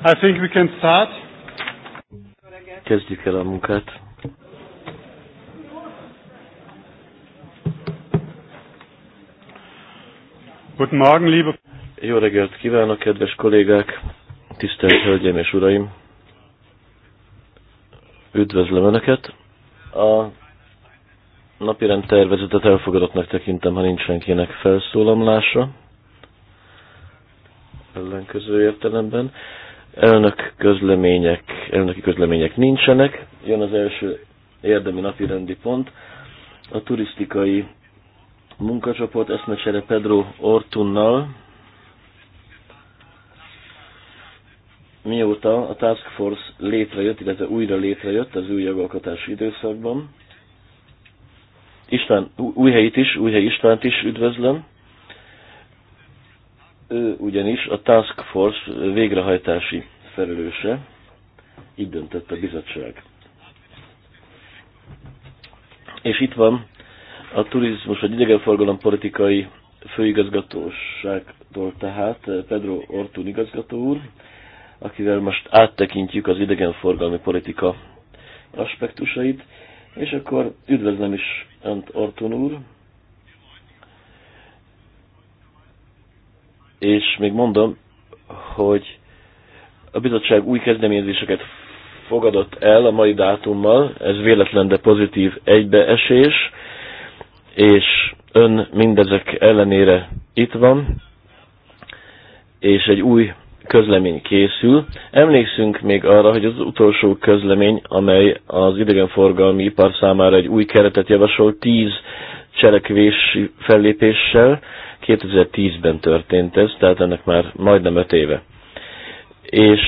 I think we can start. Kezdjük el a munkát. Guten Morgen, liebe... Jó reggelt kívánok, kedves kollégák, tisztelt hölgyeim és uraim. Üdvözlöm Önöket. A napirend tervezetet elfogadottnak tekintem, ha nincs senkinek felszólamlása ellenkező értelemben. Elnök közlemények, elnöki közlemények nincsenek. Jön az első érdemi napirendi pont. A turisztikai munkacsoport eszmecsere Pedro Ortunnal, mióta a Task Force létrejött, illetve újra létrejött az új jogalkotási időszakban. István, új helyit is, új hely Istvánt is üdvözlöm. Ő ugyanis a Task Force végrehajtási felelőse, így döntött a bizottság. És itt van a turizmus, vagy idegenforgalom politikai főigazgatóságtól tehát Pedro Ortun igazgató úr, akivel most áttekintjük az idegenforgalmi politika aspektusait, és akkor üdvözlöm is Ant Ortun úr, és még mondom, hogy a bizottság új kezdeményezéseket fogadott el a mai dátummal, ez véletlen, de pozitív egybeesés, és ön mindezek ellenére itt van, és egy új közlemény készül. Emlékszünk még arra, hogy az utolsó közlemény, amely az idegenforgalmi ipar számára egy új keretet javasol, tíz cselekvési fellépéssel, 2010-ben történt ez, tehát ennek már majdnem öt éve. És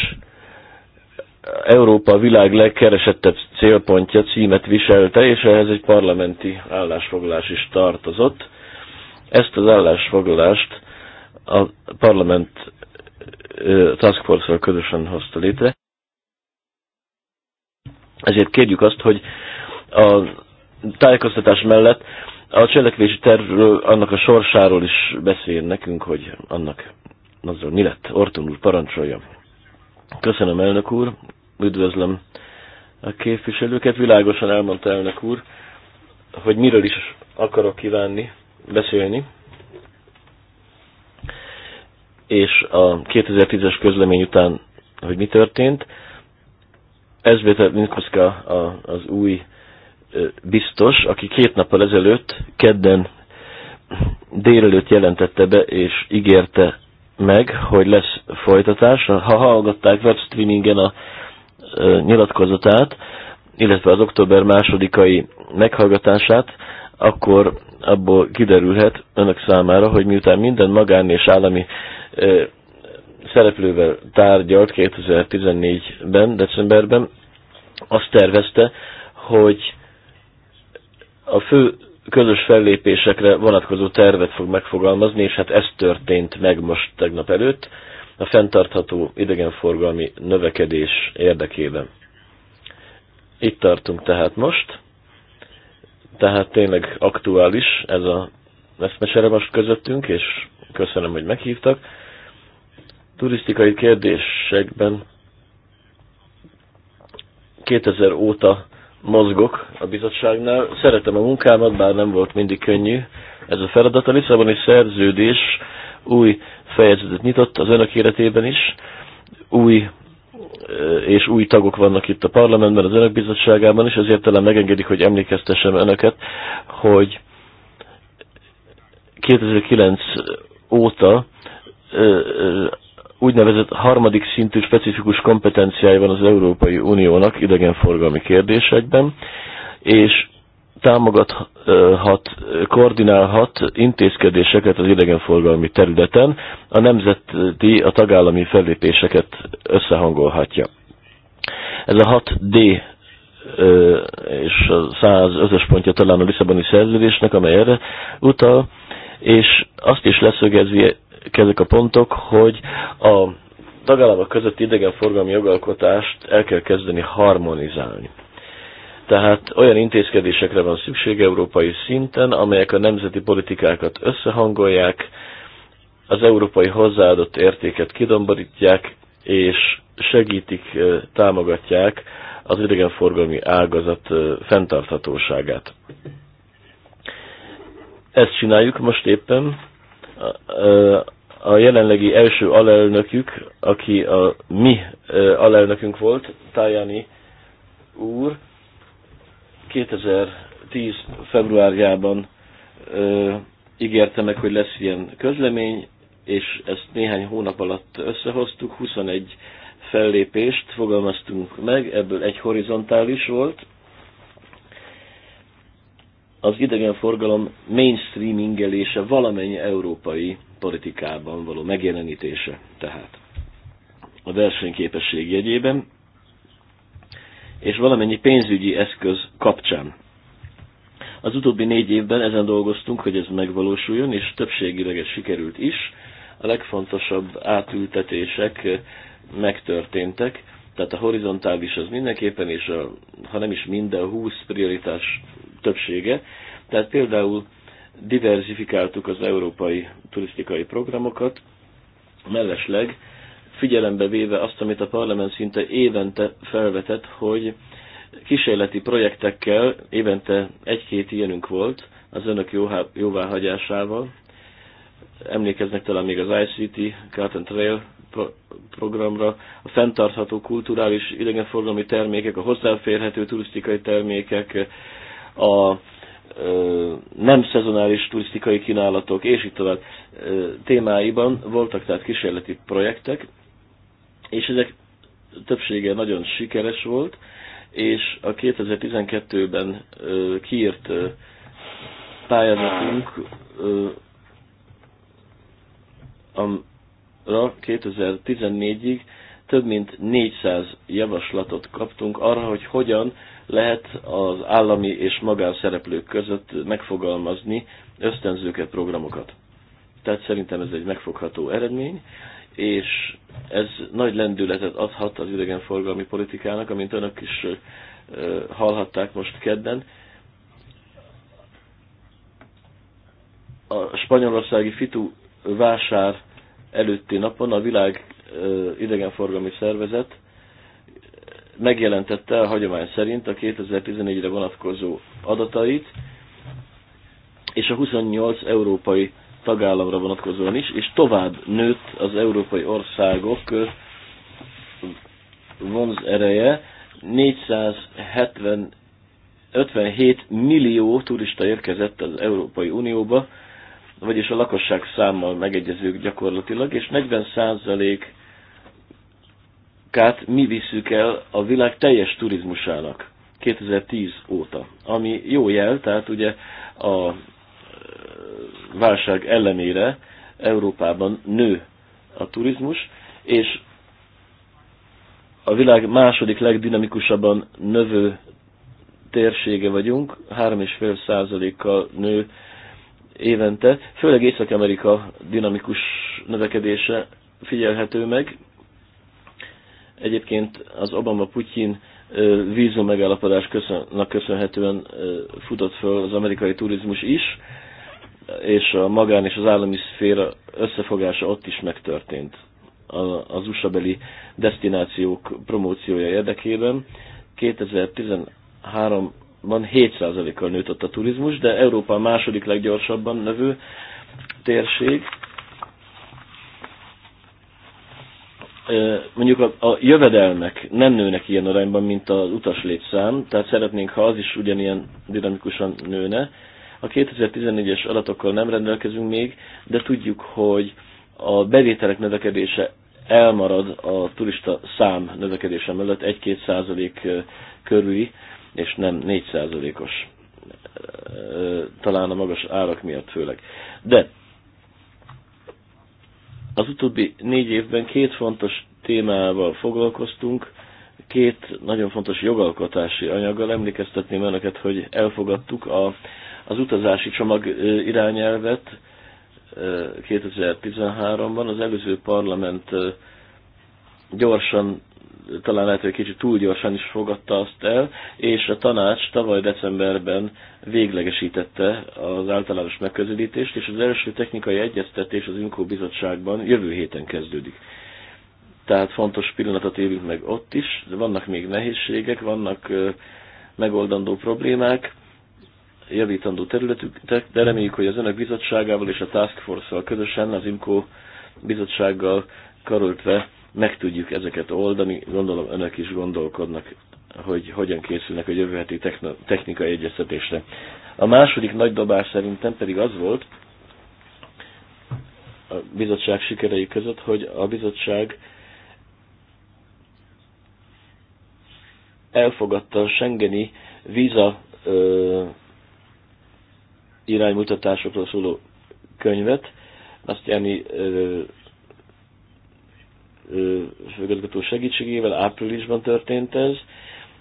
Európa a világ legkeresettebb célpontja címet viselte, és ehhez egy parlamenti állásfoglalás is tartozott. Ezt az állásfoglalást a parlament task force közösen hozta létre. Ezért kérjük azt, hogy a tájékoztatás mellett a cselekvési tervről, annak a sorsáról is beszéljen nekünk, hogy annak azzal mi lett. Orton úr, parancsolja. Köszönöm, elnök úr. Üdvözlöm a képviselőket. Világosan elmondta elnök úr, hogy miről is akarok kívánni beszélni. És a 2010-es közlemény után, hogy mi történt. Ez Minkoszka az új biztos, aki két nappal ezelőtt, kedden délelőtt jelentette be és ígérte meg, hogy lesz folytatás. Ha hallgatták webstreamingen a nyilatkozatát, illetve az október másodikai meghallgatását, akkor abból kiderülhet önök számára, hogy miután minden magán és állami ö, szereplővel tárgyalt 2014-ben, decemberben, azt tervezte, hogy a fő közös fellépésekre vonatkozó tervet fog megfogalmazni, és hát ez történt meg most tegnap előtt a fenntartható idegenforgalmi növekedés érdekében. Itt tartunk tehát most, tehát tényleg aktuális ez a eszmesere most közöttünk, és köszönöm, hogy meghívtak. Turisztikai kérdésekben 2000 óta mozgok a bizottságnál. Szeretem a munkámat, bár nem volt mindig könnyű ez a feladat. A Lisszaboni szerződés új fejezetet nyitott az önök életében is. Új eh, és új tagok vannak itt a parlamentben, az önök bizottságában is, ezért talán megengedik, hogy emlékeztessem önöket, hogy 2009 óta eh, eh, úgynevezett harmadik szintű specifikus kompetenciája van az Európai Uniónak idegenforgalmi kérdésekben, és támogathat, koordinálhat intézkedéseket az idegenforgalmi területen, a nemzeti, a tagállami fellépéseket összehangolhatja. Ez a 6D és a 105-ös pontja talán a Lisszaboni szerződésnek, amely erre utal, és azt is leszögezi ezek a pontok, hogy a tagállamok közötti idegenforgalmi jogalkotást el kell kezdeni harmonizálni. Tehát olyan intézkedésekre van szükség európai szinten, amelyek a nemzeti politikákat összehangolják, az európai hozzáadott értéket kidomborítják, és segítik, támogatják az idegenforgalmi ágazat fenntarthatóságát. Ezt csináljuk most éppen, a jelenlegi első alelnökük, aki a mi alelnökünk volt, Tajani úr, 2010. februárjában ö, ígérte meg, hogy lesz ilyen közlemény, és ezt néhány hónap alatt összehoztuk, 21 fellépést fogalmaztunk meg, ebből egy horizontális volt, az idegenforgalom mainstreamingelése valamennyi európai politikában való megjelenítése tehát a versenyképesség jegyében, és valamennyi pénzügyi eszköz kapcsán. Az utóbbi négy évben ezen dolgoztunk, hogy ez megvalósuljon, és többségileg ez sikerült is. A legfontosabb átültetések megtörténtek, tehát a horizontális az mindenképpen, és a, ha nem is minden 20 prioritás többsége. Tehát például diversifikáltuk az európai turisztikai programokat, mellesleg figyelembe véve azt, amit a parlament szinte évente felvetett, hogy kísérleti projektekkel, évente egy-két ilyenünk volt, az önök jóváhagyásával. Emlékeznek talán még az ICT, Cut and Trail programra, a fenntartható kulturális idegenforgalmi termékek, a hozzáférhető turisztikai termékek, a nem szezonális turisztikai kínálatok, és itt tovább témáiban voltak tehát kísérleti projektek, és ezek többsége nagyon sikeres volt, és a 2012-ben kiírt pályázatunk a 2014-ig több mint 400 javaslatot kaptunk arra, hogy hogyan lehet az állami és magánszereplők között megfogalmazni ösztönzőket, programokat. Tehát szerintem ez egy megfogható eredmény, és ez nagy lendületet adhat az idegenforgalmi politikának, amint önök is hallhatták most kedden. A spanyolországi Fitu vásár előtti napon a világ idegenforgalmi szervezet megjelentette a hagyomány szerint a 2014-re vonatkozó adatait, és a 28 európai tagállamra vonatkozóan is, és tovább nőtt az európai országok vonz ereje. 457 millió turista érkezett az Európai Unióba, vagyis a lakosság számmal megegyezők gyakorlatilag, és 40 százalék kát mi visszük el a világ teljes turizmusának 2010 óta, ami jó jel, tehát ugye a válság ellenére Európában nő a turizmus, és a világ második legdinamikusabban növő térsége vagyunk, 3,5 százalékkal nő évente, főleg Észak-Amerika dinamikus növekedése figyelhető meg, egyébként az Obama-Putyin vízum megállapodásnak köszönhetően futott föl az amerikai turizmus is, és a magán és az állami szféra összefogása ott is megtörtént az usa destinációk promóciója érdekében. 2013-ban 7%-kal nőtt ott a turizmus, de Európa a második leggyorsabban növő térség, mondjuk a, a jövedelmek nem nőnek ilyen arányban, mint az utas létszám, tehát szeretnénk, ha az is ugyanilyen dinamikusan nőne. A 2014-es adatokkal nem rendelkezünk még, de tudjuk, hogy a bevételek növekedése elmarad a turista szám növekedése mellett 1-2 százalék körüli, és nem 4 százalékos talán a magas árak miatt főleg. De az utóbbi négy évben két fontos témával foglalkoztunk, két nagyon fontos jogalkotási anyaggal. Emlékeztetném önöket, hogy elfogadtuk a, az utazási csomag irányelvet 2013-ban. Az előző parlament gyorsan talán lehet, hogy kicsit túl gyorsan is fogadta azt el, és a tanács tavaly decemberben véglegesítette az általános megközelítést, és az első technikai egyeztetés az Inkó bizottságban jövő héten kezdődik. Tehát fontos pillanatot élünk meg ott is, de vannak még nehézségek, vannak megoldandó problémák, javítandó területük, de reméljük, hogy az önök bizottságával és a Task Force-szal közösen, az IMCO bizottsággal karöltve meg tudjuk ezeket oldani. Gondolom önök is gondolkodnak, hogy hogyan készülnek a jövő heti technikai egyeztetésre. A második nagy dobás szerintem pedig az volt, a bizottság sikerei között, hogy a bizottság elfogadta a Schengeni víza ö, iránymutatásokról szóló könyvet, azt jelenti főgazgató segítségével, áprilisban történt ez.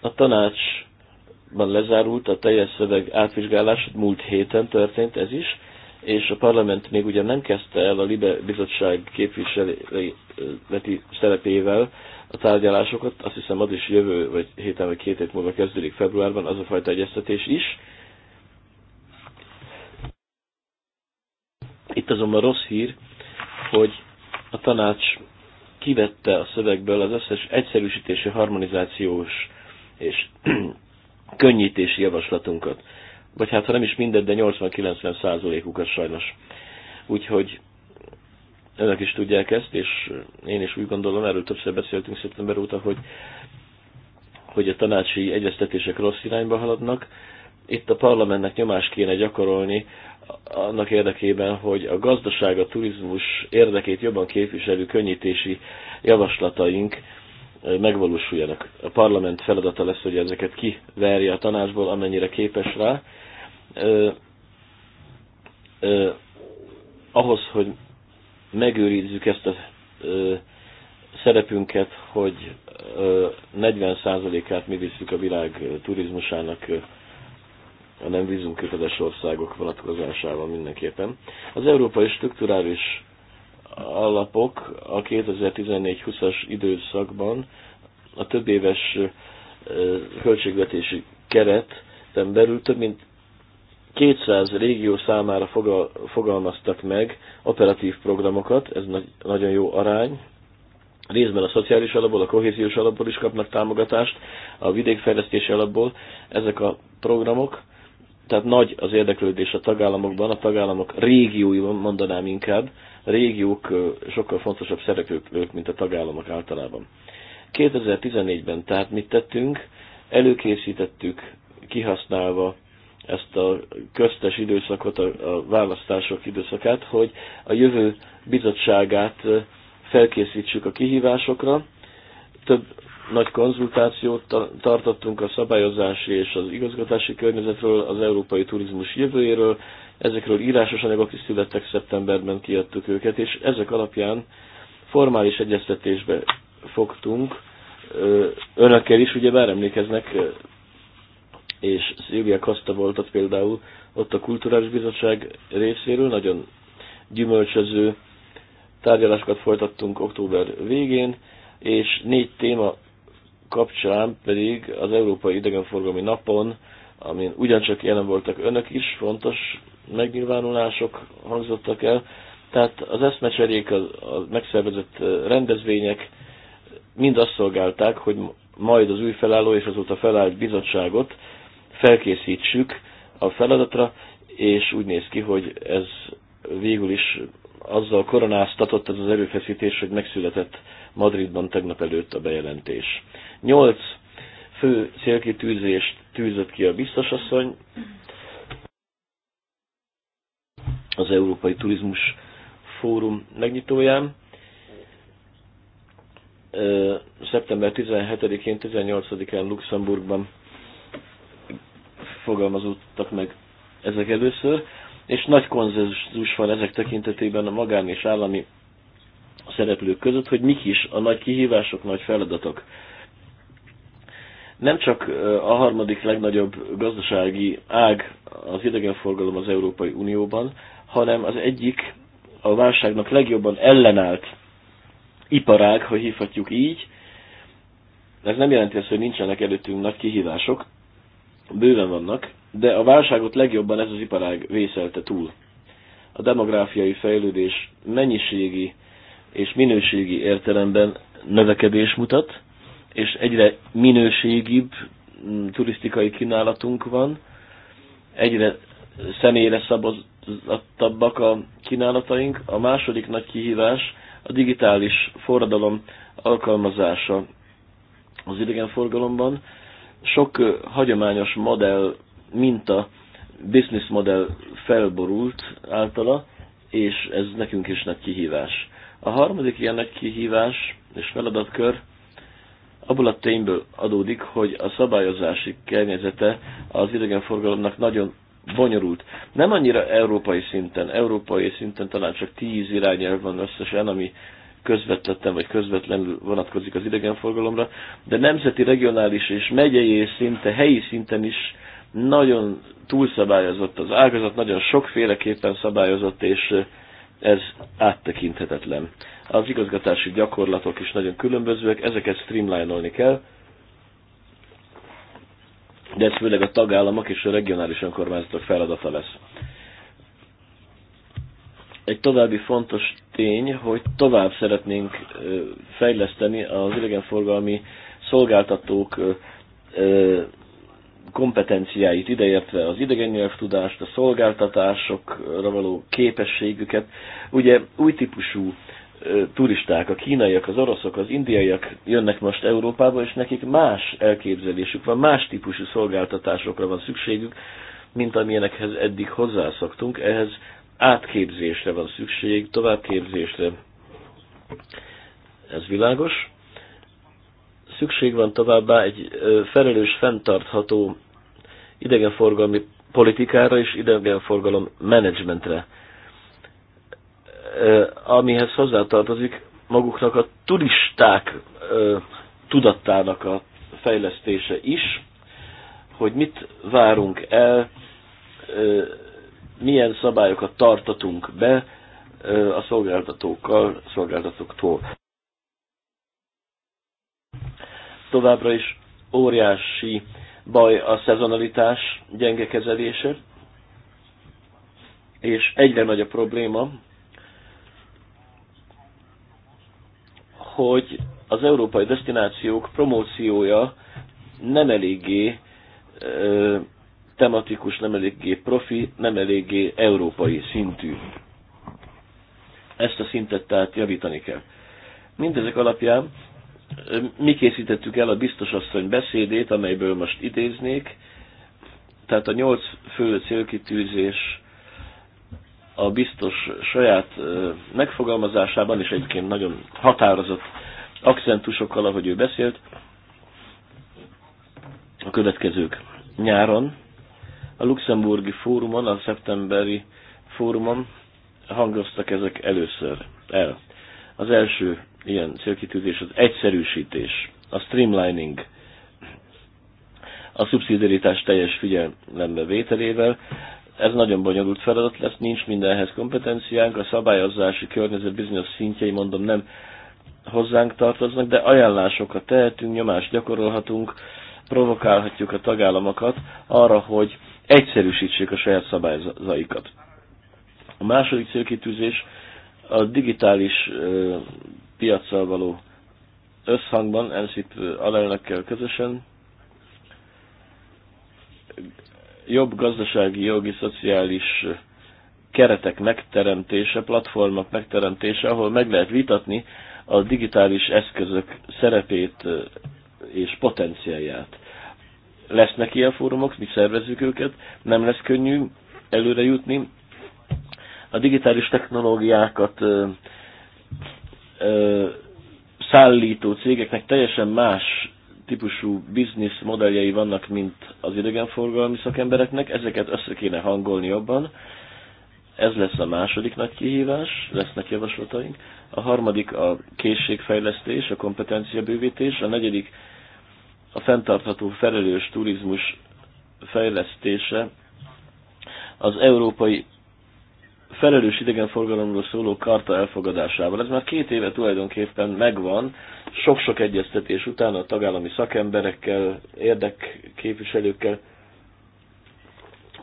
A tanácsban lezárult a teljes szöveg átvizsgálás, múlt héten történt ez is, és a parlament még ugyan nem kezdte el a Libe bizottság képviseleti szerepével a tárgyalásokat, azt hiszem az is jövő, vagy héten, vagy két hét múlva kezdődik februárban az a fajta egyeztetés is. Itt azonban rossz hír, hogy a tanács kivette a szövegből az összes egyszerűsítési, harmonizációs és könnyítési javaslatunkat. Vagy hát, ha nem is mindent, de 80-90 százalékukat sajnos. Úgyhogy önök is tudják ezt, és én is úgy gondolom, erről többször beszéltünk szeptember óta, hogy, hogy a tanácsi egyeztetések rossz irányba haladnak, itt a parlamentnek nyomás kéne gyakorolni annak érdekében, hogy a gazdaság, a turizmus érdekét jobban képviselő könnyítési javaslataink eh, megvalósuljanak. A parlament feladata lesz, hogy ezeket kiverje a tanácsból, amennyire képes rá. Eh, eh, ahhoz, hogy megőrizzük ezt a szerepünket, hogy 40%-át mi visszük a világ turizmusának a nem vízumköteles országok vonatkozásával mindenképpen. Az európai strukturális alapok a 2014-20-as időszakban a több éves költségvetési kereten belül több mint 200 régió számára fogal, fogalmaztak meg operatív programokat, ez nagy, nagyon jó arány. Részben a szociális alapból, a kohéziós alapból is kapnak támogatást, a vidékfejlesztési alapból. Ezek a programok tehát nagy az érdeklődés a tagállamokban, a tagállamok régióiban mondanám inkább, a régiók sokkal fontosabb szereplők, mint a tagállamok általában. 2014-ben tehát mit tettünk? Előkészítettük, kihasználva ezt a köztes időszakot, a, választások időszakát, hogy a jövő bizottságát felkészítsük a kihívásokra. Több nagy konzultációt tartottunk a szabályozási és az igazgatási környezetről, az európai turizmus jövőjéről. Ezekről írásos anyagok is születtek, szeptemberben kiadtuk őket, és ezek alapján formális egyeztetésbe fogtunk. Önökkel is, ugye bár emlékeznek, és Szilvia Kasta volt ott például, ott a Kulturális Bizottság részéről, nagyon gyümölcsöző tárgyalásokat folytattunk október végén, és négy téma kapcsán pedig az Európai Idegenforgalmi Napon, amin ugyancsak jelen voltak önök is, fontos megnyilvánulások hangzottak el. Tehát az eszmecserék, a, a megszervezett rendezvények mind azt szolgálták, hogy majd az új felálló és azóta felállt bizottságot felkészítsük a feladatra, és úgy néz ki, hogy ez végül is azzal koronáztatott ez az erőfeszítés, hogy megszületett Madridban tegnap előtt a bejelentés. Nyolc fő célkitűzést tűzött ki a biztosasszony. Az Európai Turizmus Fórum megnyitóján. Szeptember 17-én, 18-án Luxemburgban fogalmazódtak meg ezek először, és nagy konzenzus van ezek tekintetében a magán és állami a szereplők között, hogy mik is a nagy kihívások, nagy feladatok. Nem csak a harmadik legnagyobb gazdasági ág az idegenforgalom az Európai Unióban, hanem az egyik a válságnak legjobban ellenállt iparág, ha hívhatjuk így. Ez nem jelenti azt, hogy nincsenek előttünk nagy kihívások, bőven vannak, de a válságot legjobban ez az iparág vészelte túl. A demográfiai fejlődés mennyiségi és minőségi értelemben növekedés mutat, és egyre minőségibb mm, turisztikai kínálatunk van, egyre személyre szabottabbak a kínálataink. A második nagy kihívás a digitális forradalom alkalmazása az idegenforgalomban. Sok hagyományos modell, minta, business modell felborult általa, és ez nekünk is nagy kihívás. A harmadik ilyen nagy kihívás és feladatkör abból a tényből adódik, hogy a szabályozási környezete az idegenforgalomnak nagyon bonyolult. Nem annyira európai szinten, európai szinten talán csak tíz irányelv van összesen, ami közvetetten vagy közvetlenül vonatkozik az idegenforgalomra, de nemzeti, regionális és megyei szinte, helyi szinten is nagyon túlszabályozott az ágazat, nagyon sokféleképpen szabályozott, és ez áttekinthetetlen. Az igazgatási gyakorlatok is nagyon különbözőek, ezeket streamline-olni kell, de ez főleg a tagállamok és a regionális önkormányzatok feladata lesz. Egy további fontos tény, hogy tovább szeretnénk fejleszteni az idegenforgalmi szolgáltatók kompetenciáit, ideértve az idegen nyelvtudást, a szolgáltatásokra való képességüket. Ugye új típusú turisták, a kínaiak, az oroszok, az indiaiak jönnek most Európába, és nekik más elképzelésük van, más típusú szolgáltatásokra van szükségük, mint amilyenekhez eddig hozzászoktunk. Ehhez átképzésre van szükség, továbbképzésre. Ez világos. Szükség van továbbá egy felelős, fenntartható idegenforgalmi politikára és idegenforgalom menedzsmentre, amihez hozzátartozik maguknak a turisták tudattának a fejlesztése is, hogy mit várunk el, milyen szabályokat tartatunk be a szolgáltatókkal, szolgáltatóktól. Továbbra is óriási baj a szezonalitás gyenge kezelése, és egyre nagy a probléma, hogy az európai destinációk promóciója nem eléggé ö, tematikus, nem eléggé profi, nem eléggé európai szintű. Ezt a szintet tehát javítani kell. Mindezek alapján mi készítettük el a biztosasszony beszédét, amelyből most idéznék. Tehát a nyolc fő célkitűzés a biztos saját megfogalmazásában, és egyébként nagyon határozott akcentusokkal, ahogy ő beszélt, a következők. Nyáron a luxemburgi fórumon, a szeptemberi fórumon hangoztak ezek először el. Az első ilyen célkitűzés az egyszerűsítés, a streamlining, a szubszidiaritás teljes figyelembe vételével. Ez nagyon bonyolult feladat lesz, nincs mindenhez kompetenciánk, a szabályozási környezet bizonyos szintjei, mondom, nem hozzánk tartoznak, de ajánlásokat tehetünk, nyomást gyakorolhatunk, provokálhatjuk a tagállamokat arra, hogy egyszerűsítsék a saját szabályzaikat. A második célkitűzés a digitális piacsal való összhangban, Ensip alelnökkel közösen, jobb gazdasági, jogi, szociális keretek megteremtése, platformok megteremtése, ahol meg lehet vitatni a digitális eszközök szerepét és potenciáját. Lesznek ilyen fórumok, mi szervezzük őket, nem lesz könnyű előre jutni. A digitális technológiákat ö, szállító cégeknek teljesen más típusú biznisz modelljei vannak, mint az idegenforgalmi szakembereknek, ezeket össze kéne hangolni jobban. Ez lesz a második nagy kihívás, lesznek javaslataink. A harmadik a készségfejlesztés, a kompetenciabővítés. A negyedik a fenntartható felelős turizmus fejlesztése az európai felelős idegenforgalomról szóló karta elfogadásával. Ez már két éve tulajdonképpen megvan, sok-sok egyeztetés után a tagállami szakemberekkel, érdekképviselőkkel,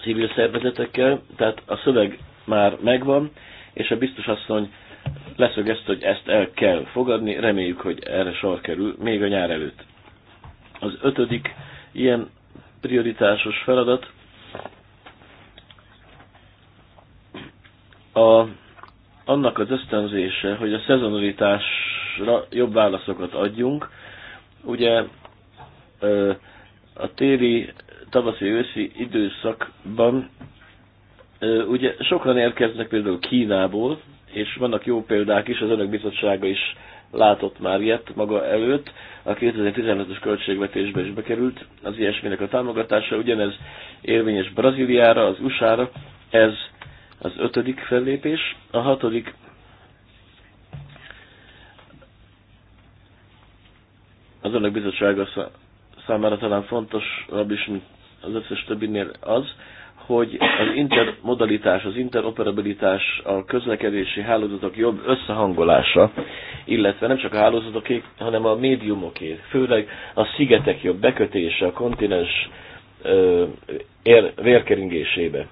civil szervezetekkel, tehát a szöveg már megvan, és a biztos asszony leszögezte, hogy ezt el kell fogadni, reméljük, hogy erre sor kerül még a nyár előtt. Az ötödik ilyen prioritásos feladat a, annak az ösztönzése, hogy a szezonalitásra jobb válaszokat adjunk, ugye a téli, tavaszi, őszi időszakban ugye sokan érkeznek például Kínából, és vannak jó példák is, az önök bizottsága is látott már ilyet maga előtt, a 2015-ös költségvetésbe is bekerült az ilyesminek a támogatása, ugyanez érvényes Brazíliára, az USA-ra, ez az ötödik fellépés. A hatodik az önök bizottsága számára talán fontosabb is, mint az összes többinél az, hogy az intermodalitás, az interoperabilitás, a közlekedési hálózatok jobb összehangolása, illetve nem csak a hálózatoké, hanem a médiumoké, főleg a szigetek jobb bekötése a kontinens ér, vérkeringésébe.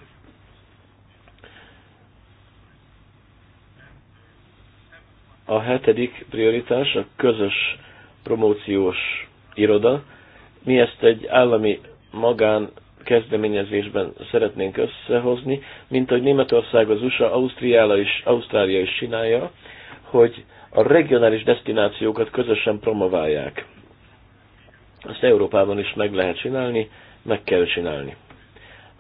A hetedik prioritás a közös promóciós iroda. Mi ezt egy állami magán kezdeményezésben szeretnénk összehozni, mint ahogy Németország, az USA, Ausztriála is, Ausztrália is csinálja, hogy a regionális destinációkat közösen promoválják. Ezt Európában is meg lehet csinálni, meg kell csinálni.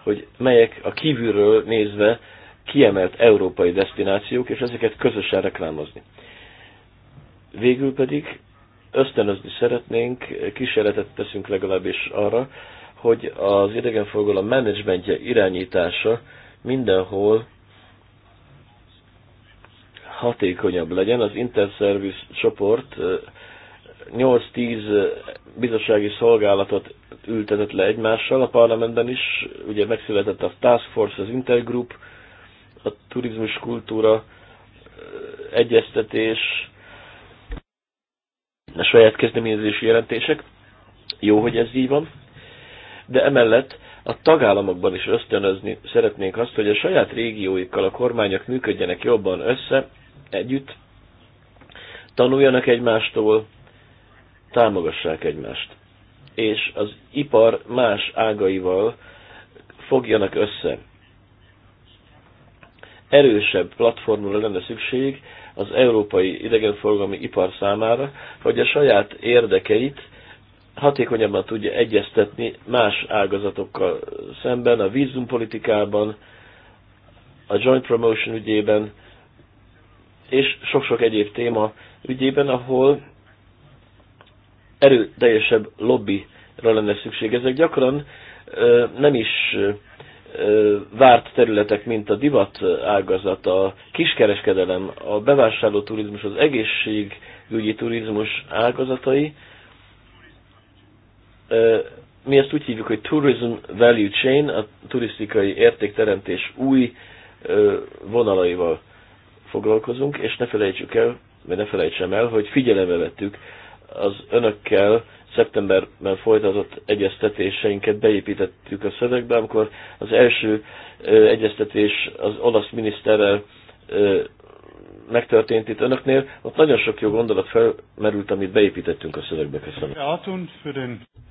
Hogy melyek a kívülről nézve kiemelt európai destinációk, és ezeket közösen reklámozni. Végül pedig ösztönözni szeretnénk, kísérletet teszünk legalábbis arra, hogy az idegenforgalom menedzsmentje irányítása mindenhol hatékonyabb legyen. Az Interservice csoport 8-10 bizottsági szolgálatot ültetett le egymással a parlamentben is, ugye megszületett a Task Force, az Intergroup, a turizmus kultúra egyeztetés, a saját kezdeményezési jelentések. Jó, hogy ez így van. De emellett a tagállamokban is ösztönözni szeretnénk azt, hogy a saját régióikkal a kormányok működjenek jobban össze, együtt, tanuljanak egymástól, támogassák egymást. És az ipar más ágaival fogjanak össze. Erősebb platformra lenne szükség, az európai idegenforgalmi ipar számára, hogy a saját érdekeit hatékonyabban tudja egyeztetni más ágazatokkal szemben, a vízumpolitikában, a joint promotion ügyében, és sok-sok egyéb téma ügyében, ahol erőteljesebb lobbyra lenne szükség. Ezek gyakran nem is várt területek, mint a divat ágazat, a kiskereskedelem, a bevásárló turizmus, az egészségügyi turizmus ágazatai. Mi ezt úgy hívjuk, hogy Tourism Value Chain, a turisztikai értékteremtés új vonalaival foglalkozunk, és ne felejtsük el, vagy ne felejtsem el, hogy figyelembe vettük az önökkel szeptemberben folytatott egyeztetéseinket beépítettük a szövegbe, amikor az első egyeztetés az olasz miniszterrel megtörtént itt önöknél, ott nagyon sok jó gondolat felmerült, amit beépítettünk a szövegbe. Köszönöm.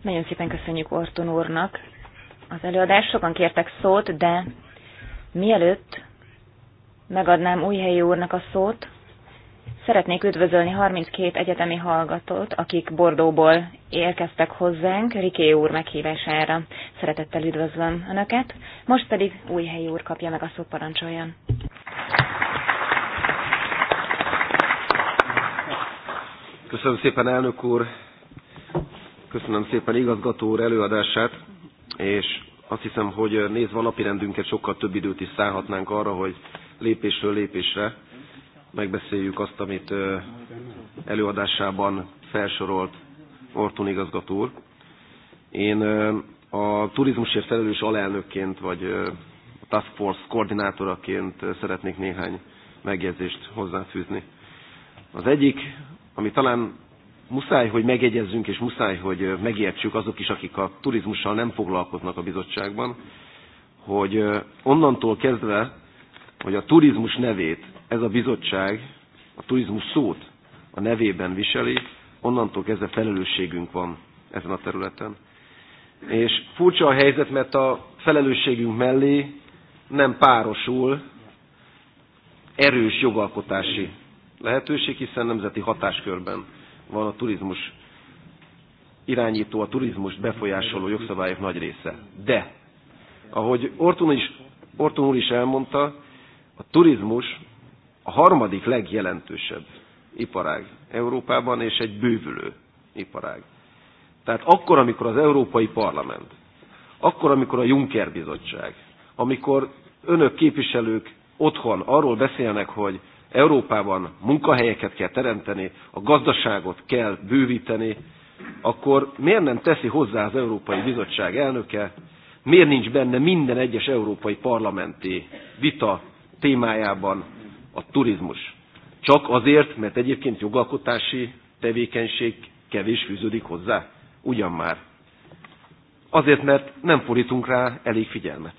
Nagyon szépen köszönjük Orton úrnak az előadást. Sokan kértek szót, de mielőtt megadnám helyi úrnak a szót, Szeretnék üdvözölni 32 egyetemi hallgatót, akik Bordóból érkeztek hozzánk Riké úr meghívására. Szeretettel üdvözlöm Önöket. Most pedig új helyi úr kapja meg a szót parancsoljon. Köszönöm szépen elnök úr, köszönöm szépen igazgató úr előadását, és azt hiszem, hogy nézve a napirendünket sokkal több időt is szállhatnánk arra, hogy lépésről lépésre megbeszéljük azt, amit előadásában felsorolt Orton igazgató úr. Én a turizmusért felelős alelnökként, vagy a Task Force koordinátoraként szeretnék néhány megjegyzést hozzáfűzni. Az egyik, ami talán muszáj, hogy megegyezzünk, és muszáj, hogy megértsük azok is, akik a turizmussal nem foglalkoznak a bizottságban, hogy onnantól kezdve, hogy a turizmus nevét ez a bizottság, a turizmus szót a nevében viseli, onnantól kezdve felelősségünk van ezen a területen. És furcsa a helyzet, mert a felelősségünk mellé nem párosul erős jogalkotási lehetőség, hiszen nemzeti hatáskörben van a turizmus irányító, a turizmust befolyásoló jogszabályok nagy része. De, ahogy Orton, is, Orton úr is elmondta, a turizmus a harmadik legjelentősebb iparág Európában, és egy bővülő iparág. Tehát akkor, amikor az Európai Parlament, akkor, amikor a Juncker Bizottság, amikor önök képviselők otthon arról beszélnek, hogy Európában munkahelyeket kell teremteni, a gazdaságot kell bővíteni, akkor miért nem teszi hozzá az Európai Bizottság elnöke, miért nincs benne minden egyes európai parlamenti vita témájában a turizmus. Csak azért, mert egyébként jogalkotási tevékenység kevés fűződik hozzá? Ugyan már. Azért, mert nem fordítunk rá elég figyelmet.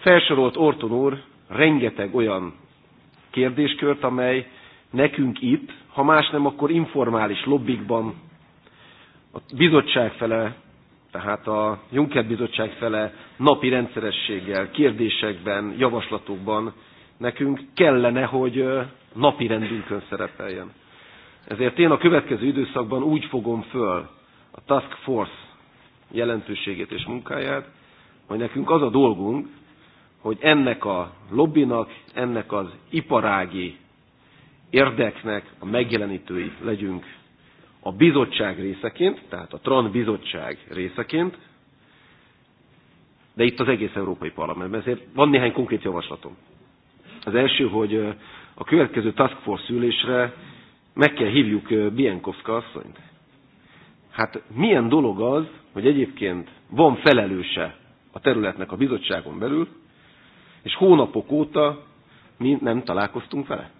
Felsorolt Orton úr rengeteg olyan kérdéskört, amely nekünk itt, ha más nem, akkor informális lobbikban a bizottság fele tehát a Juncker bizottság fele napi rendszerességgel, kérdésekben, javaslatokban nekünk kellene, hogy napi rendünkön szerepeljen. Ezért én a következő időszakban úgy fogom föl a Task Force jelentőségét és munkáját, hogy nekünk az a dolgunk, hogy ennek a lobbinak, ennek az iparági érdeknek a megjelenítői legyünk a bizottság részeként, tehát a TRAN bizottság részeként, de itt az egész Európai Parlamentben. Ezért van néhány konkrét javaslatom. Az első, hogy a következő Task Force ülésre meg kell hívjuk Bienkowska asszonyt. Hát milyen dolog az, hogy egyébként van felelőse a területnek a bizottságon belül, és hónapok óta mi nem találkoztunk vele?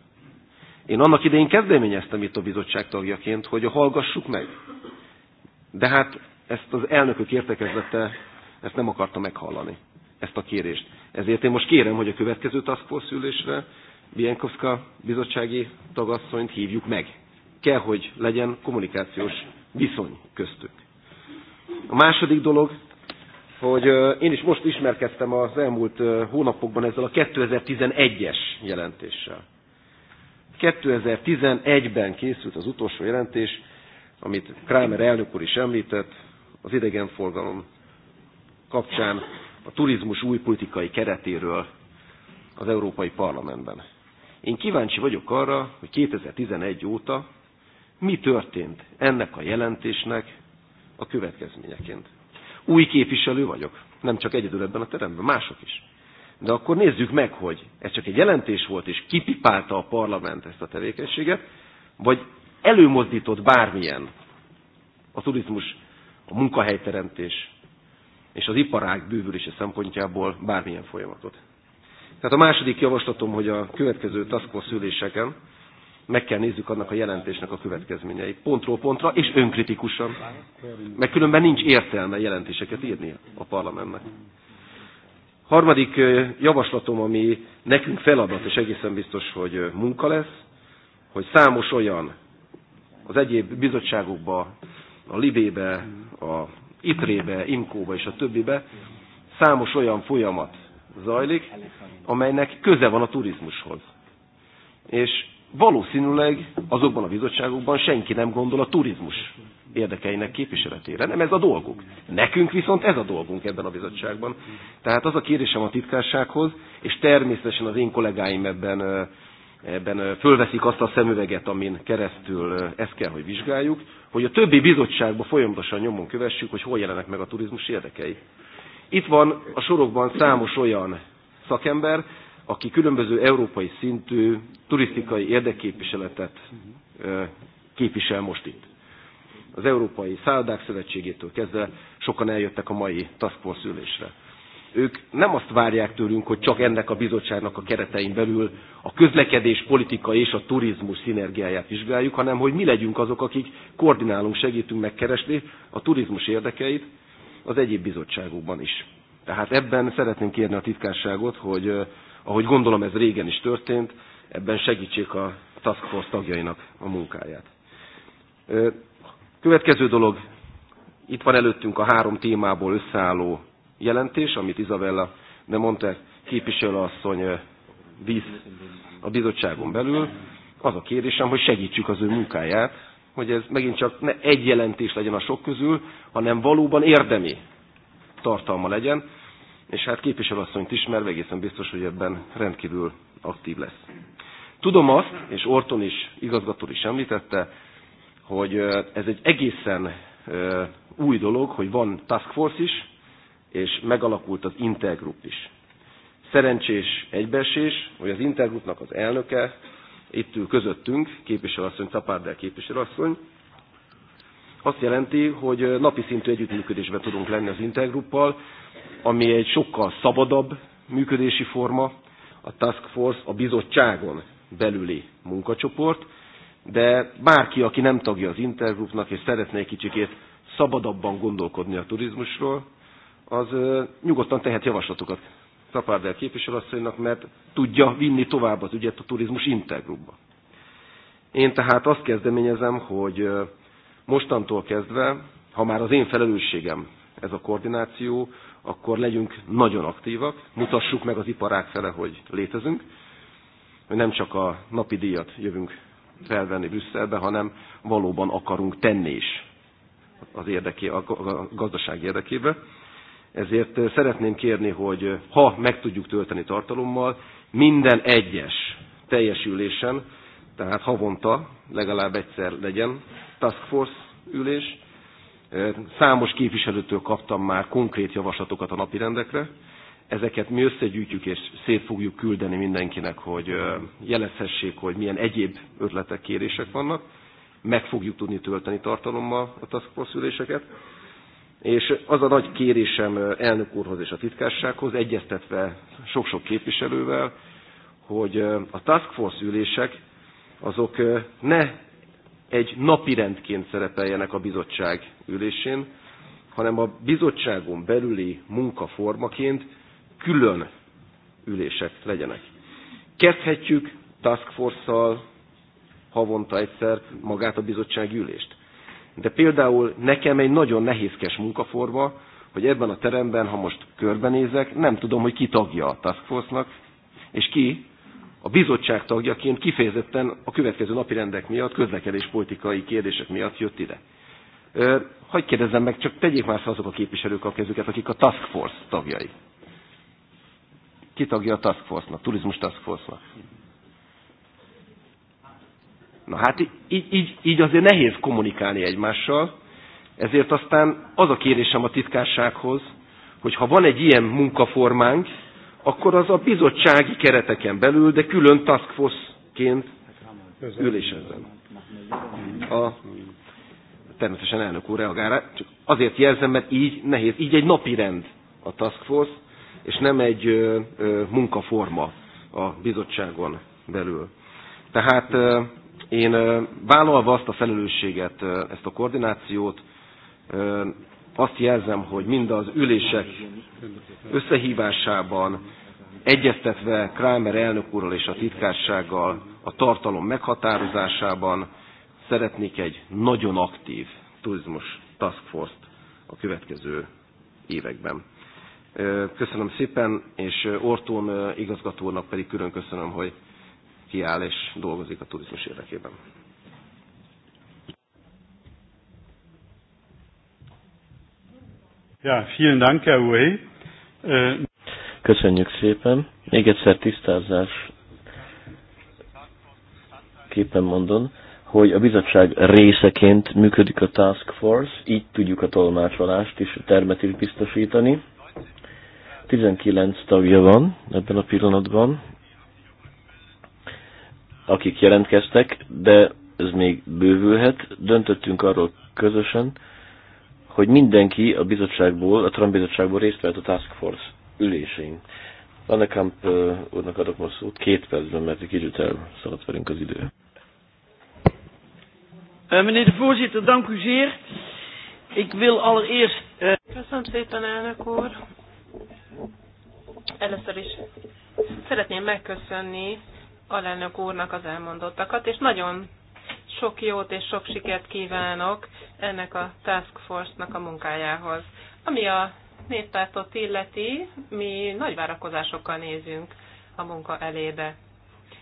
Én annak idején kezdeményeztem itt a bizottság tagjaként, hogy a hallgassuk meg. De hát ezt az elnökök értekezlete ezt nem akarta meghallani, ezt a kérést. Ezért én most kérem, hogy a következő Task Force ülésre Bienkowska bizottsági tagasszonyt hívjuk meg. Kell, hogy legyen kommunikációs viszony köztük. A második dolog, hogy én is most ismerkeztem az elmúlt hónapokban ezzel a 2011-es jelentéssel. 2011-ben készült az utolsó jelentés, amit Kramer elnök úr is említett, az idegenforgalom kapcsán a turizmus új politikai keretéről az Európai Parlamentben. Én kíváncsi vagyok arra, hogy 2011 óta mi történt ennek a jelentésnek a következményeként. Új képviselő vagyok, nem csak egyedül ebben a teremben, mások is. De akkor nézzük meg, hogy ez csak egy jelentés volt, és kipipálta a parlament ezt a tevékenységet, vagy előmozdított bármilyen a turizmus, a munkahelyteremtés és az iparág bővülése szempontjából bármilyen folyamatot. Tehát a második javaslatom, hogy a következő task force üléseken meg kell nézzük annak a jelentésnek a következményeit. Pontról pontra és önkritikusan. Mert különben nincs értelme jelentéseket írni a parlamentnek. Harmadik javaslatom, ami nekünk feladat, és egészen biztos, hogy munka lesz, hogy számos olyan az egyéb bizottságokba, a Libébe, a Itrébe, Imkóba és a többibe számos olyan folyamat zajlik, amelynek köze van a turizmushoz. És valószínűleg azokban a bizottságokban senki nem gondol a turizmus érdekeinek képviseletére. Nem ez a dolguk. Nekünk viszont ez a dolgunk ebben a bizottságban. Tehát az a kérésem a titkársághoz, és természetesen az én kollégáim ebben, ebben fölveszik azt a szemüveget, amin keresztül ezt kell, hogy vizsgáljuk, hogy a többi bizottságban folyamatosan nyomon kövessük, hogy hol jelenek meg a turizmus érdekei. Itt van a sorokban számos olyan szakember, aki különböző európai szintű turisztikai érdekképviseletet képvisel most itt. Az Európai Szállodák Szövetségétől kezdve sokan eljöttek a mai Task Force ülésre. Ők nem azt várják tőlünk, hogy csak ennek a bizottságnak a keretein belül a közlekedés, politika és a turizmus szinergiáját vizsgáljuk, hanem hogy mi legyünk azok, akik koordinálunk, segítünk megkeresni a turizmus érdekeit az egyéb bizottságokban is. Tehát ebben szeretném kérni a titkárságot, hogy ahogy gondolom ez régen is történt, ebben segítsék a Task Force tagjainak a munkáját. Következő dolog, itt van előttünk a három témából összeálló jelentés, amit Izabella de mondta, képviselőasszony víz a bizottságon belül. Az a kérdésem, hogy segítsük az ő munkáját, hogy ez megint csak ne egy jelentés legyen a sok közül, hanem valóban érdemi tartalma legyen, és hát képviselőasszonyt ismerve egészen biztos, hogy ebben rendkívül aktív lesz. Tudom azt, és Orton is, igazgató is említette, hogy ez egy egészen új dolog, hogy van task force is, és megalakult az Intergroup is. Szerencsés egybeesés, hogy az Intergroupnak az elnöke itt ül közöttünk, képviselőasszony, Tapárdel képviselőasszony, azt jelenti, hogy napi szintű együttműködésben tudunk lenni az Intergruppal, ami egy sokkal szabadabb működési forma, a Task Force a bizottságon belüli munkacsoport, de bárki, aki nem tagja az Intergroupnak, és szeretne egy kicsikét szabadabban gondolkodni a turizmusról, az nyugodtan tehet javaslatokat Tapárdel képviselőasszonynak, mert tudja vinni tovább az ügyet a turizmus Intergroupba. Én tehát azt kezdeményezem, hogy mostantól kezdve, ha már az én felelősségem ez a koordináció, akkor legyünk nagyon aktívak, mutassuk meg az iparág fele, hogy létezünk, hogy nem csak a napi díjat jövünk felvenni Brüsszelbe, hanem valóban akarunk tenni is az érdeké, a gazdaság érdekébe. Ezért szeretném kérni, hogy ha meg tudjuk tölteni tartalommal, minden egyes teljesülésen, tehát havonta legalább egyszer legyen task force ülés, Számos képviselőtől kaptam már konkrét javaslatokat a napirendekre. Ezeket mi összegyűjtjük és szét fogjuk küldeni mindenkinek, hogy jelezhessék, hogy milyen egyéb ötletek, kérések vannak. Meg fogjuk tudni tölteni tartalommal a task force üléseket. És az a nagy kérésem elnök úrhoz és a titkársághoz, egyeztetve sok-sok képviselővel, hogy a task force ülések azok ne egy napi rendként szerepeljenek a bizottság ülésén, hanem a bizottságon belüli munkaformaként külön ülések legyenek. Kezdhetjük task force havonta egyszer magát a bizottság ülést. De például nekem egy nagyon nehézkes munkaforma, hogy ebben a teremben, ha most körbenézek, nem tudom, hogy ki tagja a task force-nak, és ki a bizottság tagjaként kifejezetten a következő napi rendek miatt, közlekedéspolitikai kérdések miatt jött ide. Hogy kérdezzem meg, csak tegyék már fel azok a képviselők a kezüket, akik a Task Force tagjai. Ki tagja a Task Force-nak, Turizmus Task Force-nak? Na hát így, így, így azért nehéz kommunikálni egymással, ezért aztán az a kérésem a titkársághoz, hogy ha van egy ilyen munkaformánk, akkor az a bizottsági kereteken belül, de külön task force-ként ülésezzen. A, természetesen elnök úr reagál rá, csak azért jelzem, mert így nehéz, így egy napi rend a task force, és nem egy ö, ö, munkaforma a bizottságon belül. Tehát ö, én vállalva azt a felelősséget, ezt a koordinációt, azt jelzem, hogy mind az ülések összehívásában egyeztetve Krámer elnök úrral és a titkársággal a tartalom meghatározásában szeretnék egy nagyon aktív turizmus task force-t a következő években. Köszönöm szépen, és Ortón igazgatónak pedig külön köszönöm, hogy kiáll és dolgozik a turizmus érdekében. Ja, vielen Dank, Herr äh, Köszönjük szépen. Még egyszer tisztázás képen mondom, hogy a bizottság részeként működik a Task Force, így tudjuk a tolmácsolást és a termet is biztosítani. 19 tagja van ebben a pillanatban, akik jelentkeztek, de ez még bővülhet. Döntöttünk arról közösen, hogy mindenki a bizottságból, a Trump bizottságból részt vett a Task Force ülésén. Van Kamp úrnak adok most szót két percben, mert egy kicsit elszaladt velünk az idő. Meneer de voorzitter, dank u zeer. Ik wil allereerst... Köszönöm szépen, elnök úr. Először is szeretném megköszönni alelnök úrnak az elmondottakat, és nagyon sok jót és sok sikert kívánok ennek a Task Force-nak a munkájához. Ami a néppártot illeti, mi nagy várakozásokkal nézünk a munka elébe.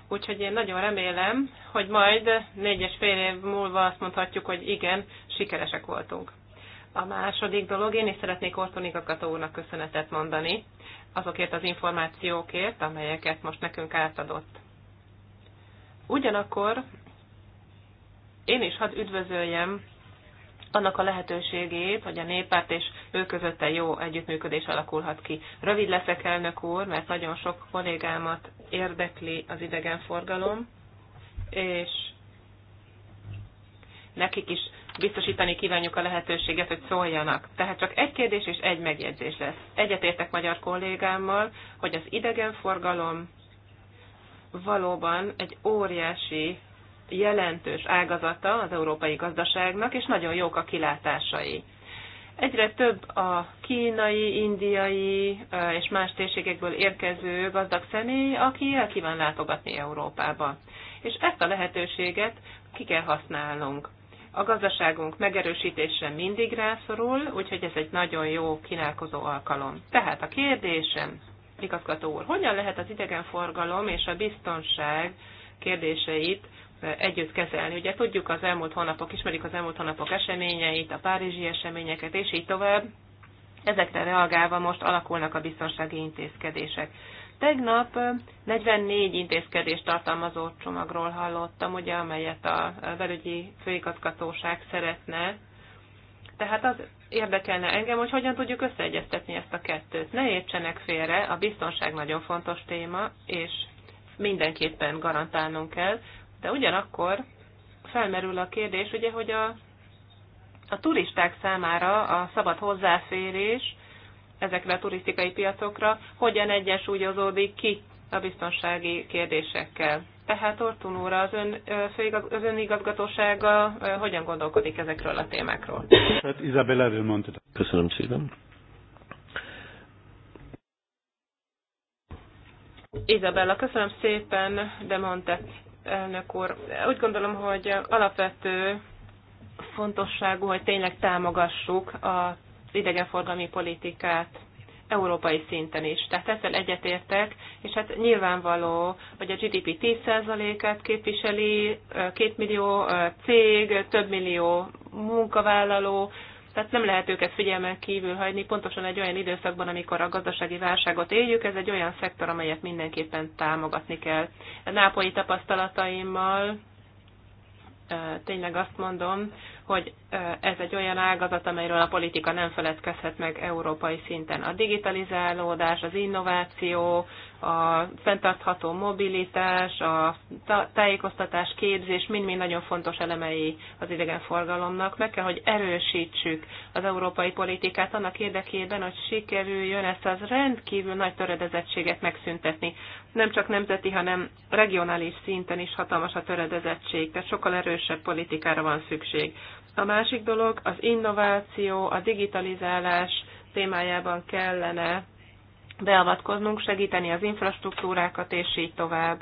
Úgyhogy én nagyon remélem, hogy majd négy és fél év múlva azt mondhatjuk, hogy igen, sikeresek voltunk. A második dolog, én is szeretnék Ortoni Katónak köszönetet mondani azokért az információkért, amelyeket most nekünk átadott. Ugyanakkor én is hadd üdvözöljem annak a lehetőségét, hogy a néppárt és ő közötte jó együttműködés alakulhat ki. Rövid leszek, elnök úr, mert nagyon sok kollégámat érdekli az idegenforgalom, és nekik is biztosítani kívánjuk a lehetőséget, hogy szóljanak. Tehát csak egy kérdés és egy megjegyzés lesz. Egyetértek magyar kollégámmal, hogy az idegenforgalom valóban egy óriási jelentős ágazata az európai gazdaságnak, és nagyon jók a kilátásai. Egyre több a kínai, indiai és más térségekből érkező gazdag személy, aki el kíván látogatni Európába. És ezt a lehetőséget ki kell használnunk. A gazdaságunk megerősítése mindig rászorul, úgyhogy ez egy nagyon jó kínálkozó alkalom. Tehát a kérdésem, igazgató úr, hogyan lehet az idegenforgalom és a biztonság kérdéseit együtt kezelni. Ugye tudjuk az elmúlt hónapok, ismerik az elmúlt hónapok eseményeit, a párizsi eseményeket, és így tovább. Ezekre reagálva most alakulnak a biztonsági intézkedések. Tegnap 44 intézkedést tartalmazó csomagról hallottam, ugye, amelyet a belügyi főigazgatóság szeretne. Tehát az érdekelne engem, hogy hogyan tudjuk összeegyeztetni ezt a kettőt. Ne értsenek félre, a biztonság nagyon fontos téma, és mindenképpen garantálnunk kell, de ugyanakkor felmerül a kérdés, ugye, hogy a, a turisták számára a szabad hozzáférés ezekre a turisztikai piacokra hogyan egyensúlyozódik ki a biztonsági kérdésekkel. Tehát Ortun úr, az, ön, főigaz, az önigazgatósága hogyan gondolkodik ezekről a témákról? Hát erről mondta. Köszönöm szépen. Izabella, köszönöm szépen, de mondta elnök úr. Úgy gondolom, hogy alapvető fontosságú, hogy tényleg támogassuk az idegenforgalmi politikát európai szinten is. Tehát ezzel egyetértek, és hát nyilvánvaló, hogy a GDP 10%-át képviseli, két millió cég, több millió munkavállaló, tehát nem lehet őket figyelmen kívül hagyni, pontosan egy olyan időszakban, amikor a gazdasági válságot éljük, ez egy olyan szektor, amelyet mindenképpen támogatni kell. A nápolyi tapasztalataimmal tényleg azt mondom, hogy ez egy olyan ágazat, amelyről a politika nem feledkezhet meg európai szinten. A digitalizálódás, az innováció, a fenntartható mobilitás, a tájékoztatás, képzés mind-mind nagyon fontos elemei az idegenforgalomnak. Meg kell, hogy erősítsük az európai politikát annak érdekében, hogy sikerüljön ezt az rendkívül nagy töredezettséget megszüntetni. Nem csak nemzeti, hanem regionális szinten is hatalmas a töredezettség, tehát sokkal erősebb politikára van szükség. A másik dolog az innováció, a digitalizálás témájában kellene beavatkoznunk, segíteni az infrastruktúrákat, és így tovább.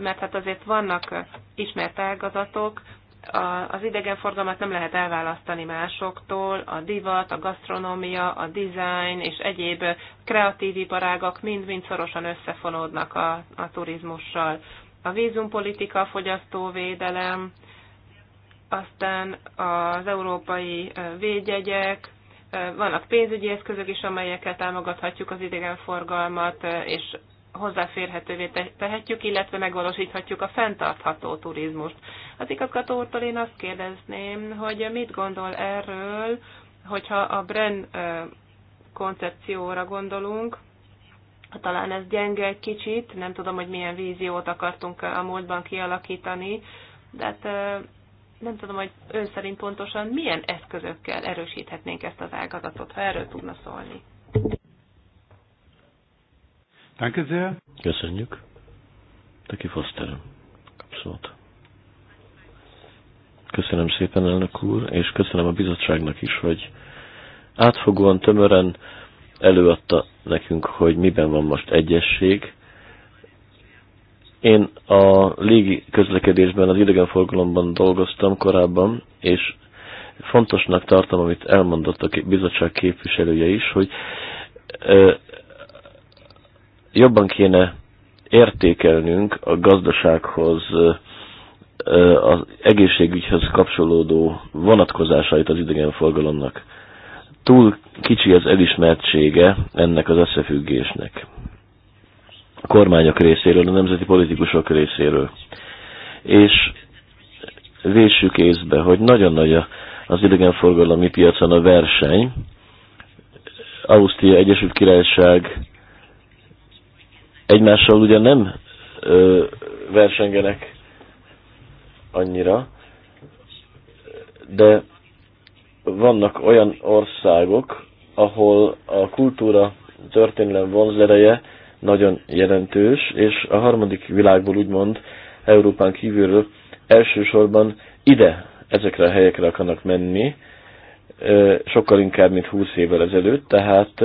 Mert hát azért vannak ismert ágazatok, az idegenforgalmat nem lehet elválasztani másoktól, a divat, a gasztronómia, a design és egyéb kreatív iparágak mind-mind szorosan összefonódnak a, a turizmussal. A vízumpolitika, a fogyasztóvédelem, aztán az európai védjegyek, vannak pénzügyi eszközök is, amelyekkel támogathatjuk az idegenforgalmat, és hozzáférhetővé tehetjük, illetve megvalósíthatjuk a fenntartható turizmust. Az igazgatótól én azt kérdezném, hogy mit gondol erről, hogyha a Bren koncepcióra gondolunk, talán ez gyenge egy kicsit, nem tudom, hogy milyen víziót akartunk a múltban kialakítani, de hát nem tudom, hogy ön szerint pontosan milyen eszközökkel erősíthetnénk ezt az ágazatot, ha erről tudna szólni. Danke Köszönjük. Taki Foster, Abszolút. Köszönöm szépen, elnök úr, és köszönöm a bizottságnak is, hogy átfogóan, tömören előadta nekünk, hogy miben van most egyesség, én a légi közlekedésben, az idegenforgalomban dolgoztam korábban, és fontosnak tartom, amit elmondott a bizottság képviselője is, hogy ö, jobban kéne értékelnünk a gazdasághoz, ö, az egészségügyhöz kapcsolódó vonatkozásait az idegenforgalomnak. Túl kicsi az elismertsége ennek az összefüggésnek kormányok részéről, a nemzeti politikusok részéről. És vésük észbe, hogy nagyon nagy az idegenforgalmi piacon a verseny. Ausztria, Egyesült Királyság egymással ugye nem ö, versengenek annyira, de vannak olyan országok, ahol a kultúra történelem vonzereje nagyon jelentős, és a harmadik világból úgymond Európán kívülről elsősorban ide, ezekre a helyekre akarnak menni, sokkal inkább, mint 20 évvel ezelőtt, tehát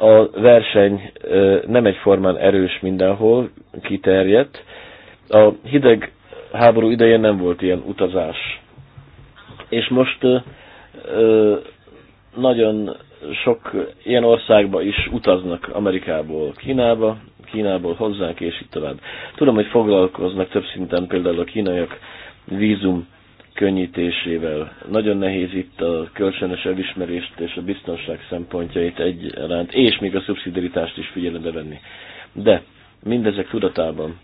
a verseny nem egyformán erős mindenhol, kiterjedt. A hideg háború idején nem volt ilyen utazás. És most nagyon sok ilyen országba is utaznak Amerikából Kínába, Kínából hozzánk, és így tovább. Tudom, hogy foglalkoznak több szinten például a kínaiak vízum könnyítésével. Nagyon nehéz itt a kölcsönös elismerést és a biztonság szempontjait egyaránt, és még a szubszidiaritást is figyelembe venni. De mindezek tudatában,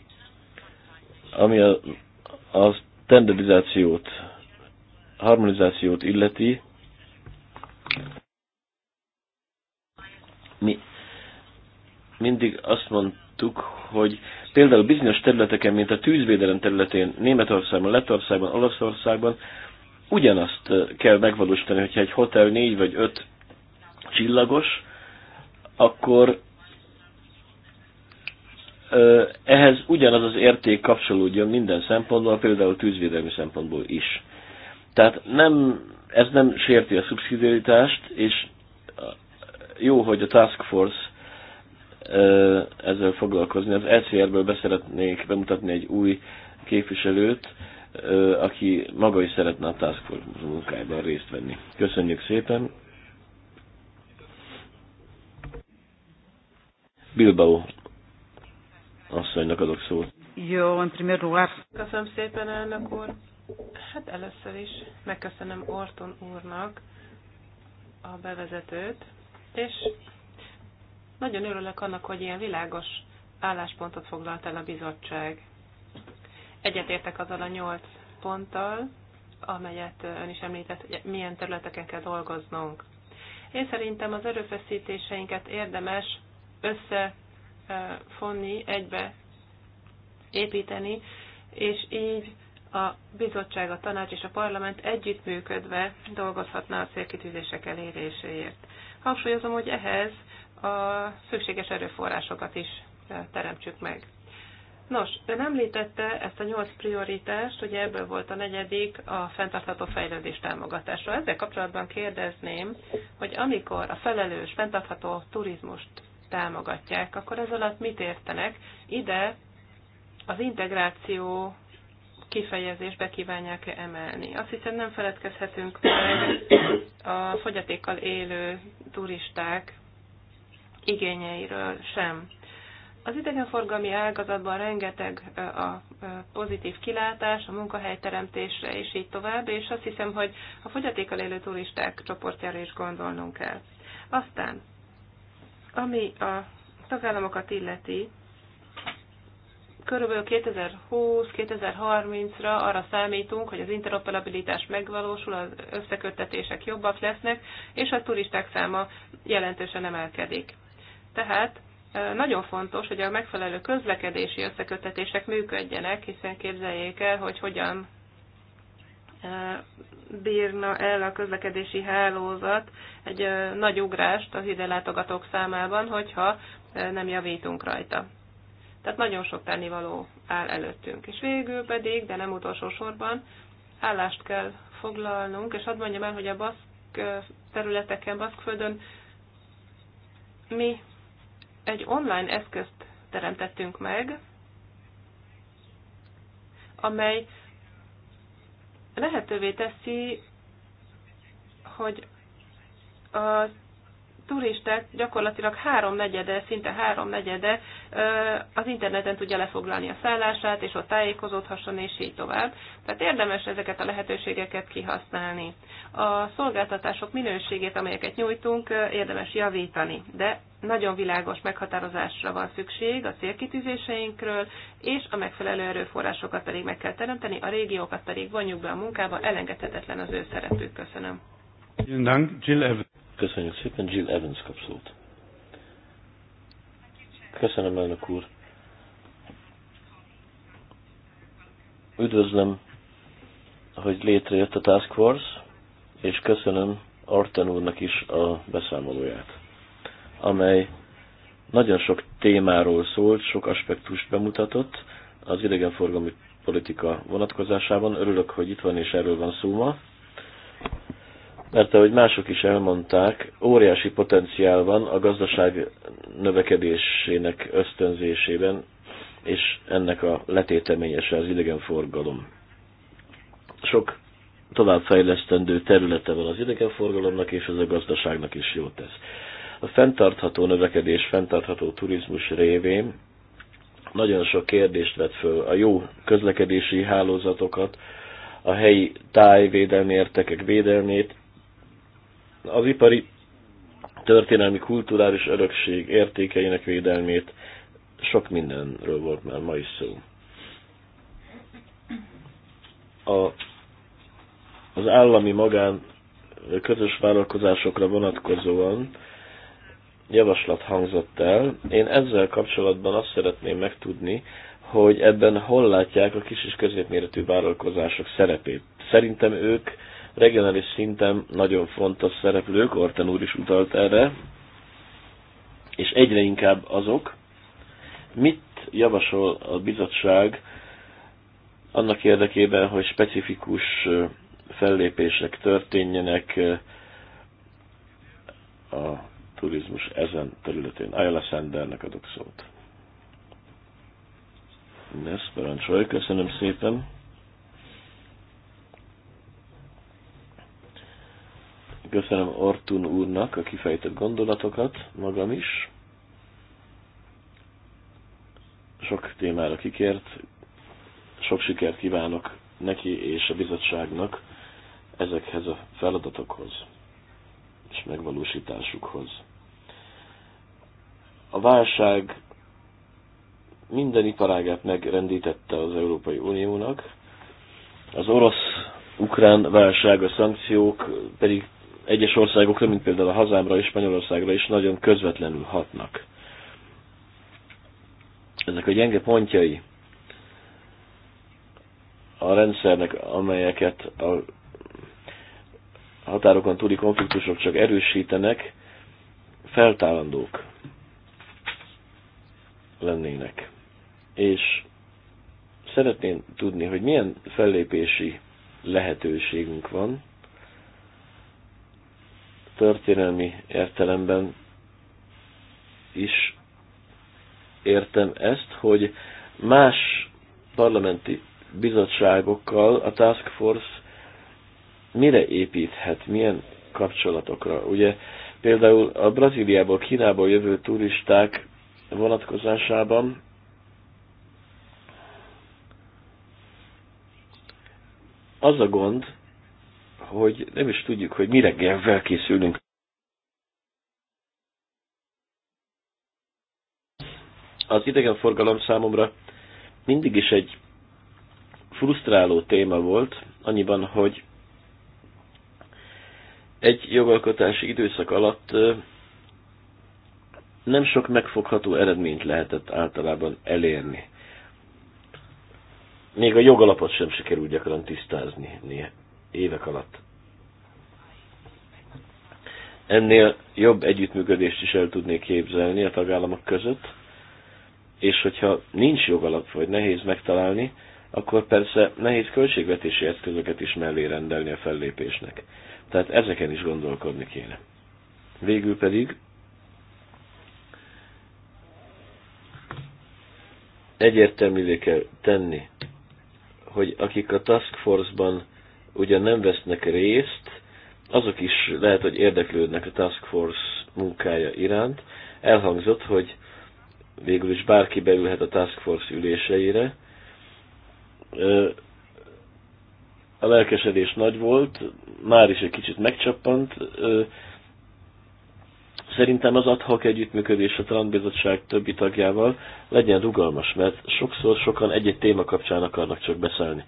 ami a, a standardizációt, harmonizációt illeti, Mi mindig azt mondtuk, hogy például bizonyos területeken, mint a tűzvédelem területén, Németországban, Lettországban, Olaszországban, ugyanazt kell megvalósítani, hogyha egy hotel négy vagy öt csillagos, akkor ehhez ugyanaz az érték kapcsolódjon minden szempontból, például tűzvédelmi szempontból is. Tehát nem, ez nem sérti a szubszidiaritást, és jó, hogy a Task Force ezzel foglalkozni. Az ECR-ből beszeretnék bemutatni egy új képviselőt, aki maga is szeretne a Task Force munkájában részt venni. Köszönjük szépen! Bilbao asszonynak adok szót. Jó, en primer lugar. Köszönöm szépen, elnök úr. Hát először is megköszönöm Orton úrnak a bevezetőt, és nagyon örülök annak, hogy ilyen világos álláspontot foglalt el a bizottság. Egyetértek azzal a nyolc ponttal, amelyet ön is említett, hogy milyen területeken kell dolgoznunk. Én szerintem az erőfeszítéseinket érdemes összefonni, egybe építeni, és így a bizottság, a tanács és a parlament együttműködve dolgozhatna a célkitűzések eléréséért. Hangsúlyozom, hogy ehhez a szükséges erőforrásokat is e, teremtsük meg. Nos, ön említette ezt a nyolc prioritást, ugye ebből volt a negyedik a fenntartható fejlődés támogatása. Ezzel kapcsolatban kérdezném, hogy amikor a felelős fenntartható turizmust támogatják, akkor ez alatt mit értenek? Ide az integráció kifejezésbe kívánják-e emelni. Azt hiszem nem feledkezhetünk meg a fogyatékkal élő turisták igényeiről sem. Az idegenforgalmi ágazatban rengeteg a pozitív kilátás, a munkahelyteremtésre és így tovább, és azt hiszem, hogy a fogyatékkal élő turisták csoportjára is gondolnunk kell. Aztán, ami a tagállamokat illeti, körülbelül 2020-2030-ra arra számítunk, hogy az interoperabilitás megvalósul, az összeköttetések jobbak lesznek, és a turisták száma jelentősen emelkedik. Tehát nagyon fontos, hogy a megfelelő közlekedési összeköttetések működjenek, hiszen képzeljék el, hogy hogyan bírna el a közlekedési hálózat egy nagy ugrást az ide látogatók számában, hogyha nem javítunk rajta. Tehát nagyon sok tennivaló áll előttünk. És végül pedig, de nem utolsó sorban, állást kell foglalnunk, és hadd mondjam el, hogy a baszk területeken, baszkföldön mi egy online eszközt teremtettünk meg, amely lehetővé teszi, hogy az turisták gyakorlatilag háromnegyede, szinte háromnegyede az interneten tudja lefoglalni a szállását, és ott tájékozódhasson, és így tovább. Tehát érdemes ezeket a lehetőségeket kihasználni. A szolgáltatások minőségét, amelyeket nyújtunk, érdemes javítani, de nagyon világos meghatározásra van szükség a célkitűzéseinkről, és a megfelelő erőforrásokat pedig meg kell teremteni, a régiókat pedig vonjuk be a munkába, elengedhetetlen az ő szerepük. Köszönöm. Köszönöm, Jill Evans. Köszönjük szépen, Jill Evans kap szót. Köszönöm, elnök úr. Üdvözlöm, hogy létrejött a Task Force, és köszönöm Arten úrnak is a beszámolóját, amely nagyon sok témáról szólt, sok aspektust bemutatott az idegenforgalmi politika vonatkozásában. Örülök, hogy itt van és erről van szó ma mert ahogy mások is elmondták, óriási potenciál van a gazdaság növekedésének ösztönzésében, és ennek a letéteményese az idegenforgalom. Sok továbbfejlesztendő területe van az idegenforgalomnak, és ez a gazdaságnak is jót tesz. A fenntartható növekedés, fenntartható turizmus révén nagyon sok kérdést vet föl a jó közlekedési hálózatokat, a helyi tájvédelmi értekek védelmét, az ipari történelmi kulturális örökség értékeinek védelmét, sok mindenről volt már ma is szó. A, az állami magán közös vállalkozásokra vonatkozóan javaslat hangzott el. Én ezzel kapcsolatban azt szeretném megtudni, hogy ebben hol látják a kis és középméretű vállalkozások szerepét. Szerintem ők regionális szinten nagyon fontos szereplők, Orten úr is utalt erre, és egyre inkább azok, mit javasol a bizottság annak érdekében, hogy specifikus fellépések történjenek a turizmus ezen területén. Ayala Sandernek adok szót. Yes, parancsolj, köszönöm szépen. Köszönöm Ortun úrnak a kifejtett gondolatokat, magam is. Sok témára kikért, sok sikert kívánok neki és a bizottságnak ezekhez a feladatokhoz és megvalósításukhoz. A válság minden iparágát megrendítette az Európai Uniónak, az orosz-ukrán válság, a szankciók pedig egyes országokra, mint például a hazámra és Spanyolországra is nagyon közvetlenül hatnak. Ezek a gyenge pontjai a rendszernek, amelyeket a határokon túli konfliktusok csak erősítenek, feltállandók lennének. És szeretném tudni, hogy milyen fellépési lehetőségünk van, történelmi értelemben is értem ezt, hogy más parlamenti bizottságokkal a Task Force mire építhet, milyen kapcsolatokra. Ugye például a Brazíliából, Kínából jövő turisták vonatkozásában az a gond, hogy nem is tudjuk, hogy mire gelvel készülünk. Az idegenforgalom számomra mindig is egy frusztráló téma volt, annyiban, hogy egy jogalkotási időszak alatt nem sok megfogható eredményt lehetett általában elérni. Még a jogalapot sem sikerült gyakran tisztázni évek alatt. Ennél jobb együttműködést is el tudnék képzelni a tagállamok között, és hogyha nincs jogalap, vagy nehéz megtalálni, akkor persze nehéz költségvetési eszközöket is mellé rendelni a fellépésnek. Tehát ezeken is gondolkodni kéne. Végül pedig egyértelművé kell tenni, hogy akik a Task Force-ban ugyan nem vesznek részt, azok is lehet, hogy érdeklődnek a Task Force munkája iránt. Elhangzott, hogy végül is bárki beülhet a Task Force üléseire. A lelkesedés nagy volt, már is egy kicsit megcsappant, Szerintem az adhok együttműködés a tanbizottság többi tagjával legyen rugalmas, mert sokszor sokan egy-egy téma kapcsán akarnak csak beszélni.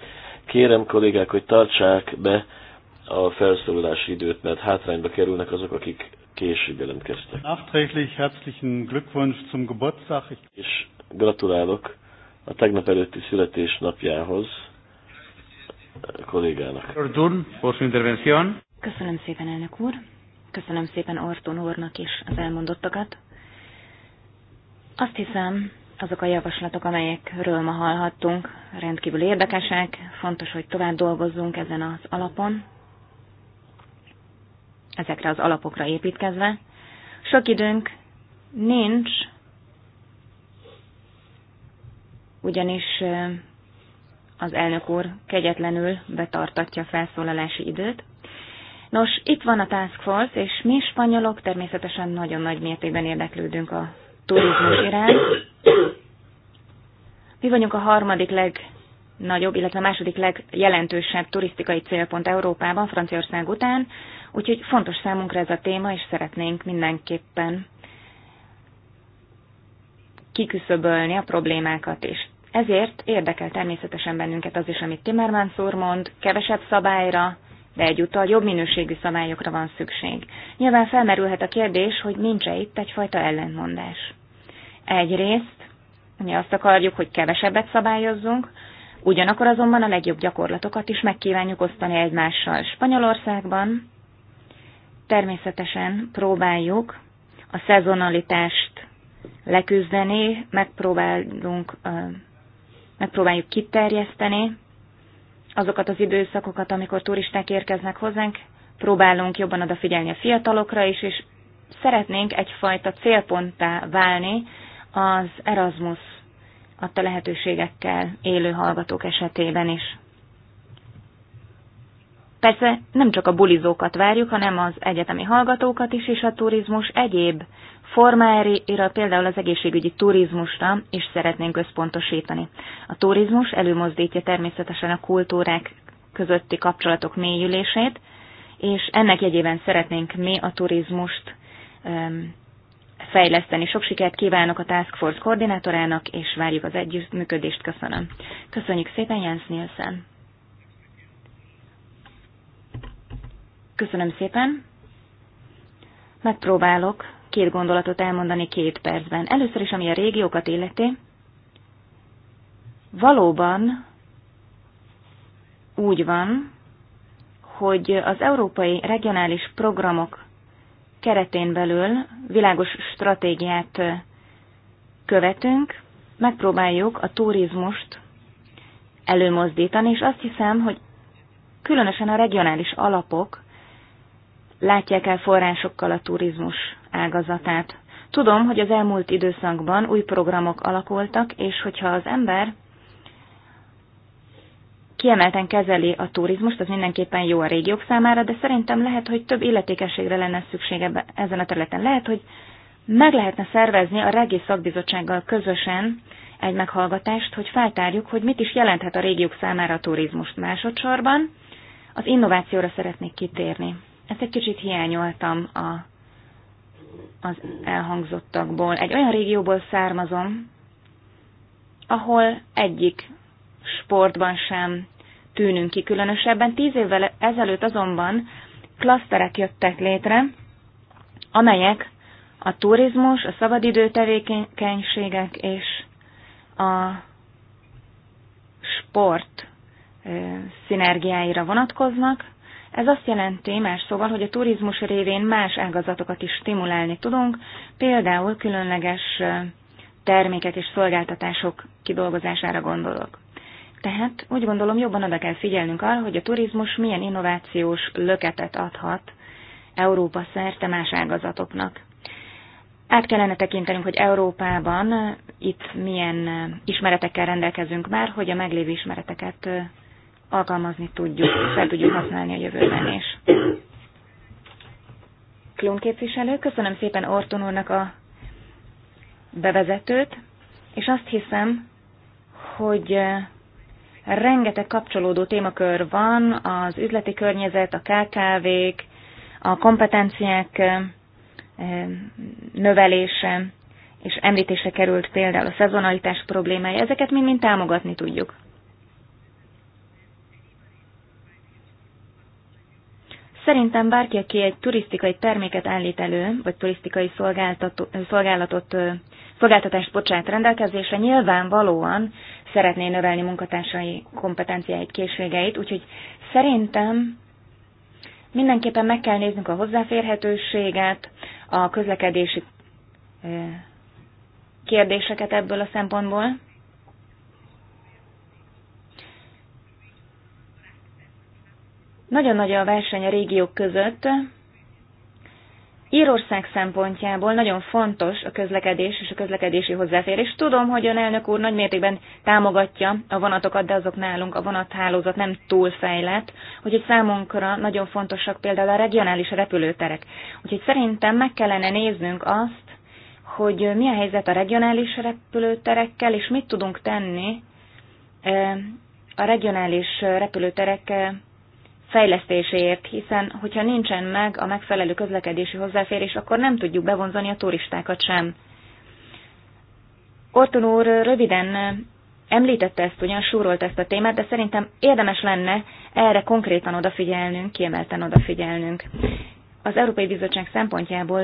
Kérem kollégák, hogy tartsák be a felszólalási időt, mert hátrányba kerülnek azok, akik később jelentkeztek. Nachträglich herzlichen Glückwunsch zum Geburtstag. És gratulálok a tegnap előtti születésnapjához a kollégának. Köszönöm szépen, elnök úr. Köszönöm szépen Orton úrnak is az elmondottakat. Azt hiszem, azok a javaslatok, amelyekről ma hallhattunk, rendkívül érdekesek, fontos, hogy tovább dolgozzunk ezen az alapon, ezekre az alapokra építkezve. Sok időnk nincs, ugyanis az elnök úr kegyetlenül betartatja felszólalási időt. Nos, itt van a Task Force, és mi spanyolok természetesen nagyon nagy mértékben érdeklődünk a turizmus iránt. Mi vagyunk a harmadik legnagyobb, illetve a második legjelentősebb turisztikai célpont Európában, Franciaország után, úgyhogy fontos számunkra ez a téma, és szeretnénk mindenképpen kiküszöbölni a problémákat is. Ezért érdekel természetesen bennünket az is, amit Timmermans úr mond, kevesebb szabályra, de egyúttal jobb minőségű szabályokra van szükség. Nyilván felmerülhet a kérdés, hogy nincs-e itt egyfajta ellentmondás. Egyrészt, mi azt akarjuk, hogy kevesebbet szabályozzunk, ugyanakkor azonban a legjobb gyakorlatokat is megkívánjuk osztani egymással. Spanyolországban természetesen próbáljuk a szezonalitást leküzdeni, megpróbálunk, megpróbáljuk kiterjeszteni azokat az időszakokat, amikor turisták érkeznek hozzánk, próbálunk jobban odafigyelni a fiatalokra is, és szeretnénk egyfajta célponttá válni az Erasmus adta lehetőségekkel élő hallgatók esetében is. Persze nem csak a bulizókat várjuk, hanem az egyetemi hallgatókat is, és a turizmus egyéb formáira, például az egészségügyi turizmusra is szeretnénk összpontosítani. A turizmus előmozdítja természetesen a kultúrák közötti kapcsolatok mélyülését, és ennek jegyében szeretnénk mi a turizmust um, fejleszteni. Sok sikert kívánok a Task Force koordinátorának, és várjuk az együttműködést. Köszönöm. Köszönjük szépen, Jens Nielsen. Köszönöm szépen. Megpróbálok két gondolatot elmondani két percben. Először is, ami a régiókat illeti, valóban úgy van, hogy az európai regionális programok keretén belül világos stratégiát követünk, megpróbáljuk a turizmust előmozdítani, és azt hiszem, hogy különösen a regionális alapok látják el forrásokkal a turizmus ágazatát. Tudom, hogy az elmúlt időszakban új programok alakultak, és hogyha az ember kiemelten kezeli a turizmust, az mindenképpen jó a régiók számára, de szerintem lehet, hogy több illetékességre lenne szüksége ezen a területen. Lehet, hogy meg lehetne szervezni a regi szakbizottsággal közösen egy meghallgatást, hogy feltárjuk, hogy mit is jelenthet a régiók számára a turizmust másodszorban. Az innovációra szeretnék kitérni. Ezt egy kicsit hiányoltam a, az elhangzottakból. Egy olyan régióból származom, ahol egyik sportban sem tűnünk ki különösebben. Tíz évvel ezelőtt azonban klaszterek jöttek létre, amelyek a turizmus, a szabadidő tevékenységek és a sport szinergiáira vonatkoznak. Ez azt jelenti más szóval, hogy a turizmus révén más ágazatokat is stimulálni tudunk, például különleges termékek és szolgáltatások kidolgozására gondolok. Tehát úgy gondolom jobban oda kell figyelnünk arra, hogy a turizmus milyen innovációs löketet adhat Európa szerte más ágazatoknak. Át kellene tekintenünk, hogy Európában itt milyen ismeretekkel rendelkezünk már, hogy a meglévő ismereteket alkalmazni tudjuk, fel tudjuk használni a jövőben is. Klón képviselő, köszönöm szépen Orton úrnak a bevezetőt, és azt hiszem, hogy eh, rengeteg kapcsolódó témakör van, az üzleti környezet, a KKV-k, a kompetenciák eh, növelése, és említése került például a szezonalitás problémája, ezeket mind-mind támogatni tudjuk. Szerintem bárki, aki egy turisztikai terméket állít elő, vagy turisztikai szolgáltatot, szolgáltatást bocsát rendelkezésre, nyilvánvalóan szeretné növelni munkatársai kompetenciáit, készségeit, úgyhogy szerintem mindenképpen meg kell néznünk a hozzáférhetőséget, a közlekedési kérdéseket ebből a szempontból, Nagyon nagy a verseny a régiók között. Írország szempontjából nagyon fontos a közlekedés és a közlekedési hozzáférés. Tudom, hogy ön elnök úr nagy mértékben támogatja a vonatokat, de azok nálunk a vonathálózat nem túl fejlett, úgyhogy számunkra nagyon fontosak például a regionális repülőterek. Úgyhogy szerintem meg kellene néznünk azt, hogy mi a helyzet a regionális repülőterekkel, és mit tudunk tenni eh, a regionális repülőterekkel. Eh, fejlesztéséért, hiszen hogyha nincsen meg a megfelelő közlekedési hozzáférés, akkor nem tudjuk bevonzani a turistákat sem. Orton úr röviden említette ezt, ugyan súrolt ezt a témát, de szerintem érdemes lenne erre konkrétan odafigyelnünk, kiemelten odafigyelnünk. Az Európai Bizottság szempontjából,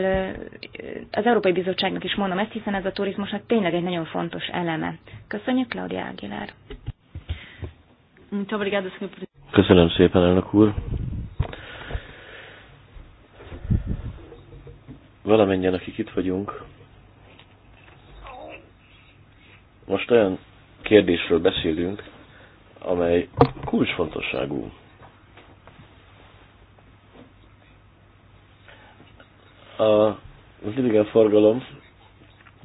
az Európai Bizottságnak is mondom ezt, hiszen ez a turizmusnak tényleg egy nagyon fontos eleme. Köszönjük, Claudia Aguilar. Köszönöm szépen, elnök úr. Valamennyien, akik itt vagyunk, most olyan kérdésről beszélünk, amely kulcsfontosságú. A, az idegen forgalom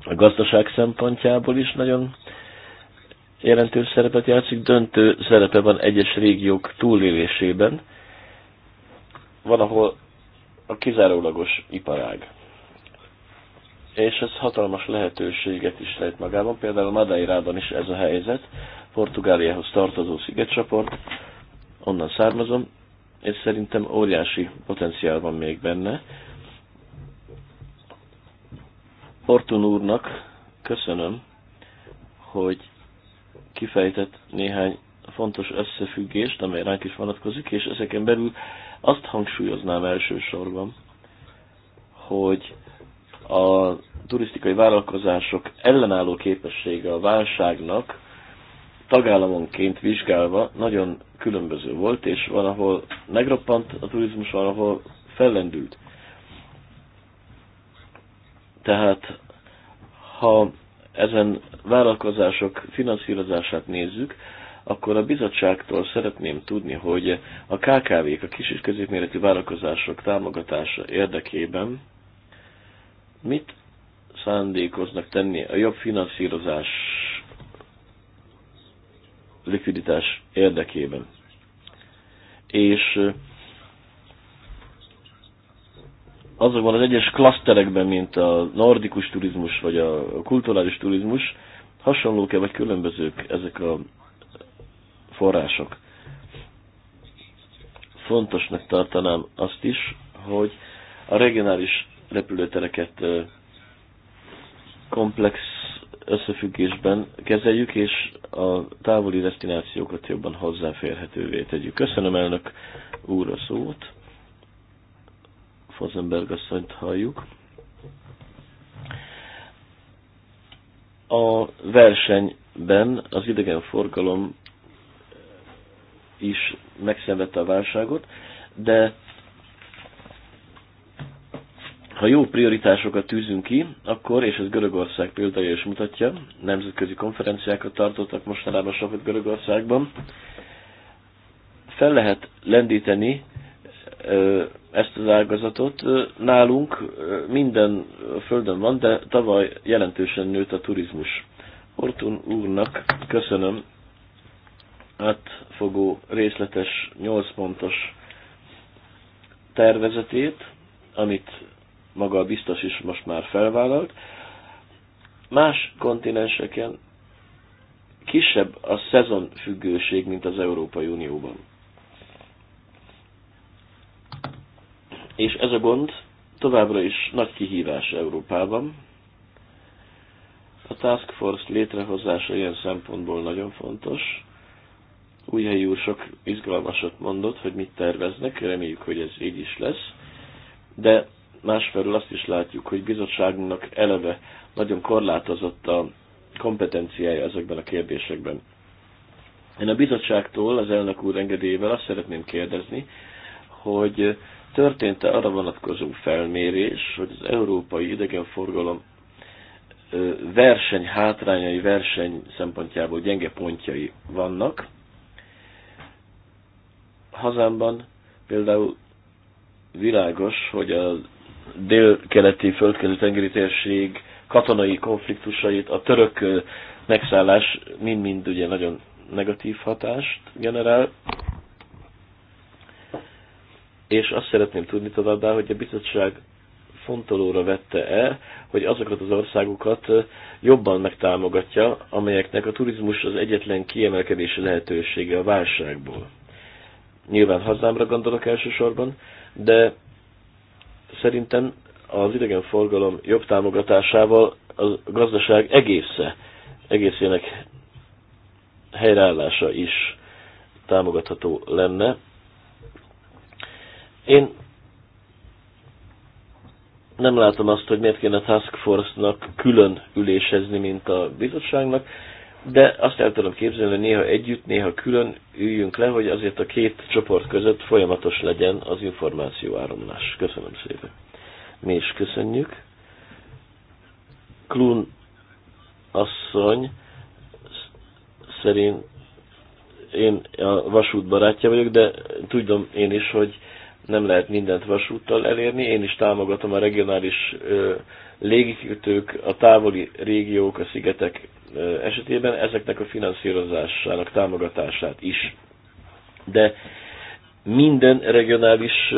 a gazdaság szempontjából is nagyon jelentős szerepet játszik, döntő szerepe van egyes régiók túlélésében, van, ahol a kizárólagos iparág. És ez hatalmas lehetőséget is lehet magában, például Madeirában is ez a helyzet, Portugáliához tartozó szigetcsoport, onnan származom, és szerintem óriási potenciál van még benne. Ortun úrnak köszönöm, hogy kifejtett néhány fontos összefüggést, amely ránk is vonatkozik, és ezeken belül azt hangsúlyoznám elsősorban, hogy a turisztikai vállalkozások ellenálló képessége a válságnak tagállamonként vizsgálva nagyon különböző volt, és van, ahol megroppant a turizmus, van, ahol fellendült. Tehát, ha ezen vállalkozások finanszírozását nézzük, akkor a bizottságtól szeretném tudni, hogy a KKV-k, a kis és középméretű vállalkozások támogatása érdekében mit szándékoznak tenni a jobb finanszírozás likviditás érdekében. És azokban az egyes klaszterekben, mint a nordikus turizmus vagy a kulturális turizmus, hasonlók-e vagy különbözők ezek a források? Fontosnak tartanám azt is, hogy a regionális repülőtereket komplex összefüggésben kezeljük, és a távoli destinációkat jobban hozzáférhetővé tegyük. Köszönöm elnök úr a szót. Fozenberg asszonyt halljuk. A versenyben az idegenforgalom is megszenvedte a válságot, de ha jó prioritásokat tűzünk ki, akkor, és ez Görögország példája is mutatja, nemzetközi konferenciákat tartottak mostanában sokat Görögországban, fel lehet lendíteni ezt az ágazatot. Nálunk minden földön van, de tavaly jelentősen nőtt a turizmus. Hortun úrnak köszönöm átfogó, részletes, 8 pontos tervezetét, amit maga a biztos is most már felvállalt. Más kontinenseken kisebb a szezonfüggőség, mint az Európai Unióban És ez a gond továbbra is nagy kihívás Európában. A Task Force létrehozása ilyen szempontból nagyon fontos. Újhelyi úr sok izgalmasat mondott, hogy mit terveznek, reméljük, hogy ez így is lesz. De másfelől azt is látjuk, hogy bizottságunknak eleve nagyon korlátozott a kompetenciája ezekben a kérdésekben. Én a bizottságtól, az elnök úr engedélyével azt szeretném kérdezni, hogy Történt-e arra vonatkozó felmérés, hogy az európai idegenforgalom verseny hátrányai, verseny szempontjából gyenge pontjai vannak. Hazámban például világos, hogy a dél-keleti földközi tengeri térség katonai konfliktusait, a török megszállás mind-mind ugye nagyon negatív hatást generál és azt szeretném tudni továbbá, hogy a bizottság fontolóra vette-e, hogy azokat az országokat jobban megtámogatja, amelyeknek a turizmus az egyetlen kiemelkedési lehetősége a válságból. Nyilván hazámra gondolok elsősorban, de szerintem az idegenforgalom jobb támogatásával a gazdaság egésze, egészének helyreállása is támogatható lenne, én nem látom azt, hogy miért kéne a Task Force-nak külön ülésezni, mint a bizottságnak, de azt el tudom képzelni, hogy néha együtt, néha külön üljünk le, hogy azért a két csoport között folyamatos legyen az információ áramlás. Köszönöm szépen. Mi is köszönjük. Klun asszony szerint én a vasút barátja vagyok, de tudom én is, hogy nem lehet mindent vasúttal elérni. Én is támogatom a regionális légikütők, a távoli régiók, a szigetek esetében ezeknek a finanszírozásának támogatását is. De minden regionális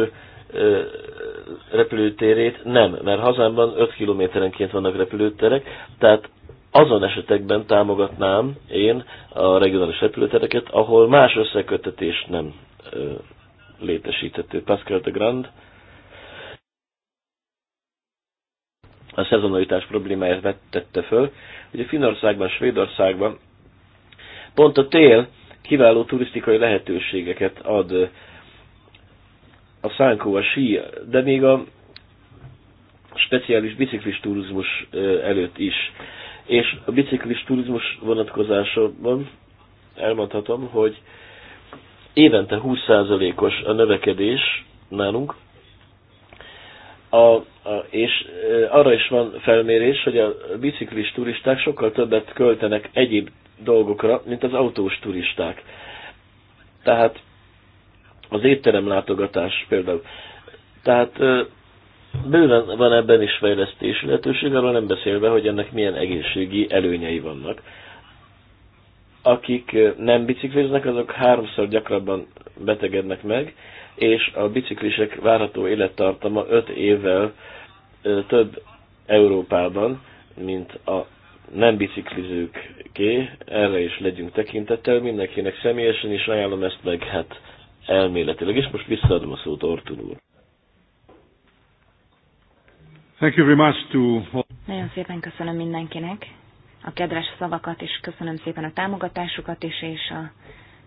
repülőtérét nem, mert hazámban 5 kilométerenként vannak repülőterek, tehát azon esetekben támogatnám én a regionális repülőtereket, ahol más összekötetést nem létesített Pascal de Grand. A szezonalitás problémáját vettette föl, hogy a Finországban, Svédországban pont a tél kiváló turisztikai lehetőségeket ad a szánkó, a sí, de még a speciális biciklis turizmus előtt is. És a biciklis turizmus vonatkozásában elmondhatom, hogy évente 20%-os a növekedés nálunk, a, a, és arra is van felmérés, hogy a biciklis turisták sokkal többet költenek egyéb dolgokra, mint az autós turisták. Tehát az étterem látogatás például. Tehát bőven van ebben is fejlesztési lehetőség, arról nem beszélve, hogy ennek milyen egészségi előnyei vannak akik nem bicikliznek, azok háromszor gyakrabban betegednek meg, és a biciklisek várható élettartama 5 évvel több Európában, mint a nem biciklizőké, erre is legyünk tekintettel, mindenkinek személyesen is ajánlom ezt meg, hát elméletileg. És most visszaadom a szót Ortun úr. Thank you very much to... Nagyon szépen köszönöm mindenkinek a kedves szavakat, és köszönöm szépen a támogatásukat is, és a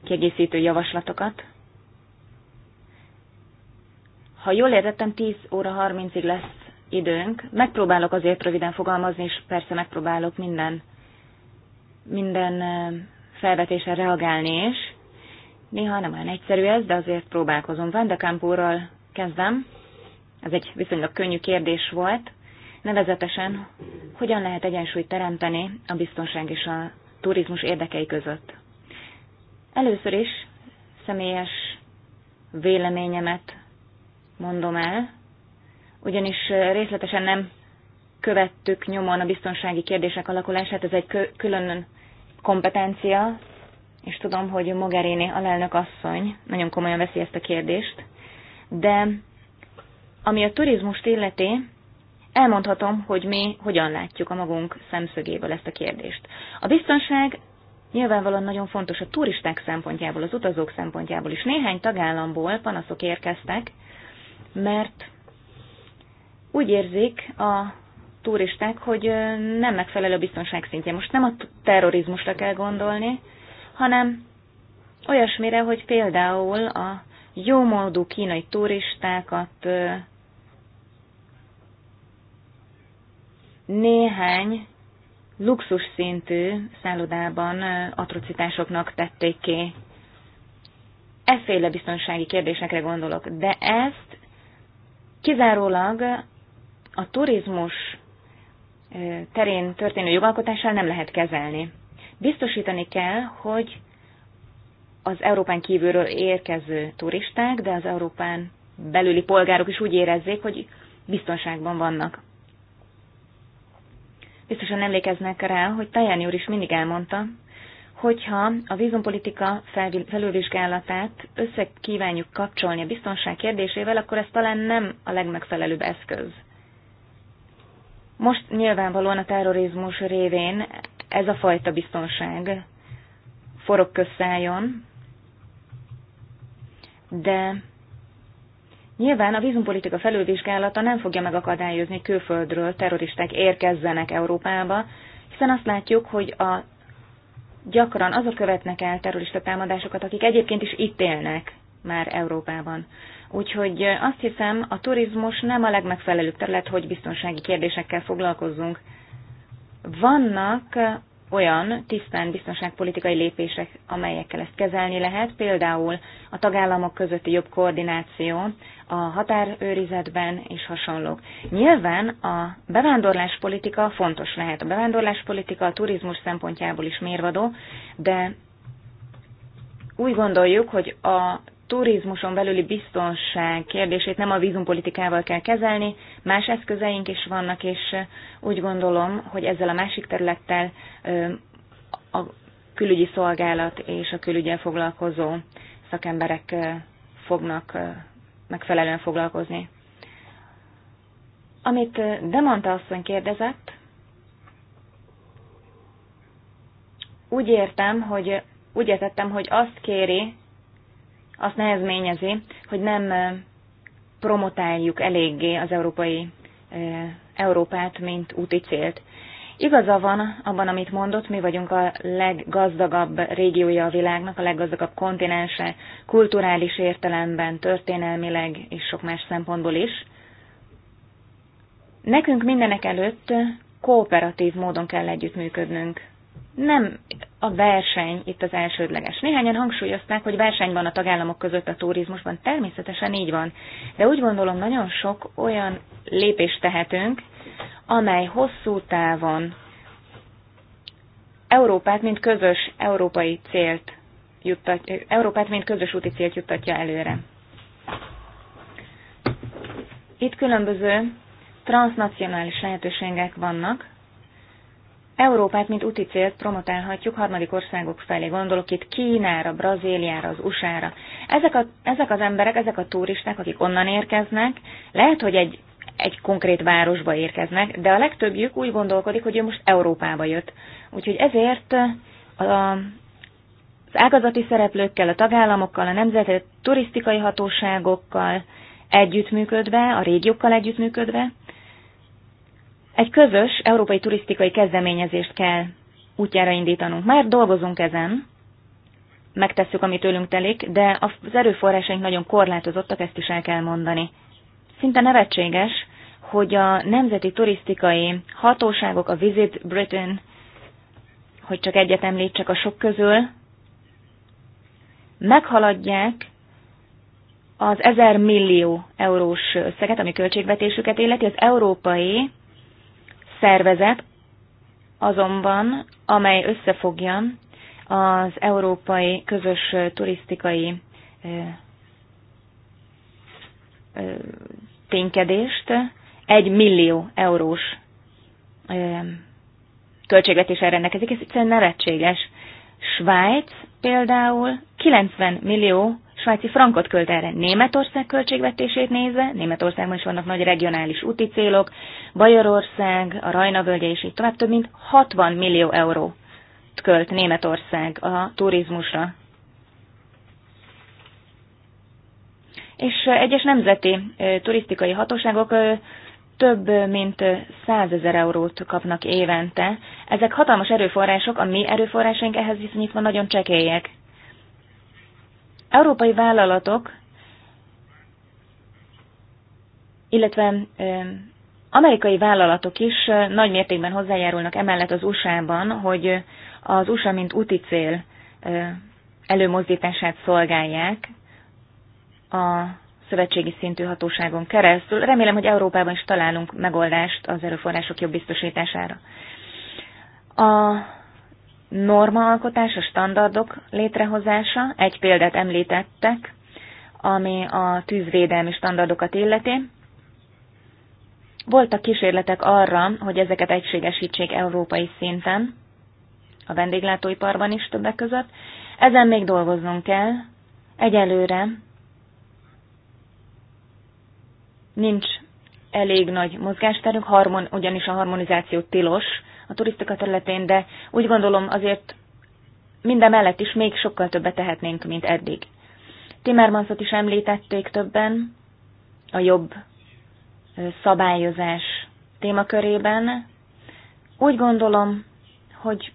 kiegészítő javaslatokat. Ha jól értettem, 10 óra 30-ig lesz időnk. Megpróbálok azért röviden fogalmazni, és persze megpróbálok minden, minden felvetésre reagálni is. Néha nem olyan egyszerű ez, de azért próbálkozom. Van kezdem. Ez egy viszonylag könnyű kérdés volt nevezetesen hogyan lehet egyensúlyt teremteni a biztonság és a turizmus érdekei között. Először is személyes véleményemet mondom el, ugyanis részletesen nem követtük nyomon a biztonsági kérdések alakulását, ez egy külön kompetencia, és tudom, hogy Mogherini alelnök asszony nagyon komolyan veszi ezt a kérdést, de ami a turizmust illeti, elmondhatom, hogy mi hogyan látjuk a magunk szemszögéből ezt a kérdést. A biztonság nyilvánvalóan nagyon fontos a turisták szempontjából, az utazók szempontjából is. Néhány tagállamból panaszok érkeztek, mert úgy érzik a turisták, hogy nem megfelelő a biztonság szintje. Most nem a terrorizmusra kell gondolni, hanem olyasmire, hogy például a jómódú kínai turistákat néhány luxus szintű szállodában atrocitásoknak tették ki. Efféle biztonsági kérdésekre gondolok, de ezt kizárólag a turizmus terén történő jogalkotással nem lehet kezelni. Biztosítani kell, hogy az Európán kívülről érkező turisták, de az Európán belüli polgárok is úgy érezzék, hogy biztonságban vannak. Biztosan emlékeznek rá, hogy Tajani úr is mindig elmondta, hogyha a vízumpolitika felülvizsgálatát összekívánjuk kapcsolni a biztonság kérdésével, akkor ez talán nem a legmegfelelőbb eszköz. Most nyilvánvalóan a terrorizmus révén ez a fajta biztonság forog közszálljon, de Nyilván a vízumpolitika felülvizsgálata nem fogja megakadályozni külföldről terroristák érkezzenek Európába, hiszen azt látjuk, hogy a gyakran azok követnek el terrorista támadásokat, akik egyébként is itt élnek már Európában. Úgyhogy azt hiszem, a turizmus nem a legmegfelelőbb terület, hogy biztonsági kérdésekkel foglalkozzunk. Vannak olyan tisztán biztonságpolitikai lépések, amelyekkel ezt kezelni lehet, például a tagállamok közötti jobb koordináció, a határőrizetben és hasonlók. Nyilván a bevándorláspolitika fontos lehet. A bevándorláspolitika a turizmus szempontjából is mérvadó, de úgy gondoljuk, hogy a turizmuson belüli biztonság kérdését nem a vízumpolitikával kell kezelni, más eszközeink is vannak, és úgy gondolom, hogy ezzel a másik területtel a külügyi szolgálat és a külügyel foglalkozó szakemberek fognak megfelelően foglalkozni. Amit Demanta asszony kérdezett, úgy értem, hogy úgy értettem, hogy azt kéri, azt nehezményezi, hogy nem promotáljuk eléggé az európai Európát, mint úti célt. Igaza van abban, amit mondott, mi vagyunk a leggazdagabb régiója a világnak, a leggazdagabb kontinense, kulturális értelemben, történelmileg és sok más szempontból is. Nekünk mindenek előtt kooperatív módon kell együttműködnünk. Nem a verseny itt az elsődleges. Néhányan hangsúlyozták, hogy verseny van a tagállamok között a turizmusban. Természetesen így van. De úgy gondolom, nagyon sok olyan lépést tehetünk, amely hosszú távon Európát, mint közös európai célt juttat, Európát, mint közös úti célt juttatja előre. Itt különböző transnacionális lehetőségek vannak, Európát, mint úti célt promotálhatjuk harmadik országok felé. Gondolok itt Kínára, Brazíliára, az USA-ra. Ezek, a, ezek az emberek, ezek a turisták, akik onnan érkeznek, lehet, hogy egy, egy konkrét városba érkeznek, de a legtöbbjük úgy gondolkodik, hogy ő most Európába jött. Úgyhogy ezért a, az ágazati szereplőkkel, a tagállamokkal, a nemzeti turisztikai hatóságokkal együttműködve, a régiókkal együttműködve, egy közös európai turisztikai kezdeményezést kell útjára indítanunk. Már dolgozunk ezen, megtesszük, amit tőlünk telik, de az erőforrásaink nagyon korlátozottak, ezt is el kell mondani. Szinte nevetséges, hogy a nemzeti turisztikai hatóságok, a Visit Britain, hogy csak egyet említsek a sok közül, meghaladják az 1000 millió eurós összeget, ami költségvetésüket illeti, az európai szervezet azonban, amely összefogja az európai közös turisztikai ténykedést egy millió eurós erre rendelkezik, ez egyszerűen nevetséges. Svájc például 90 millió svájci frankot költ erre. Németország költségvetését nézve, Németországban is vannak nagy regionális úti célok, Bajorország, a Rajna völgye és így tovább több mint 60 millió euró költ Németország a turizmusra. És egyes nemzeti turisztikai hatóságok több mint 100 ezer eurót kapnak évente. Ezek hatalmas erőforrások, a mi erőforrásaink ehhez viszonyítva nagyon csekélyek. Európai vállalatok, illetve amerikai vállalatok is nagy mértékben hozzájárulnak emellett az USA-ban, hogy az USA mint úti cél előmozdítását szolgálják a szövetségi szintű hatóságon keresztül. Remélem, hogy Európában is találunk megoldást az erőforrások jobb biztosítására. A normaalkotás, a standardok létrehozása. Egy példát említettek, ami a tűzvédelmi standardokat illeti. Voltak kísérletek arra, hogy ezeket egységesítsék európai szinten, a vendéglátóiparban is többek között. Ezen még dolgoznunk kell. Egyelőre nincs elég nagy mozgásterünk, harmon, ugyanis a harmonizáció tilos, a turisztika területén, de úgy gondolom azért minden mellett is még sokkal többet tehetnénk, mint eddig. Timmermansot is említették többen a jobb szabályozás témakörében. Úgy gondolom, hogy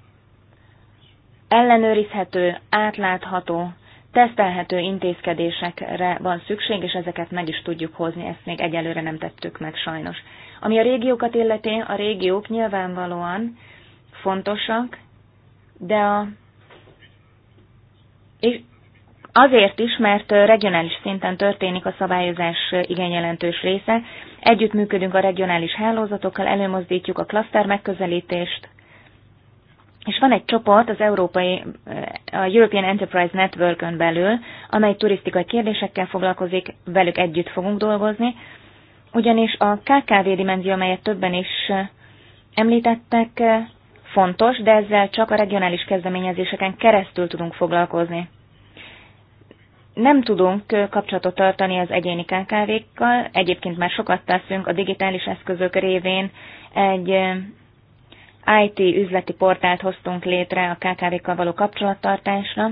ellenőrizhető, átlátható, tesztelhető intézkedésekre van szükség, és ezeket meg is tudjuk hozni, ezt még egyelőre nem tettük meg sajnos. Ami a régiókat illeti, a régiók nyilvánvalóan fontosak, de a, és azért is, mert regionális szinten történik a szabályozás igen jelentős része. Együttműködünk a regionális hálózatokkal, előmozdítjuk a klaszter megközelítést, és van egy csoport az európai, a European Enterprise Networkön belül, amely turisztikai kérdésekkel foglalkozik, velük együtt fogunk dolgozni, ugyanis a KKV dimenzió, amelyet többen is eh, említettek, eh, fontos, de ezzel csak a regionális kezdeményezéseken keresztül tudunk foglalkozni. Nem tudunk eh, kapcsolatot tartani az egyéni KKV-kkal, egyébként már sokat teszünk a digitális eszközök révén. Egy IT üzleti portált hoztunk létre a KKV-kkal való kapcsolattartásra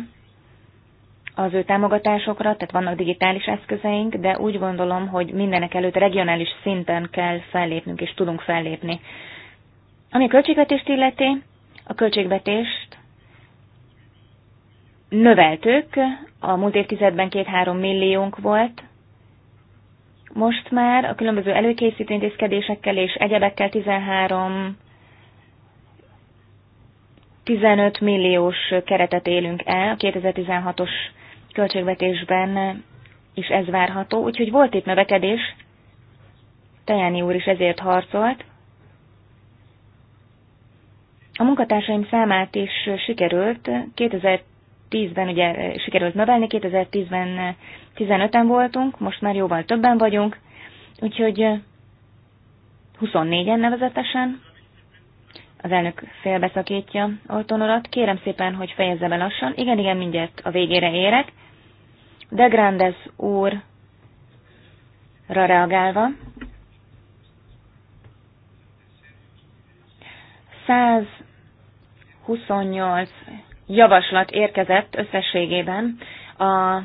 az ő támogatásokra, tehát vannak digitális eszközeink, de úgy gondolom, hogy mindenek előtt regionális szinten kell fellépnünk, és tudunk fellépni. Ami a költségvetést illeti, a költségvetést növeltük, a múlt évtizedben 2-3 milliónk volt, most már a különböző előkészítő intézkedésekkel és egyebekkel 13 15 milliós keretet élünk el a 2016-os költségvetésben is ez várható, úgyhogy volt itt növekedés, Tejáni úr is ezért harcolt. A munkatársaim számát is sikerült, 2010-ben ugye sikerült növelni, 2010-ben 15-en voltunk, most már jóval többen vagyunk, úgyhogy 24-en nevezetesen. Az elnök félbeszakítja a urat. Kérem szépen, hogy fejezze be lassan. Igen, igen, mindjárt a végére érek. De Grandes úrra reagálva, 128 javaslat érkezett összességében az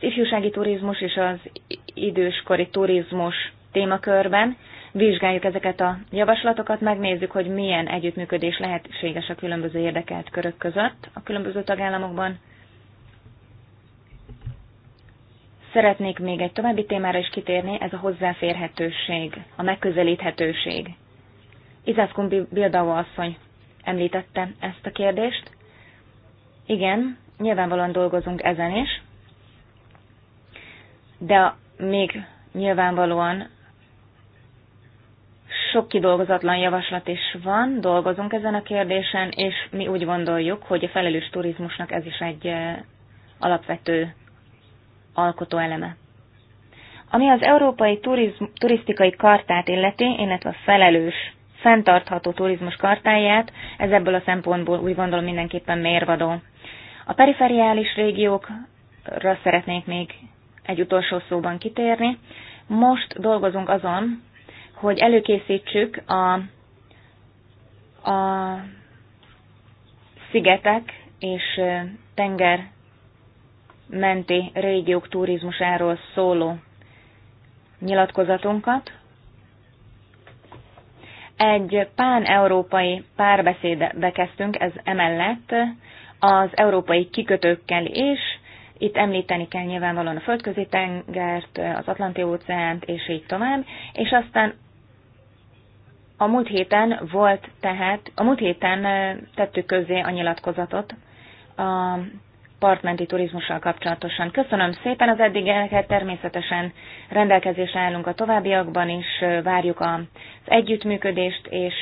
ifjúsági turizmus és az időskori turizmus témakörben. Vizsgáljuk ezeket a javaslatokat, megnézzük, hogy milyen együttműködés lehetséges a különböző érdekelt körök között a különböző tagállamokban, Szeretnék még egy további témára is kitérni, ez a hozzáférhetőség, a megközelíthetőség. Izászkun Bildau asszony említette ezt a kérdést. Igen, nyilvánvalóan dolgozunk ezen is, de még nyilvánvalóan sok kidolgozatlan javaslat is van, dolgozunk ezen a kérdésen, és mi úgy gondoljuk, hogy a felelős turizmusnak ez is egy eh, alapvető alkotó eleme. Ami az Európai Turizm, Turisztikai Kartát illeti, illetve a felelős, fenntartható turizmus kartáját, ez ebből a szempontból úgy gondolom mindenképpen mérvadó. A periferiális régiókra szeretnék még egy utolsó szóban kitérni. Most dolgozunk azon, hogy előkészítsük a, a szigetek és tenger menti régiók turizmusáról szóló nyilatkozatunkat. Egy pán-európai párbeszédbe kezdtünk, ez emellett az európai kikötőkkel is, itt említeni kell nyilvánvalóan a földközi tengert, az Atlanti óceánt, és így tovább, és aztán a múlt héten volt tehát, a múlt héten tettük közzé a nyilatkozatot a partmenti turizmussal kapcsolatosan. Köszönöm szépen az eddigeket, természetesen rendelkezésre állunk a továbbiakban is, várjuk az együttműködést, és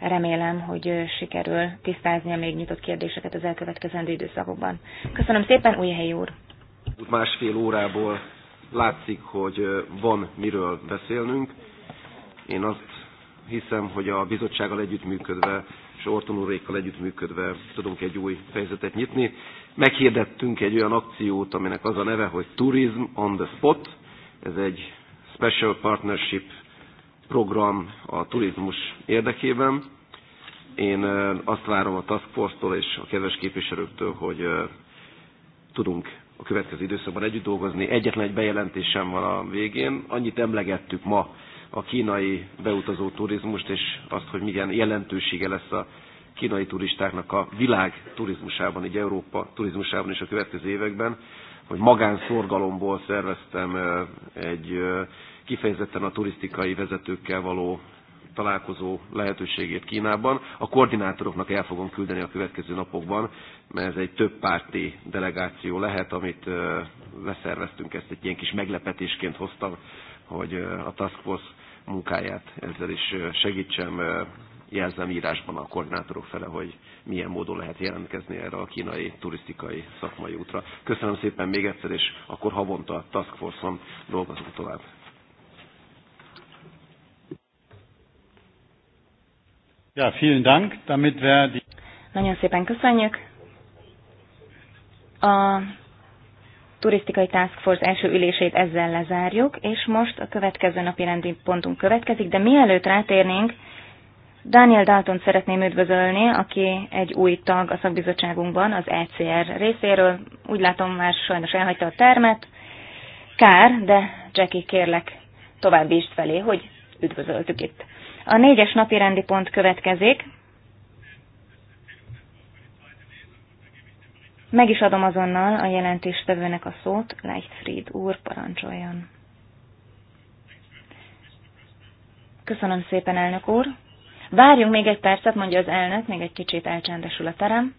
remélem, hogy sikerül tisztázni a még nyitott kérdéseket az elkövetkezendő időszakokban. Köszönöm szépen, helyi úr! Másfél órából látszik, hogy van miről beszélnünk. Én azt hiszem, hogy a bizottsággal együttműködve Ortonúrékkal együttműködve tudunk egy új fejezetet nyitni. Meghirdettünk egy olyan akciót, aminek az a neve, hogy Tourism on the Spot. Ez egy Special Partnership program a turizmus érdekében. Én azt várom a Task Force-tól és a kedves képviselőktől, hogy tudunk a következő időszakban együtt dolgozni. Egyetlen egy bejelentésem van a végén. Annyit emlegettük ma a kínai beutazó turizmust, és azt, hogy milyen jelentősége lesz a kínai turistáknak a világ turizmusában, így Európa turizmusában is a következő években, hogy magánszorgalomból szerveztem egy kifejezetten a turisztikai vezetőkkel való találkozó lehetőségét Kínában. A koordinátoroknak el fogom küldeni a következő napokban, mert ez egy több párti delegáció lehet, amit leszerveztünk, ezt egy ilyen kis meglepetésként hoztam, hogy a Task Force munkáját ezzel is segítsem, jelzem írásban a koordinátorok fele, hogy milyen módon lehet jelentkezni erre a kínai turisztikai szakmai útra. Köszönöm szépen még egyszer, és akkor havonta a Task Force-on dolgozunk tovább. Ja, vielen Dank. Damit die Nagyon szépen köszönjük. A turisztikai task force első ülését ezzel lezárjuk, és most a következő napi rendi pontunk következik, de mielőtt rátérnénk, Daniel Dalton szeretném üdvözölni, aki egy új tag a szakbizottságunkban, az ECR részéről. Úgy látom, már sajnos elhagyta a termet. Kár, de Jackie, kérlek, is felé, hogy üdvözöltük itt. A négyes napi rendi pont következik, Meg is adom azonnal a jelentéstevőnek a szót, Leichtfried úr, parancsoljon. Köszönöm szépen, elnök úr. Várjunk még egy percet, mondja az elnök, még egy kicsit elcsendesül a terem.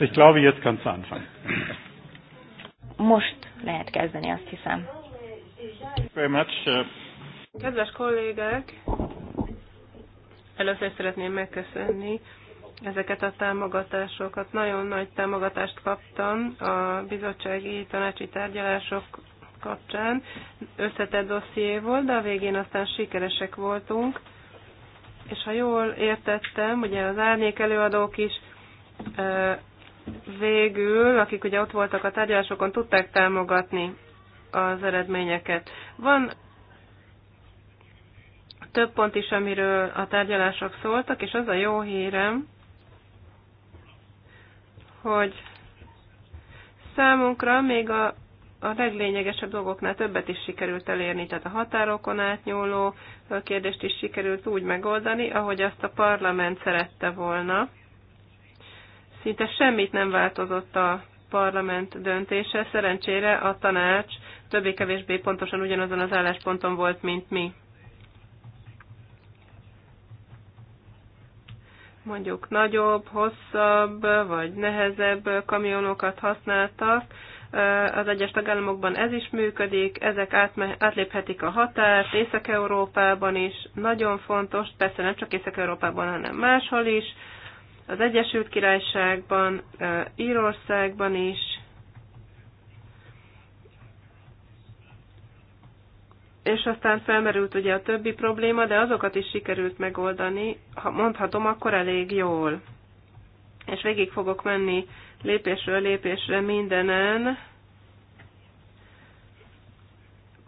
Ich glaube, jetzt kannst du anfangen. Most lehet kezdeni, azt hiszem. Very much. Uh, Kedves kollégák, először szeretném megköszönni ezeket a támogatásokat. Nagyon nagy támogatást kaptam a bizottsági tanácsi tárgyalások kapcsán. Összetett dosszié volt, de a végén aztán sikeresek voltunk. És ha jól értettem, ugye az árnyék előadók is uh, végül, akik ugye ott voltak a tárgyalásokon, tudták támogatni az eredményeket. Van több pont is, amiről a tárgyalások szóltak, és az a jó hírem, hogy számunkra még a, a leglényegesebb dolgoknál többet is sikerült elérni, tehát a határokon átnyúló kérdést is sikerült úgy megoldani, ahogy azt a parlament szerette volna Szinte semmit nem változott a parlament döntése. Szerencsére a tanács többé-kevésbé pontosan ugyanazon az állásponton volt, mint mi. Mondjuk nagyobb, hosszabb vagy nehezebb kamionokat használtak. Az egyes tagállamokban ez is működik, ezek átléphetik a határt, Észak-Európában is, nagyon fontos, persze nem csak Észak-Európában, hanem máshol is, az Egyesült Királyságban, Írországban is, és aztán felmerült ugye a többi probléma, de azokat is sikerült megoldani, ha mondhatom, akkor elég jól. És végig fogok menni lépésről lépésre mindenen.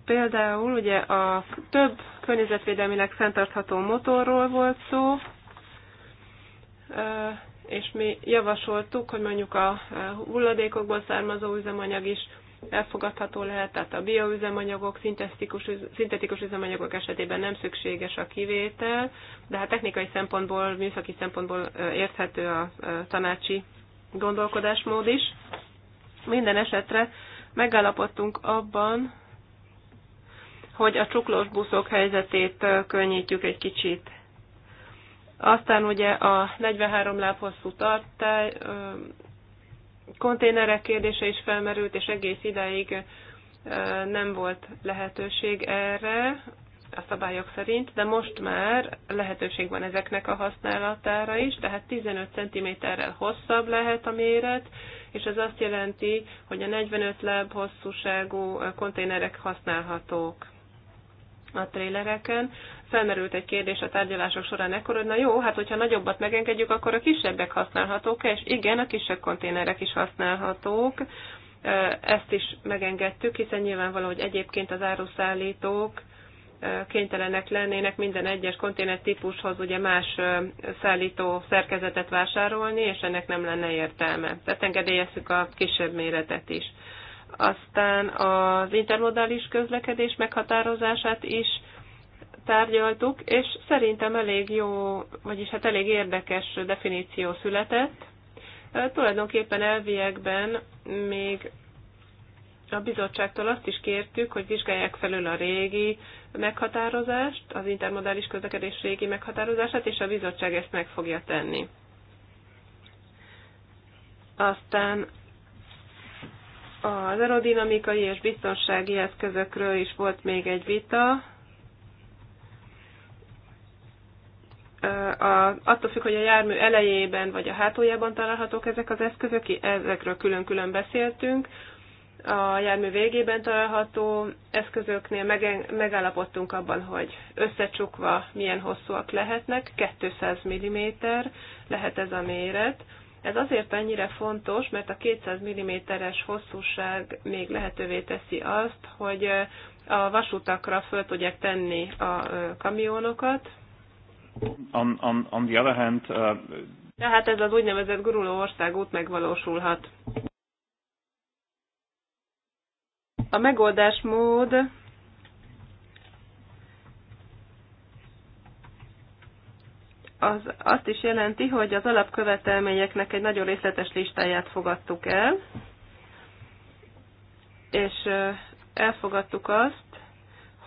Például ugye a több környezetvédelmileg fenntartható motorról volt szó, és mi javasoltuk, hogy mondjuk a hulladékokból származó üzemanyag is elfogadható lehet, tehát a bioüzemanyagok, szintetikus, üzemanyagok esetében nem szükséges a kivétel, de hát technikai szempontból, műszaki szempontból érthető a tanácsi gondolkodásmód is. Minden esetre megállapodtunk abban, hogy a csuklós buszok helyzetét könnyítjük egy kicsit. Aztán ugye a 43 láb hosszú tartály, konténerek kérdése is felmerült, és egész idáig nem volt lehetőség erre a szabályok szerint, de most már lehetőség van ezeknek a használatára is, tehát 15 cm-rel hosszabb lehet a méret, és ez azt jelenti, hogy a 45 láb hosszúságú konténerek használhatók a trélereken. Felmerült egy kérdés a tárgyalások során ekkor, hogy na jó, hát hogyha nagyobbat megengedjük, akkor a kisebbek használhatók, és igen, a kisebb konténerek is használhatók. Ezt is megengedtük, hiszen nyilvánvaló, hogy egyébként az áruszállítók kénytelenek lennének minden egyes konténer típushoz ugye más szállító szerkezetet vásárolni, és ennek nem lenne értelme. Tehát engedélyezzük a kisebb méretet is aztán az intermodális közlekedés meghatározását is tárgyaltuk, és szerintem elég jó, vagyis hát elég érdekes definíció született. Tulajdonképpen elviekben még a bizottságtól azt is kértük, hogy vizsgálják felül a régi meghatározást, az intermodális közlekedés régi meghatározását, és a bizottság ezt meg fogja tenni. Aztán az aerodinamikai és biztonsági eszközökről is volt még egy vita. A, attól függ, hogy a jármű elejében vagy a hátuljában találhatók ezek az eszközök, ezekről külön-külön beszéltünk. A jármű végében található eszközöknél megállapodtunk abban, hogy összecsukva milyen hosszúak lehetnek, 200 mm lehet ez a méret, ez azért ennyire fontos, mert a 200 mm-es hosszúság még lehetővé teszi azt, hogy a vasutakra föl tudják tenni a kamionokat. On, on, on the other hand, uh... Ja, hát ez az úgynevezett guruló országút megvalósulhat. A megoldásmód az azt is jelenti, hogy az alapkövetelményeknek egy nagyon részletes listáját fogadtuk el, és elfogadtuk azt,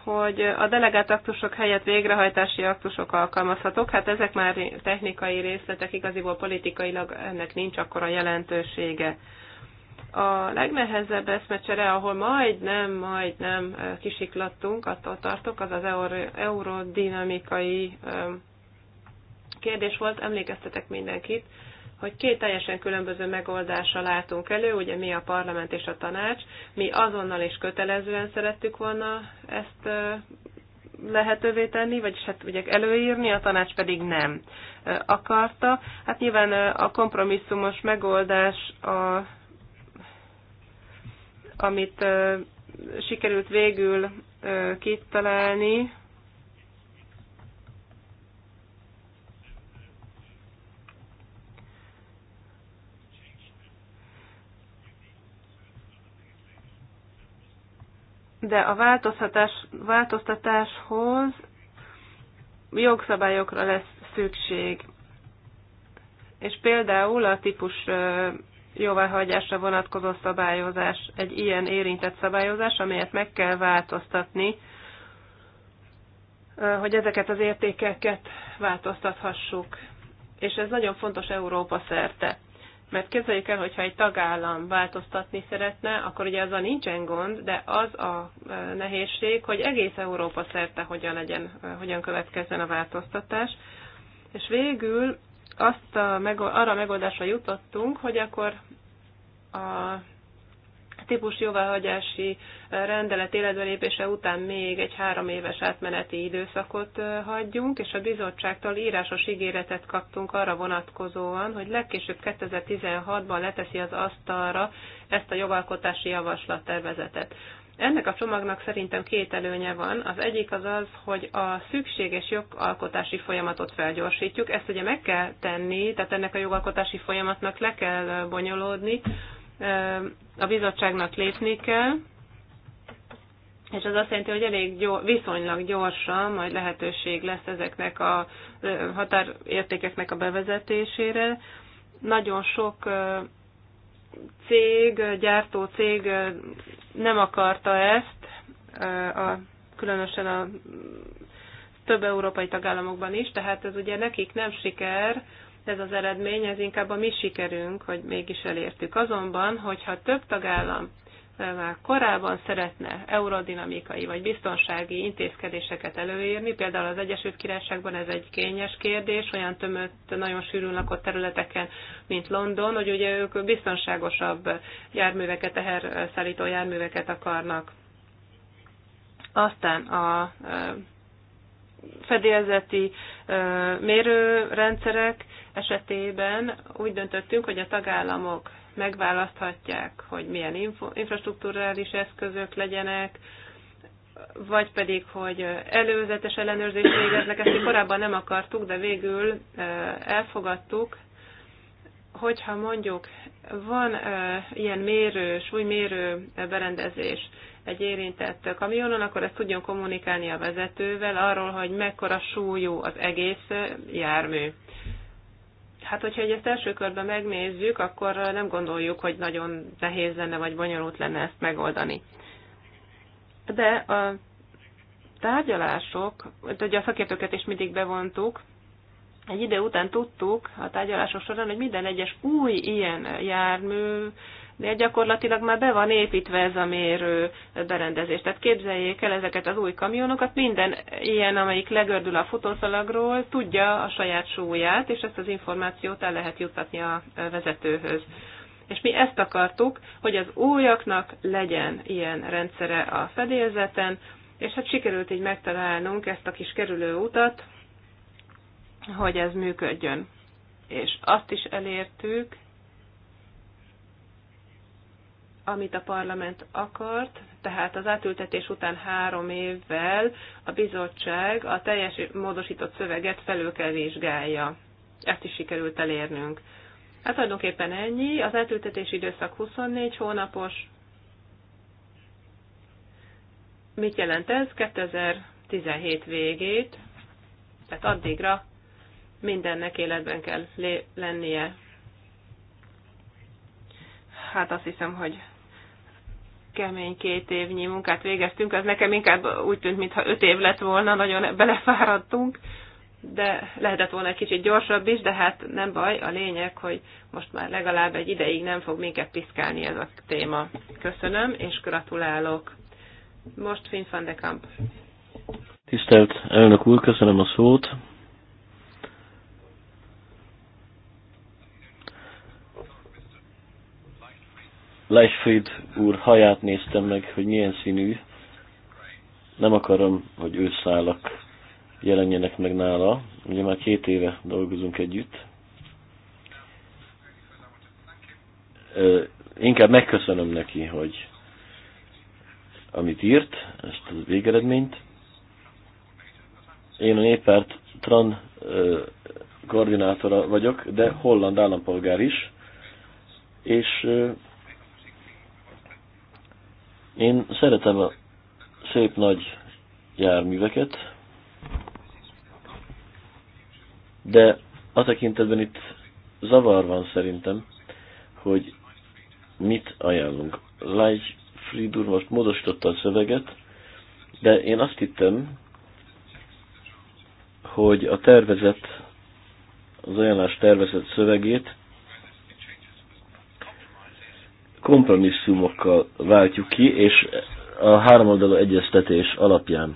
hogy a delegált aktusok helyett végrehajtási aktusok alkalmazhatók. Hát ezek már technikai részletek, igaziból politikailag ennek nincs akkora jelentősége. A legnehezebb eszmecsere, ahol majdnem, majdnem kisiklattunk, attól tartok, az az eurodinamikai kérdés volt, emlékeztetek mindenkit, hogy két teljesen különböző megoldásra látunk elő, ugye mi a parlament és a tanács, mi azonnal és kötelezően szerettük volna ezt lehetővé tenni, vagyis hát ugye előírni, a tanács pedig nem akarta. Hát nyilván a kompromisszumos megoldás, a, amit sikerült végül kitalálni, de a változtatás, változtatáshoz jogszabályokra lesz szükség. És például a típus jóváhagyásra vonatkozó szabályozás, egy ilyen érintett szabályozás, amelyet meg kell változtatni, hogy ezeket az értékeket változtathassuk. És ez nagyon fontos Európa szerte. Mert képzeljük el, hogyha egy tagállam változtatni szeretne, akkor ugye azzal nincsen gond, de az a e, nehézség, hogy egész Európa szerte hogyan legyen, e, hogyan következzen a változtatás. És végül azt a, arra a megoldásra jutottunk, hogy akkor a típus jóváhagyási eh, rendelet életbelépése után még egy három éves átmeneti időszakot eh, hagyjunk, és a bizottságtól írásos ígéretet kaptunk arra vonatkozóan, hogy legkésőbb 2016-ban leteszi az asztalra ezt a jogalkotási javaslattervezetet. Ennek a csomagnak szerintem két előnye van. Az egyik az az, hogy a szükséges jogalkotási folyamatot felgyorsítjuk. Ezt ugye meg kell tenni, tehát ennek a jogalkotási folyamatnak le kell eh, bonyolódni, a bizottságnak lépni kell, és az azt jelenti, hogy elég gyor, viszonylag gyorsan majd lehetőség lesz ezeknek a határértékeknek a bevezetésére. Nagyon sok cég, gyártó cég nem akarta ezt, a, különösen a több európai tagállamokban is, tehát ez ugye nekik nem siker, ez az eredmény, ez inkább a mi sikerünk, hogy mégis elértük. Azonban, hogyha több tagállam eh, már korábban szeretne eurodinamikai vagy biztonsági intézkedéseket előírni, például az Egyesült Királyságban ez egy kényes kérdés, olyan tömött, nagyon sűrűn lakott területeken, mint London, hogy ugye ők biztonságosabb járműveket, teherszállító járműveket akarnak. Aztán a eh, fedélzeti eh, mérőrendszerek, esetében úgy döntöttünk, hogy a tagállamok megválaszthatják, hogy milyen infrastruktúrális eszközök legyenek, vagy pedig, hogy előzetes ellenőrzést végeznek, ezt korábban nem akartuk, de végül elfogadtuk, hogyha mondjuk van ilyen mérő, súlymérő berendezés egy érintett kamionon, akkor ezt tudjon kommunikálni a vezetővel arról, hogy mekkora súlyú az egész jármű. Hát, hogyha ezt első körben megnézzük, akkor nem gondoljuk, hogy nagyon nehéz lenne, vagy bonyolult lenne ezt megoldani. De a tárgyalások, ugye a szakértőket is mindig bevontuk, egy idő után tudtuk a tárgyalások során, hogy minden egyes új ilyen jármű de gyakorlatilag már be van építve ez a mérő berendezés. Tehát képzeljék el ezeket az új kamionokat, minden ilyen, amelyik legördül a futószalagról, tudja a saját súlyát, és ezt az információt el lehet juttatni a vezetőhöz. És mi ezt akartuk, hogy az újaknak legyen ilyen rendszere a fedélzeten, és hát sikerült így megtalálnunk ezt a kis kerülő utat, hogy ez működjön. És azt is elértük, amit a parlament akart, tehát az átültetés után három évvel a bizottság a teljes módosított szöveget felül kell vizsgálja. Ezt is sikerült elérnünk. Hát tulajdonképpen ennyi. Az átültetés időszak 24 hónapos. Mit jelent ez? 2017 végét, tehát addigra mindennek életben kell lennie. Hát azt hiszem, hogy kemény két évnyi munkát végeztünk, az nekem inkább úgy tűnt, mintha öt év lett volna, nagyon belefáradtunk, de lehetett volna egy kicsit gyorsabb is, de hát nem baj, a lényeg, hogy most már legalább egy ideig nem fog minket piszkálni ez a téma. Köszönöm, és gratulálok. Most Finn van de Kamp. Tisztelt elnök úr, köszönöm a szót. Leisfried úr haját néztem meg, hogy milyen színű. Nem akarom, hogy őszálak jelenjenek meg nála. Ugye már két éve dolgozunk együtt. Ö, inkább megköszönöm neki, hogy amit írt, ezt a végeredményt. Én a néppárt TRAN ö, koordinátora vagyok, de holland állampolgár is, és én szeretem a szép nagy járműveket, de a tekintetben itt zavar van szerintem, hogy mit ajánlunk. Lágy Fridur most módosította a szöveget, de én azt hittem, hogy a tervezett az ajánlás tervezett szövegét kompromisszumokkal váltjuk ki, és a háromoldalú egyeztetés alapján.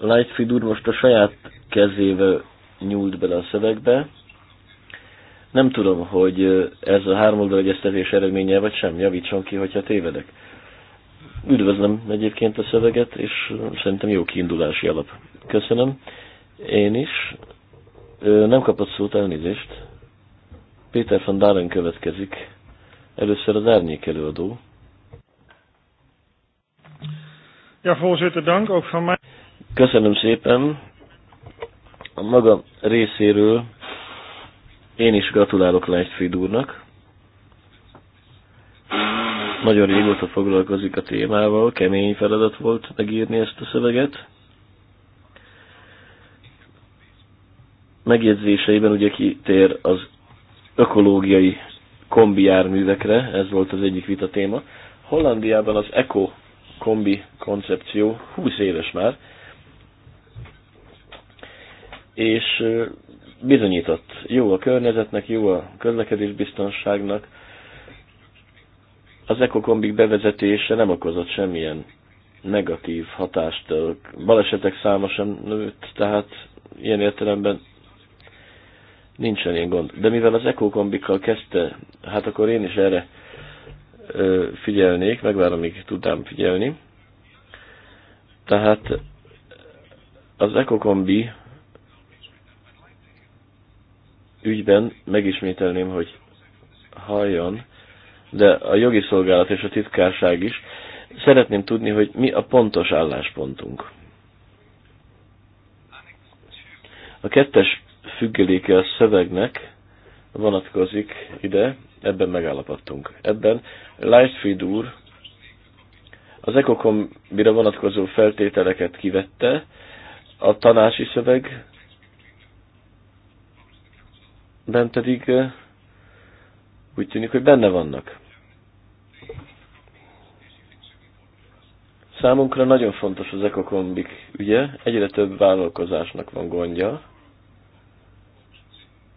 Lightfield úr most a saját kezével nyúlt bele a szövegbe. Nem tudom, hogy ez a háromoldalú egyeztetés eredménye vagy sem. Javítson ki, hogyha tévedek. Üdvözlöm egyébként a szöveget, és szerintem jó kiindulási alap. Köszönöm. Én is. Nem kapott szót, elnézést. Péter van Dáren következik. Először az árnyék előadó. Ja, voorzitter, dank ook van mij. Köszönöm szépen. A maga részéről én is gratulálok Leichtfried úrnak. Nagyon régóta foglalkozik a témával, kemény feladat volt megírni ezt a szöveget. Megjegyzéseiben ugye kitér az ökológiai kombi járművekre, ez volt az egyik vita téma. Hollandiában az eco kombi koncepció 20 éves már, és bizonyított. Jó a környezetnek, jó a közlekedés biztonságnak. Az ekokombik bevezetése nem okozott semmilyen negatív hatást. balesetek száma sem nőtt, tehát ilyen értelemben nincsen ilyen gond. De mivel az kombikkal kezdte, hát akkor én is erre ö, figyelnék, megvárom, amíg tudtam figyelni. Tehát az ekokombi ügyben megismételném, hogy halljon, de a jogi szolgálat és a titkárság is. Szeretném tudni, hogy mi a pontos álláspontunk. A kettes függeléke a szövegnek vonatkozik ide, ebben megállapodtunk. Ebben Lightfried úr az ECOCOM mire vonatkozó feltételeket kivette, a tanási szöveg ben pedig úgy tűnik, hogy benne vannak. Számunkra nagyon fontos az ekokombik ügye, egyre több vállalkozásnak van gondja,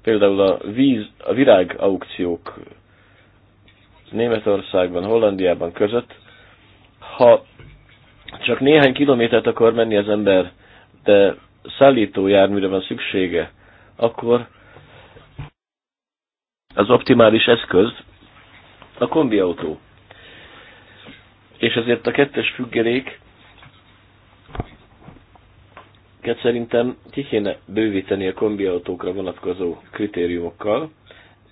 Például a, víz, a virág aukciók Németországban, Hollandiában között, ha csak néhány kilométert akar menni az ember, de szállító járműre van szüksége, akkor az optimális eszköz a kombiautó. És ezért a kettes függelék szerintem ki kéne bővíteni a kombiautókra vonatkozó kritériumokkal.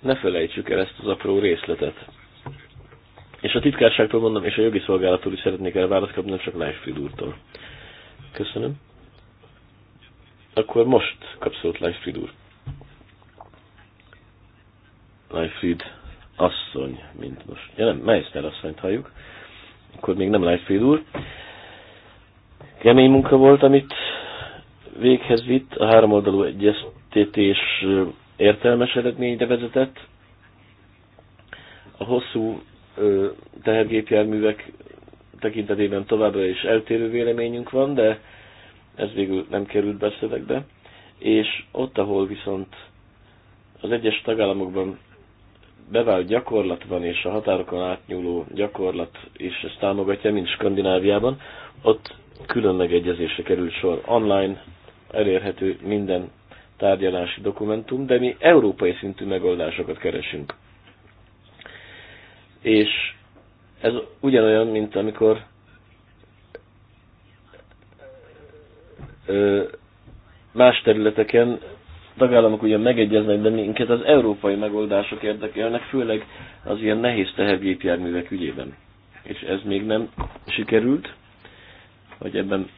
Ne felejtsük el ezt az apró részletet. És a titkárságtól mondom, és a jogi szolgálattól is szeretnék erre választ kapni, nem csak Leifrid úrtól. Köszönöm. Akkor most kapsz szót Leifrid úr. Leifrid asszony, mint most. Ja nem, Meister asszonyt halljuk. Akkor még nem Leifrid úr. Kemény munka volt, amit véghez vitt, a háromoldalú egyeztetés értelmes eredményre vezetett. A hosszú tehergépjárművek tekintetében továbbra is eltérő véleményünk van, de ez végül nem került be szövegbe. És ott, ahol viszont az egyes tagállamokban bevált gyakorlat van, és a határokon átnyúló gyakorlat is ezt támogatja, mint Skandináviában, ott különleg egyezésre került sor. Online elérhető minden tárgyalási dokumentum, de mi európai szintű megoldásokat keresünk. És ez ugyanolyan, mint amikor más területeken tagállamok ugyan megegyeznek, de minket az európai megoldások érdekelnek, főleg az ilyen nehéz tehergépjárművek ügyében. És ez még nem sikerült, hogy ebben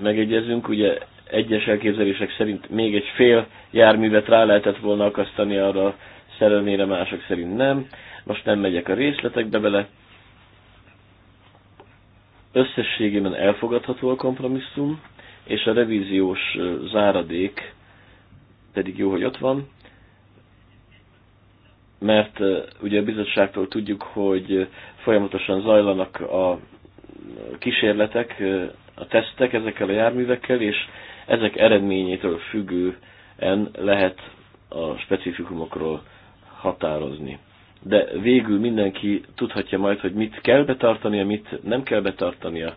megegyezünk, ugye egyes elképzelések szerint még egy fél járművet rá lehetett volna akasztani arra a szerelmére, mások szerint nem. Most nem megyek a részletekbe bele. Összességében elfogadható a kompromisszum, és a revíziós záradék pedig jó, hogy ott van, mert ugye a bizottságtól tudjuk, hogy folyamatosan zajlanak a kísérletek a tesztek ezekkel a járművekkel, és ezek eredményétől függően lehet a specifikumokról határozni. De végül mindenki tudhatja majd, hogy mit kell betartania, mit nem kell betartania,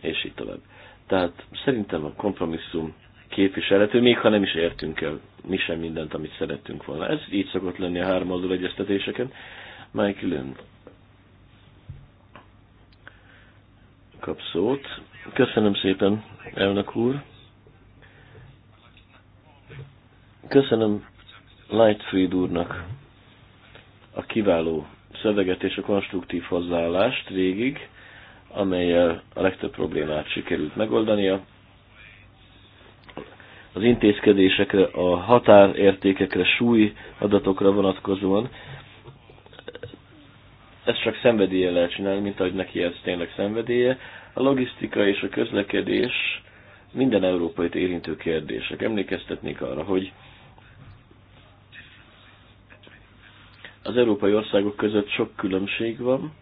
és így tovább. Tehát szerintem a kompromisszum képviselhető, még ha nem is értünk el mi sem mindent, amit szerettünk volna. Ez így szokott lenni a háromoldal egyeztetéseken. Mike Lund. kap szót. Köszönöm szépen, elnök úr. Köszönöm Lightfried úrnak a kiváló szöveget és a konstruktív hozzáállást végig, amelyel a legtöbb problémát sikerült megoldania. Az intézkedésekre, a határértékekre, súly adatokra vonatkozóan ezt csak szenvedélye lehet csinálni, mint ahogy neki ez tényleg szenvedélye. A logisztika és a közlekedés minden európait érintő kérdések. Emlékeztetnék arra, hogy az európai országok között sok különbség van,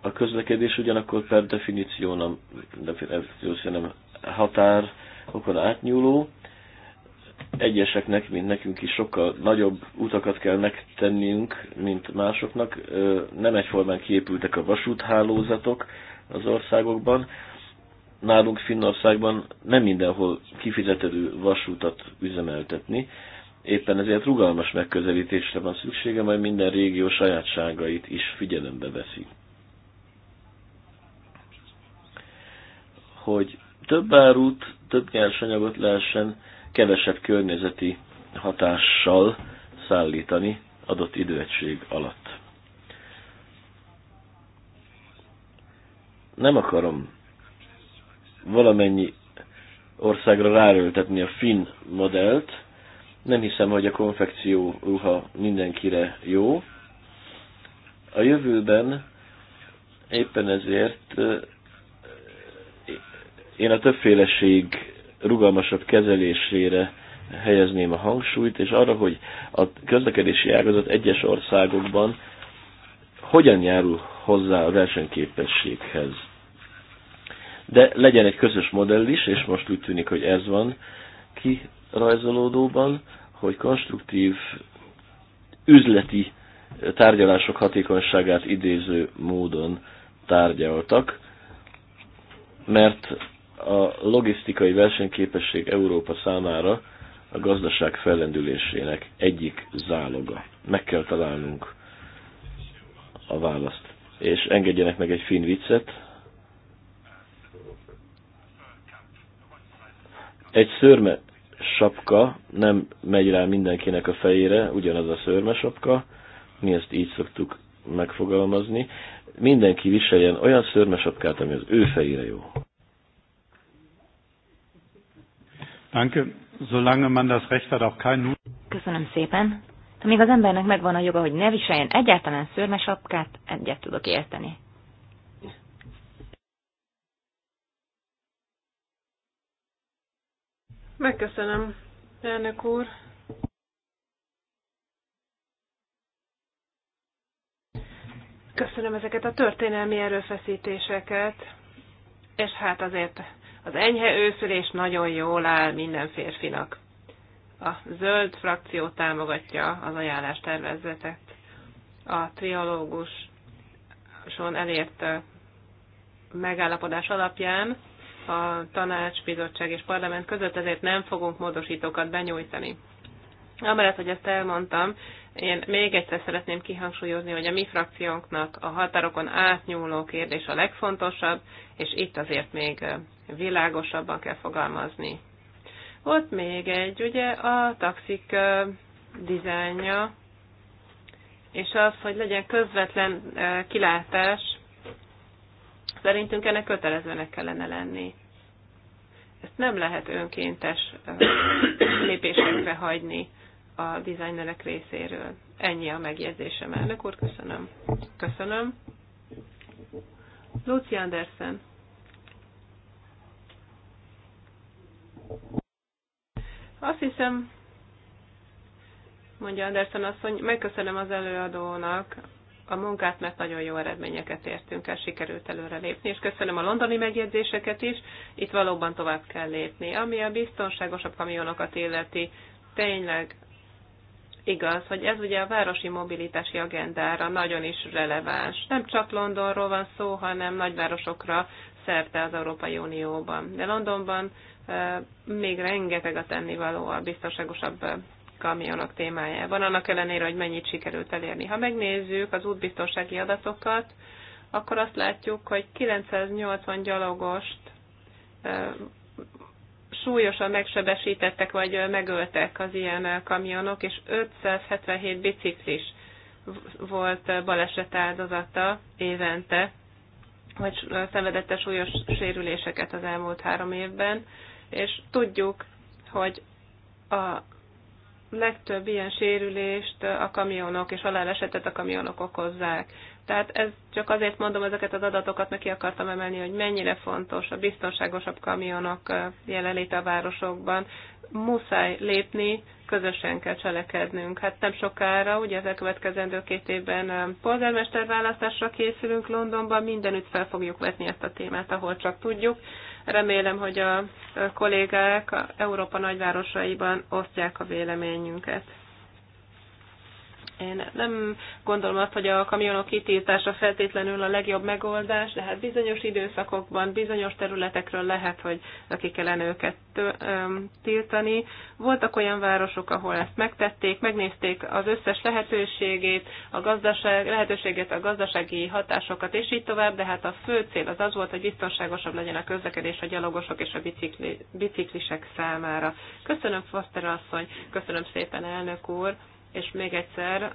a közlekedés ugyanakkor per definíció nem, definíció nem határokon átnyúló, egyeseknek, mint nekünk is sokkal nagyobb utakat kell megtennünk, mint másoknak. Nem egyformán kiépültek a vasúthálózatok az országokban. Nálunk Finnországban nem mindenhol kifizetelő vasútat üzemeltetni, éppen ezért rugalmas megközelítésre van szüksége, majd minden régió sajátságait is figyelembe veszi. Hogy több árut, több nyersanyagot lehessen kevesebb környezeti hatással szállítani adott időegység alatt. Nem akarom valamennyi országra ráröltetni a finn modellt, nem hiszem, hogy a konfekció ruha mindenkire jó. A jövőben éppen ezért eh, én a többféleség rugalmasabb kezelésére helyezném a hangsúlyt, és arra, hogy a közlekedési ágazat egyes országokban hogyan járul hozzá a versenyképességhez. De legyen egy közös modell is, és most úgy tűnik, hogy ez van kirajzolódóban, hogy konstruktív üzleti tárgyalások hatékonyságát idéző módon tárgyaltak, mert a logisztikai versenyképesség Európa számára a gazdaság fellendülésének egyik záloga. Meg kell találnunk a választ. És engedjenek meg egy fin viccet. Egy szörme sapka nem megy rá mindenkinek a fejére, ugyanaz a szörme sapka, mi ezt így szoktuk megfogalmazni. Mindenki viseljen olyan sapkát, ami az ő fejére jó. Danke. Solange man das Recht hat, auch kein Köszönöm szépen. Amíg az embernek megvan a joga, hogy ne viseljen egyáltalán szőrmesapkát, egyet tudok érteni. Megköszönöm, elnök úr. Köszönöm ezeket a történelmi erőfeszítéseket, és hát azért az enyhe őszülés nagyon jól áll minden férfinak. A zöld frakció támogatja az ajánlás tervezetet. A triológuson elért megállapodás alapján a tanács, bizottság és parlament között, ezért nem fogunk módosítókat benyújtani. Amellett, hogy ezt elmondtam, én még egyszer szeretném kihangsúlyozni, hogy a mi frakciónknak a határokon átnyúló kérdés a legfontosabb, és itt azért még világosabban kell fogalmazni. Ott még egy, ugye a taxik dizájnja, és az, hogy legyen közvetlen kilátás, szerintünk ennek kötelezőnek kellene lenni. Ezt nem lehet önkéntes lépésekre hagyni a dizájnerek részéről. Ennyi a megjegyzésem, elnök úr, köszönöm. Köszönöm. Lucy Andersen. Azt hiszem, mondja Anderson asszony, megköszönöm az előadónak a munkát, mert nagyon jó eredményeket értünk el, sikerült előre lépni, és köszönöm a londoni megjegyzéseket is, itt valóban tovább kell lépni. Ami a biztonságosabb kamionokat illeti, tényleg igaz, hogy ez ugye a városi mobilitási agendára nagyon is releváns. Nem csak Londonról van szó, hanem nagyvárosokra szerte az Európai Unióban. De Londonban még rengeteg a tennivaló a biztonságosabb kamionok témájában, annak ellenére, hogy mennyit sikerült elérni. Ha megnézzük az útbiztonsági adatokat, akkor azt látjuk, hogy 980 gyalogost súlyosan megsebesítettek vagy megöltek az ilyen kamionok, és 577 biciklis volt baleset áldozata évente, vagy szenvedette súlyos sérüléseket az elmúlt három évben és tudjuk, hogy a legtöbb ilyen sérülést a kamionok és halálesetet a kamionok okozzák. Tehát ez csak azért mondom ezeket az adatokat, mert ki akartam emelni, hogy mennyire fontos a biztonságosabb kamionok jelenléte a városokban. Muszáj lépni, közösen kell cselekednünk. Hát nem sokára, ugye az elkövetkezendő két évben polgármester választásra készülünk Londonban, mindenütt fel fogjuk vetni ezt a témát, ahol csak tudjuk. Remélem, hogy a kollégák a Európa nagyvárosaiban osztják a véleményünket. Én nem gondolom azt, hogy a kamionok kitiltása feltétlenül a legjobb megoldás, de hát bizonyos időszakokban, bizonyos területekről lehet, hogy ki kellene őket tiltani. Voltak olyan városok, ahol ezt megtették, megnézték az összes lehetőségét, a gazdaság, lehetőséget, a gazdasági hatásokat, és így tovább, de hát a fő cél az az volt, hogy biztonságosabb legyen a közlekedés a gyalogosok és a bicikli, biciklisek számára. Köszönöm, Foster asszony, köszönöm szépen, elnök úr és még egyszer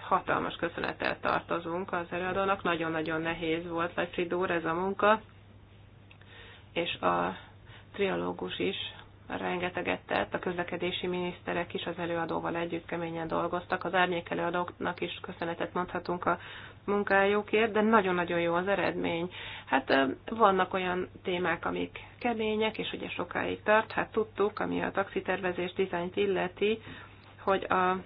hatalmas köszönettel tartozunk az előadónak. Nagyon-nagyon nehéz volt, Lajfrid Fridór ez a munka, és a triológus is rengeteget tett, a közlekedési miniszterek is az előadóval együtt keményen dolgoztak, az árnyék előadóknak is köszönetet mondhatunk a munkájukért, de nagyon-nagyon jó az eredmény. Hát vannak olyan témák, amik kemények, és ugye sokáig tart, hát tudtuk, ami a taxitervezés dizájnt illeti, hogy a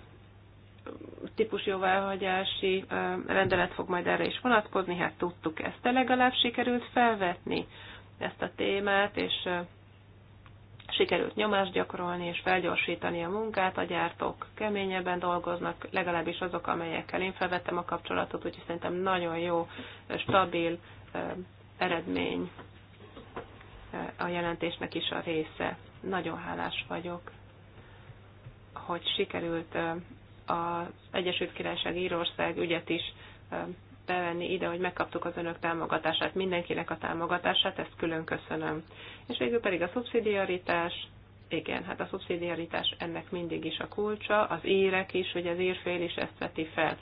jóváhagyási rendelet fog majd erre is vonatkozni, hát tudtuk ezt, de legalább sikerült felvetni ezt a témát, és sikerült nyomást gyakorolni és felgyorsítani a munkát, a gyártók keményebben dolgoznak, legalábbis azok, amelyekkel én felvettem a kapcsolatot, úgyhogy szerintem nagyon jó, stabil eredmény a jelentésnek is a része. Nagyon hálás vagyok, hogy sikerült az Egyesült Királyság Írország ügyet is bevenni ide, hogy megkaptuk az önök támogatását, mindenkinek a támogatását, ezt külön köszönöm. És végül pedig a szubszidiaritás, igen, hát a szubszidiaritás ennek mindig is a kulcsa, az írek is, hogy az írfél is ezt veti fel.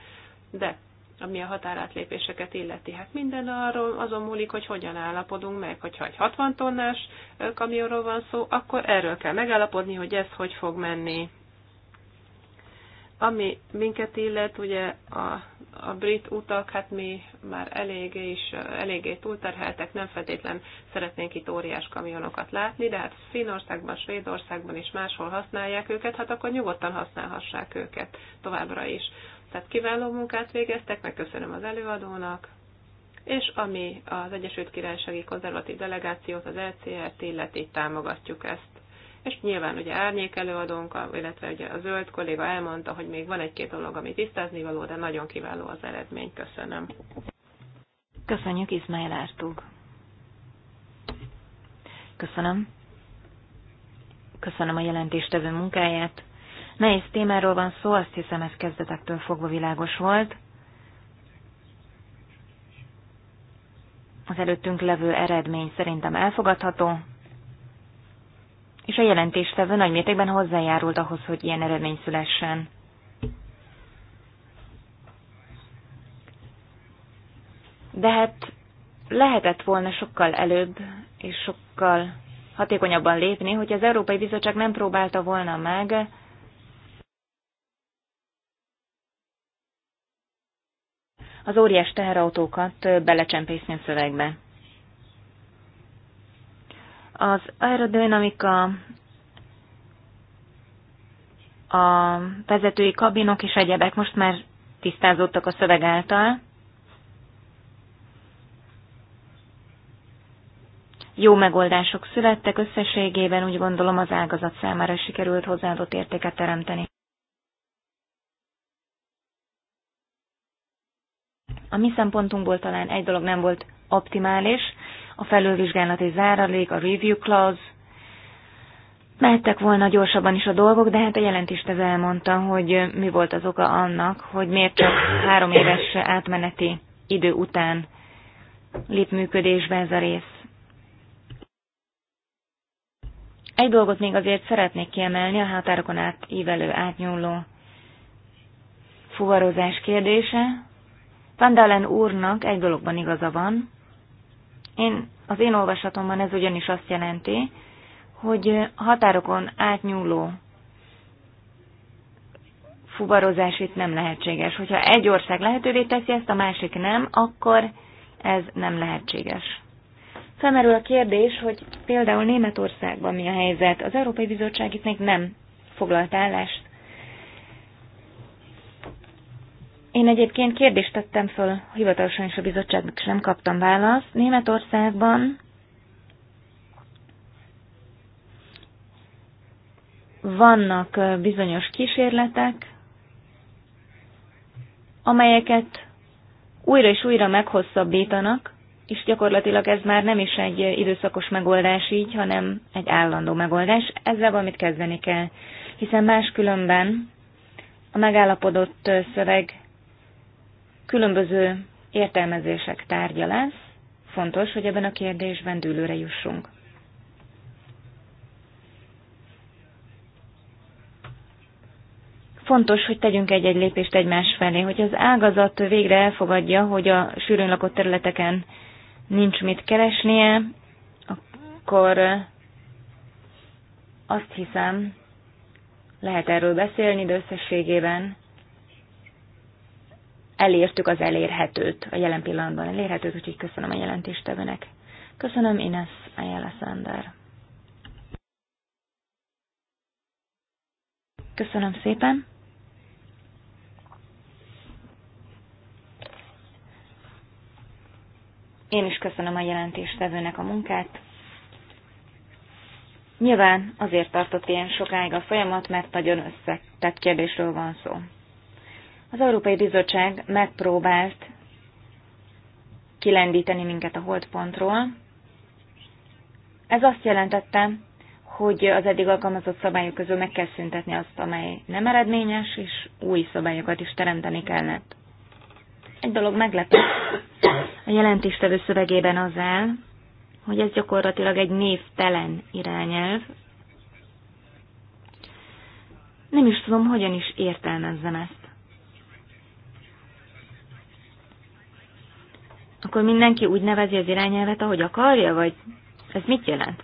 De ami a határátlépéseket illeti. Hát minden arról azon múlik, hogy hogyan állapodunk meg, hogyha egy 60 tonnás kamionról van szó, akkor erről kell megállapodni, hogy ez hogy fog menni ami minket illet, ugye a, a brit utak, hát mi már eléggé is, eléggé túlterheltek, nem feltétlen szeretnénk itt óriás kamionokat látni, de hát Finországban, Svédországban is máshol használják őket, hát akkor nyugodtan használhassák őket továbbra is. Tehát kiváló munkát végeztek, megköszönöm az előadónak, és ami az Egyesült Királysági Konzervatív Delegációt, az LCR-t e illeti, támogatjuk ezt és nyilván ugye árnyék előadónk, illetve ugye a zöld kolléga elmondta, hogy még van egy-két dolog, ami tisztázni való, de nagyon kiváló az eredmény. Köszönöm. Köszönjük, Izmail Ártug. Köszönöm. Köszönöm a jelentéstevő munkáját. Nehéz témáról van szó, azt hiszem ez kezdetektől fogva világos volt. Az előttünk levő eredmény szerintem elfogadható, és a jelentéstevő mértékben hozzájárult ahhoz, hogy ilyen eredmény szülessen. De hát lehetett volna sokkal előbb és sokkal hatékonyabban lépni, hogy az Európai Bizottság nem próbálta volna meg az óriás teherautókat belecsempészni a szövegbe. Az aerodinamika, a vezetői kabinok és egyebek most már tisztázódtak a szöveg által. Jó megoldások születtek összességében, úgy gondolom az ágazat számára sikerült hozzáadott értéket teremteni. A mi szempontunkból talán egy dolog nem volt optimális, a felülvizsgálati záralék, a review clause. Mehettek volna gyorsabban is a dolgok, de hát a jelentést ez elmondta, hogy mi volt az oka annak, hogy miért csak három éves átmeneti idő után lép működésbe ez a rész. Egy dolgot még azért szeretnék kiemelni, a határokon átívelő, átnyúló fuvarozás kérdése. Vandalen úrnak egy dologban igaza van. Én, az én olvasatomban ez ugyanis azt jelenti, hogy határokon átnyúló fuvarozás itt nem lehetséges. Hogyha egy ország lehetővé teszi ezt, a másik nem, akkor ez nem lehetséges. Felmerül a kérdés, hogy például Németországban mi a helyzet. Az Európai Bizottság itt még nem foglalt állást Én egyébként kérdést tettem föl hivatalosan is a bizottságnak, és nem kaptam választ. Németországban vannak bizonyos kísérletek, amelyeket újra és újra meghosszabbítanak, és gyakorlatilag ez már nem is egy időszakos megoldás így, hanem egy állandó megoldás. Ezzel valamit kezdeni kell, hiszen máskülönben a megállapodott szöveg különböző értelmezések tárgya lesz, fontos, hogy ebben a kérdésben dőlőre jussunk. Fontos, hogy tegyünk egy-egy lépést egymás felé, hogy az ágazat végre elfogadja, hogy a sűrűn lakott területeken nincs mit keresnie, akkor azt hiszem, lehet erről beszélni, de összességében elértük az elérhetőt, a jelen pillanatban elérhetőt, úgyhogy köszönöm a jelentéstevőnek. Köszönöm, Ines Ayala Sander. Köszönöm szépen. Én is köszönöm a jelentéstevőnek a munkát. Nyilván azért tartott ilyen sokáig a folyamat, mert nagyon összetett kérdésről van szó. Az Európai Bizottság megpróbált kilendíteni minket a holdpontról. Ez azt jelentette, hogy az eddig alkalmazott szabályok közül meg kell szüntetni azt, amely nem eredményes, és új szabályokat is teremteni kellett. Egy dolog meglepett. A jelentéstevő szövegében az áll, hogy ez gyakorlatilag egy névtelen irányelv. Nem is tudom, hogyan is értelmezzem ezt. akkor mindenki úgy nevezi az irányelvet, ahogy akarja, vagy ez mit jelent?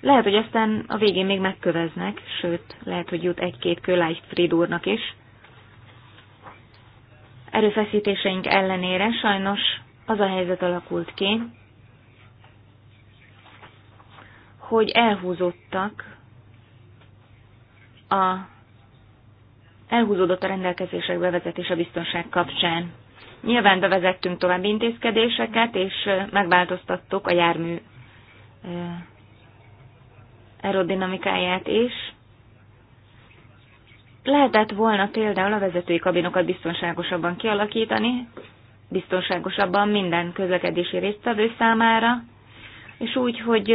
Lehet, hogy aztán a végén még megköveznek, sőt, lehet, hogy jut egy-két kő Fried úrnak is. Erőfeszítéseink ellenére sajnos az a helyzet alakult ki, hogy elhúzottak a elhúzódott a rendelkezések bevezetése biztonság kapcsán. Nyilván bevezettünk további intézkedéseket, és megváltoztattuk a jármű aerodinamikáját is. Lehetett volna például a vezetői kabinokat biztonságosabban kialakítani, biztonságosabban minden közlekedési résztvevő számára, és úgy, hogy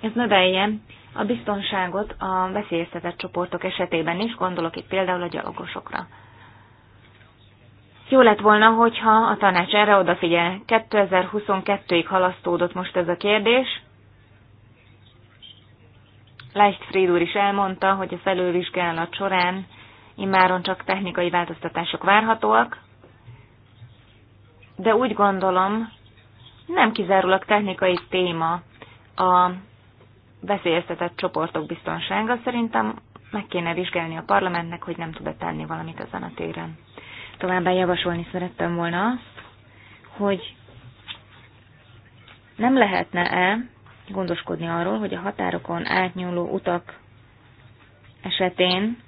ez növelje a biztonságot a veszélyeztetett csoportok esetében is, gondolok itt például a gyalogosokra. Jó lett volna, hogyha a tanács erre odafigyel. 2022-ig halasztódott most ez a kérdés. Fried úr is elmondta, hogy a felülvizsgálat során immáron csak technikai változtatások várhatóak, de úgy gondolom, nem kizárólag technikai téma a veszélyeztetett csoportok biztonsága. Szerintem meg kéne vizsgálni a parlamentnek, hogy nem tud-e tenni valamit ezen a téren. Továbbá javasolni szerettem volna azt, hogy nem lehetne-e gondoskodni arról, hogy a határokon átnyúló utak esetén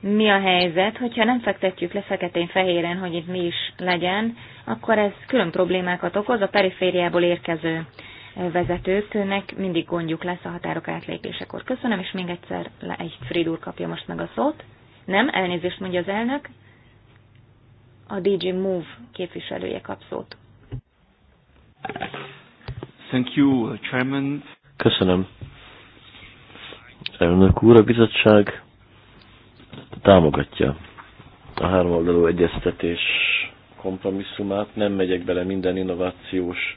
mi a helyzet, hogyha nem fektetjük le feketén-fehéren, hogy itt mi is legyen, akkor ez külön problémákat okoz a perifériából érkező vezetőknek mindig gondjuk lesz a határok átlépésekor. Köszönöm, és még egyszer egy Frid úr kapja most meg a szót. Nem, elnézést mondja az elnök. A DG Move képviselője kap szót. Thank you, uh, Chairman. Köszönöm. Elnök úr, a bizottság támogatja a háromoldalú egyeztetés kompromisszumát. Nem megyek bele minden innovációs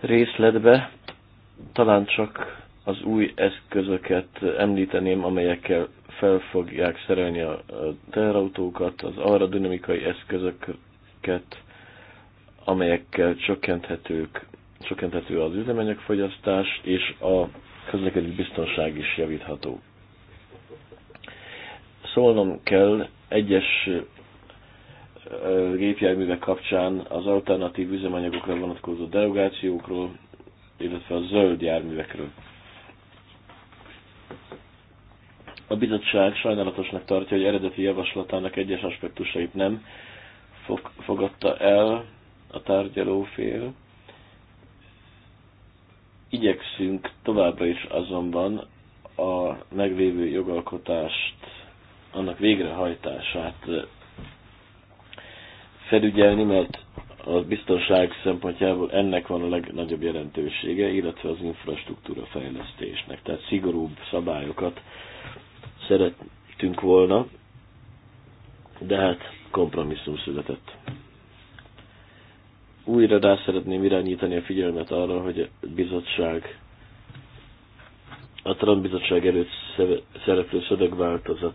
részletbe, talán csak az új eszközöket említeném, amelyekkel fel fogják szerelni a teherautókat, az aerodinamikai eszközöket, amelyekkel csökkenthetők, csökkenthető az üzemanyagfogyasztás, és a közlekedés biztonság is javítható szólnom kell egyes gépjárművek kapcsán az alternatív üzemanyagokra vonatkozó derogációkról, illetve a zöld járművekről. A bizottság sajnálatosnak tartja, hogy eredeti javaslatának egyes aspektusait nem fog, fogadta el a tárgyalófél. Igyekszünk továbbra is azonban a meglévő jogalkotást annak végrehajtását eh, felügyelni, mert a biztonság szempontjából ennek van a legnagyobb jelentősége, illetve az infrastruktúra fejlesztésnek. Tehát szigorúbb szabályokat szerettünk volna, de hát kompromisszum született. Újra rá szeretném irányítani a figyelmet arra, hogy a bizottság a Trump bizottság előtt szereplő szövegváltozat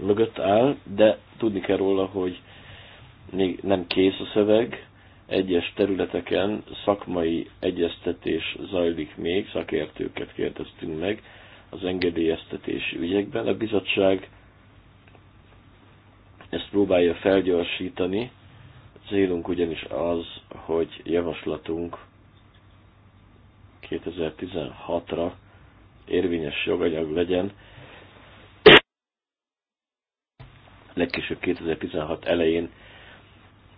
mögött áll, de tudni kell róla, hogy még nem kész a szöveg, egyes területeken szakmai egyeztetés zajlik még, szakértőket kérdeztünk meg az engedélyeztetési ügyekben. A bizottság ezt próbálja felgyorsítani, célunk ugyanis az, hogy javaslatunk 2016-ra érvényes joganyag legyen, legkésőbb 2016 elején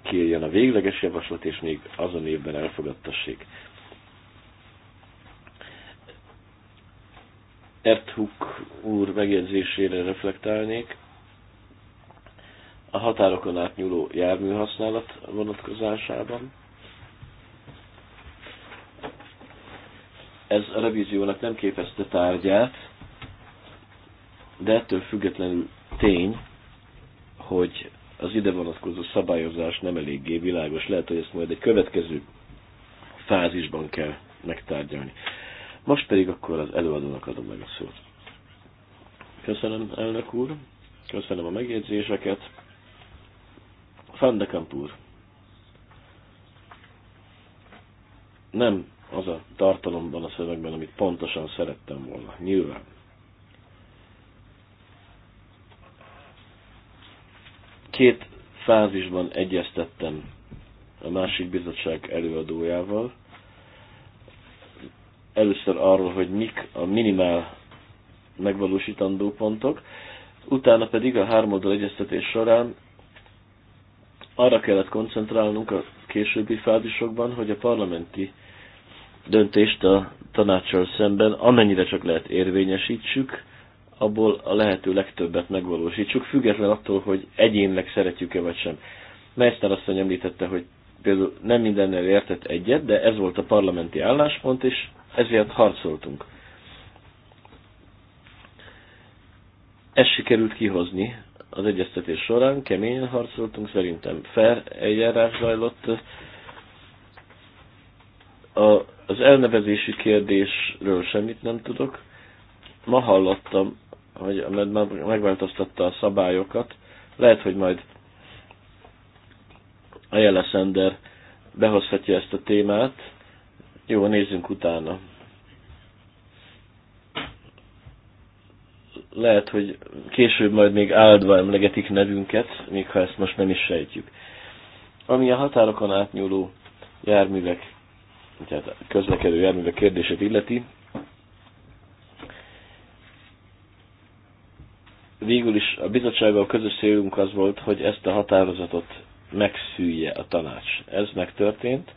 kérjen a végleges javaslat, és még azon évben elfogadtassék. Erthuk úr megjegyzésére reflektálnék. A határokon átnyúló járműhasználat vonatkozásában. Ez a revíziónak nem képezte tárgyát, de ettől függetlenül tény, hogy az ide vonatkozó szabályozás nem eléggé világos. Lehet, hogy ezt majd egy következő fázisban kell megtárgyalni. Most pedig akkor az előadónak adom meg a szót. Köszönöm, elnök úr, köszönöm a megjegyzéseket. Fandekamp úr, nem az a tartalomban a szövegben, amit pontosan szerettem volna, nyilván. Két fázisban egyeztettem a másik bizottság előadójával. Először arról, hogy mik a minimál megvalósítandó pontok, utána pedig a háromoldal egyeztetés során arra kellett koncentrálnunk a későbbi fázisokban, hogy a parlamenti döntést a tanácssal szemben amennyire csak lehet érvényesítsük, abból a lehető legtöbbet megvalósítsuk, független attól, hogy egyénleg szeretjük-e vagy sem. Meister asszony említette, hogy például nem mindennel értett egyet, de ez volt a parlamenti álláspont, és ezért harcoltunk. Ezt sikerült kihozni az egyeztetés során, keményen harcoltunk, szerintem fair eljárás zajlott. A, az elnevezési kérdésről semmit nem tudok. Ma hallottam hogy megváltoztatta a szabályokat. Lehet, hogy majd a jeleszender behozhatja ezt a témát. Jó, nézzünk utána. Lehet, hogy később majd még áldva emlegetik nevünket, még ha ezt most nem is sejtjük. Ami a határokon átnyúló járművek, tehát közlekedő járművek kérdését illeti, végül is a bizottsággal közös célunk az volt, hogy ezt a határozatot megszűlje a tanács. Ez megtörtént,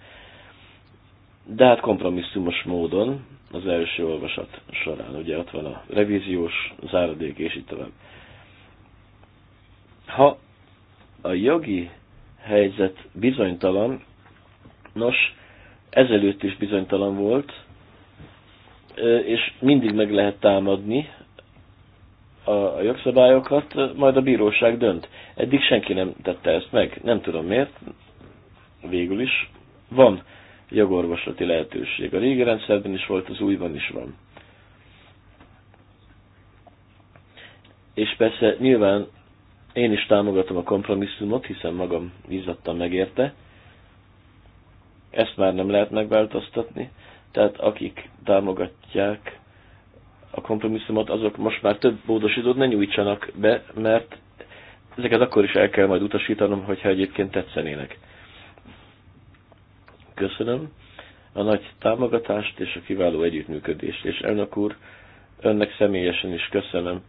de hát kompromisszumos módon az első olvasat során. Ugye ott van a revíziós záradék, és így tovább. Ha a jogi helyzet bizonytalan, nos, ezelőtt is bizonytalan volt, és mindig meg lehet támadni a jogszabályokat, majd a bíróság dönt. Eddig senki nem tette ezt meg, nem tudom miért, végül is van jogorvoslati lehetőség. A régi rendszerben is volt, az újban is van. És persze nyilván én is támogatom a kompromisszumot, hiszen magam izzadtan megérte. Ezt már nem lehet megváltoztatni. Tehát akik támogatják a kompromisszumot, azok most már több módosítót ne nyújtsanak be, mert ezeket akkor is el kell majd utasítanom, hogyha egyébként tetszenének. Köszönöm a nagy támogatást és a kiváló együttműködést, és elnök úr, önnek személyesen is köszönöm,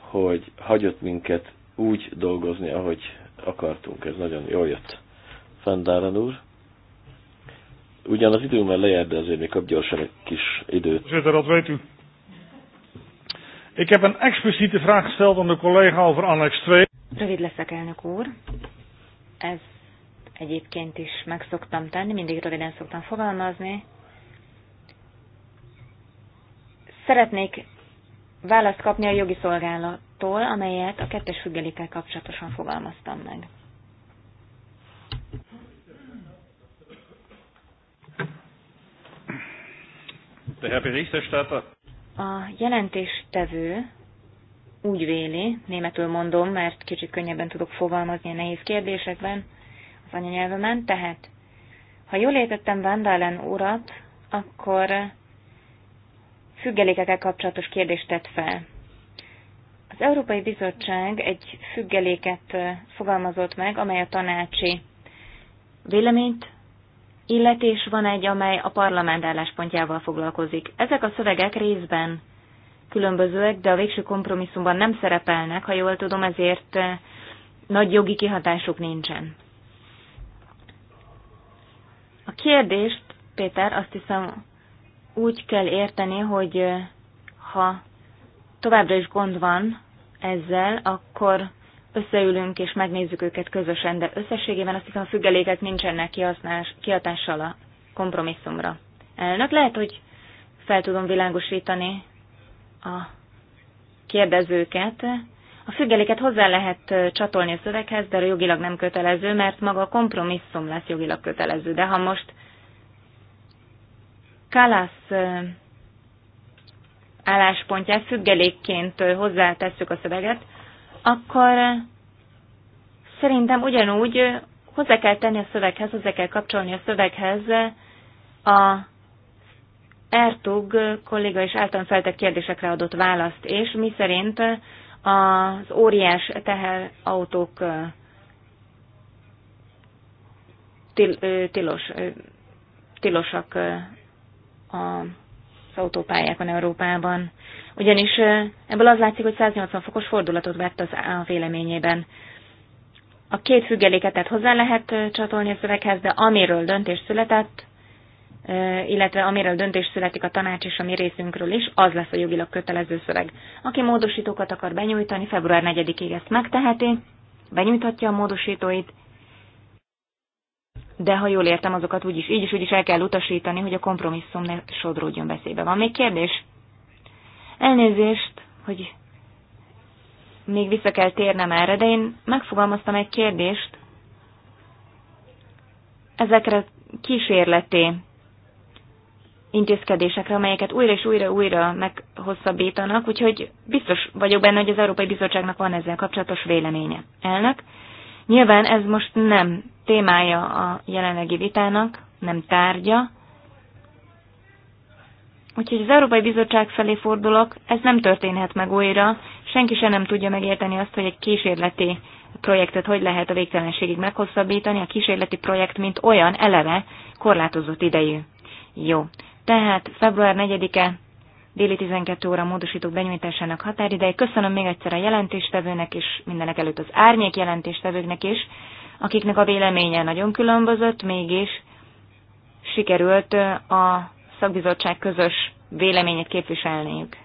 hogy hagyott minket úgy dolgozni, ahogy akartunk. Ez nagyon jól jött. Fendáran úr. Ugyan az időmmel lejár, de azért még kap gyorsan egy kis időt. Ik heb een expliciete vraag gesteld aan de collega over annex 2. Rövid leszek, elnök úr. Ez egyébként is meg szoktam tenni, mindig röviden szoktam fogalmazni. Szeretnék választ kapni a jogi szolgálattól, amelyet a kettes függelékkel kapcsolatosan fogalmaztam meg. Der Herr Berichterstatter. A jelentéstevő úgy véli, németül mondom, mert kicsit könnyebben tudok fogalmazni a nehéz kérdésekben az anyanyelvemen, tehát ha jól értettem Vandalen urat, akkor függelékekkel kapcsolatos kérdést tett fel. Az Európai Bizottság egy függeléket fogalmazott meg, amely a tanácsi véleményt illetés van egy, amely a parlament álláspontjával foglalkozik. Ezek a szövegek részben különbözőek, de a végső kompromisszumban nem szerepelnek, ha jól tudom, ezért eh, nagy jogi kihatásuk nincsen. A kérdést, Péter, azt hiszem úgy kell érteni, hogy eh, ha továbbra is gond van ezzel, akkor összeülünk és megnézzük őket közösen, de összességében azt hiszem a függelékek nincsenek kihatással a kompromisszumra. Elnök, lehet, hogy fel tudom világosítani a kérdezőket. A függeléket hozzá lehet csatolni a szöveghez, de jogilag nem kötelező, mert maga a kompromisszum lesz jogilag kötelező. De ha most Kalász álláspontját függelékként hozzátesszük a szöveget, akkor eh, szerintem ugyanúgy eh, hozzá kell tenni a szöveghez, hozzá kell kapcsolni a szöveghez eh, a Ertug kolléga is általán feltett kérdésekre adott választ, és mi szerint az óriás teherautók til, tilos, tilosak a autópályákon Európában. Ugyanis ebből az látszik, hogy 180 fokos fordulatot vett az a véleményében. A két függeléket tehát hozzá lehet csatolni a szöveghez, de amiről döntés született, illetve amiről döntés születik a tanács és a mi részünkről is, az lesz a jogilag kötelező szöveg. Aki módosítókat akar benyújtani, február 4-ig ezt megteheti, benyújthatja a módosítóit, de ha jól értem, azokat úgyis így is úgyis el kell utasítani, hogy a kompromisszum ne sodródjon veszélybe. Van még kérdés? Elnézést, hogy még vissza kell térnem erre, de én megfogalmaztam egy kérdést ezekre kísérleti intézkedésekre, amelyeket újra és újra újra meghosszabbítanak, úgyhogy biztos vagyok benne, hogy az Európai Bizottságnak van ezzel kapcsolatos véleménye. Elnök, Nyilván ez most nem témája a jelenlegi vitának, nem tárgya. Úgyhogy az Európai Bizottság felé fordulok, ez nem történhet meg újra. Senki sem nem tudja megérteni azt, hogy egy kísérleti projektet hogy lehet a végtelenségig meghosszabbítani. A kísérleti projekt, mint olyan eleve korlátozott idejű. Jó. Tehát február 4-e déli 12 óra módosítók benyújtásának határideje. Köszönöm még egyszer a jelentéstevőnek és mindenek előtt az árnyék jelentéstevőknek is, akiknek a véleménye nagyon különbözött, mégis sikerült a szakbizottság közös véleményét képviselniük.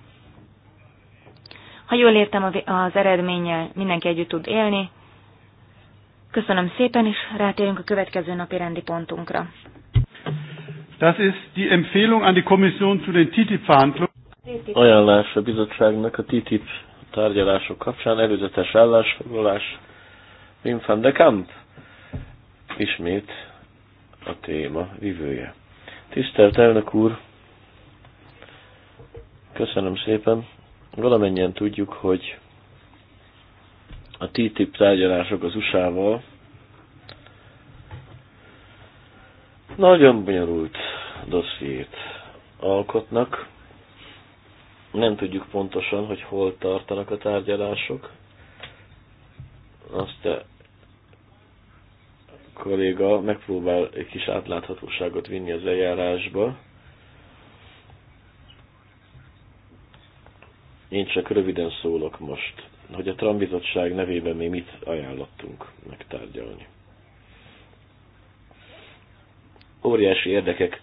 Ha jól értem az eredménnyel, mindenki együtt tud élni. Köszönöm szépen, és rátérünk a következő napi rendi pontunkra. Das ist die Empfehlung an die Kommission zu den TTIP-Verhandlungen ajánlás a bizottságnak a TTIP tárgyalások kapcsán, előzetes állásfoglalás, Wim van de Kamp, ismét a téma vivője. Tisztelt elnök úr, köszönöm szépen. Valamennyien tudjuk, hogy a TTIP tárgyalások az USA-val nagyon bonyolult dossziét alkotnak, nem tudjuk pontosan, hogy hol tartanak a tárgyalások. Azt a kolléga megpróbál egy kis átláthatóságot vinni az eljárásba. Én csak röviden szólok most, hogy a Trambizottság nevében mi mit ajánlottunk megtárgyalni. Óriási érdekek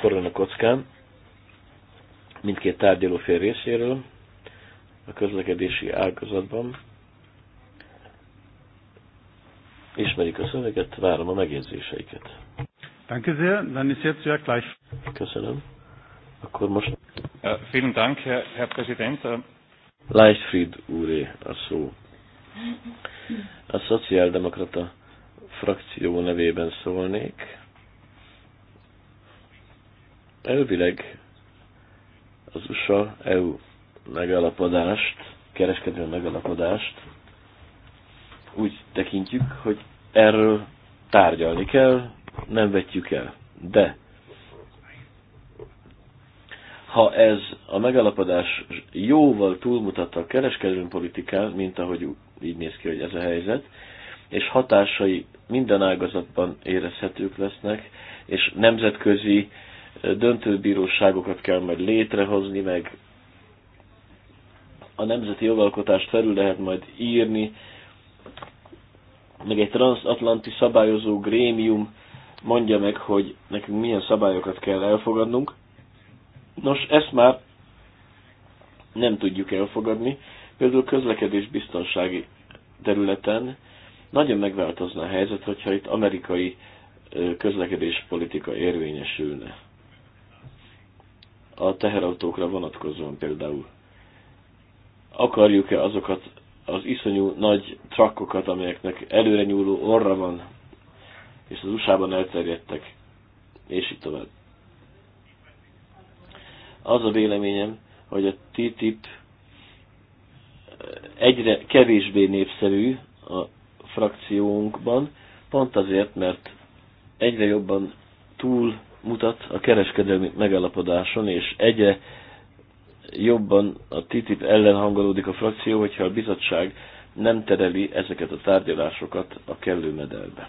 forognak kockán, mindkét tárgyaló fél részéről a közlekedési ágazatban. Ismerik a szöveget, várom a megjegyzéseiket. Danke sehr, dann ist jetzt ja gleich. Köszönöm. Akkor most... Uh, vielen Dank, Herr, Herr Präsident. Ähm, Leichtfried úré a szó. A szociáldemokrata frakció nevében szólnék. Elvileg az USA-EU megalapodást, kereskedő megalapodást úgy tekintjük, hogy erről tárgyalni kell, nem vetjük el. De ha ez a megalapodás jóval túlmutat a kereskedő politikán, mint ahogy így néz ki, hogy ez a helyzet, és hatásai minden ágazatban érezhetők lesznek, és nemzetközi döntőbíróságokat kell majd létrehozni, meg a nemzeti jogalkotást felül lehet majd írni, meg egy transatlanti szabályozó grémium mondja meg, hogy nekünk milyen szabályokat kell elfogadnunk. Nos, ezt már nem tudjuk elfogadni. Például közlekedés biztonsági területen nagyon megváltozna a helyzet, hogyha itt amerikai közlekedéspolitika érvényesülne a teherautókra vonatkozóan például. Akarjuk-e azokat az iszonyú nagy trakkokat, amelyeknek előre nyúló orra van, és az USA-ban elterjedtek, és így tovább. Az a véleményem, hogy a TTIP egyre kevésbé népszerű a frakciónkban, pont azért, mert egyre jobban túl mutat a kereskedelmi megállapodáson, és egyre jobban a TTIP ellen hangolódik a frakció, hogyha a bizottság nem tereli ezeket a tárgyalásokat a kellő medelbe.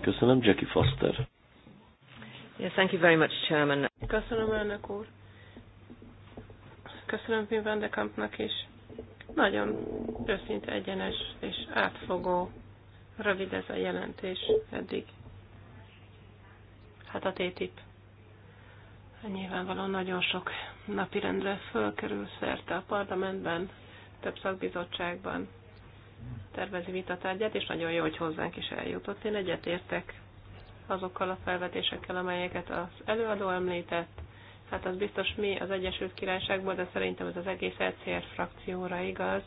Köszönöm, Jackie Foster. Yes, thank you very much, Chairman. Köszönöm, elnök úr. Köszönöm Pim van de Kampnak is. Nagyon őszinte, egyenes és átfogó. Rövid ez a jelentés eddig. Hát a TTIP nyilvánvalóan nagyon sok napirendre fölkerül szerte a parlamentben, több szakbizottságban tervezi vitatárgyát, és nagyon jó, hogy hozzánk is eljutott. Én egyetértek azokkal a felvetésekkel, amelyeket az előadó említett. Hát az biztos mi az Egyesült Királyságból, de szerintem ez az egész ECR frakcióra igaz.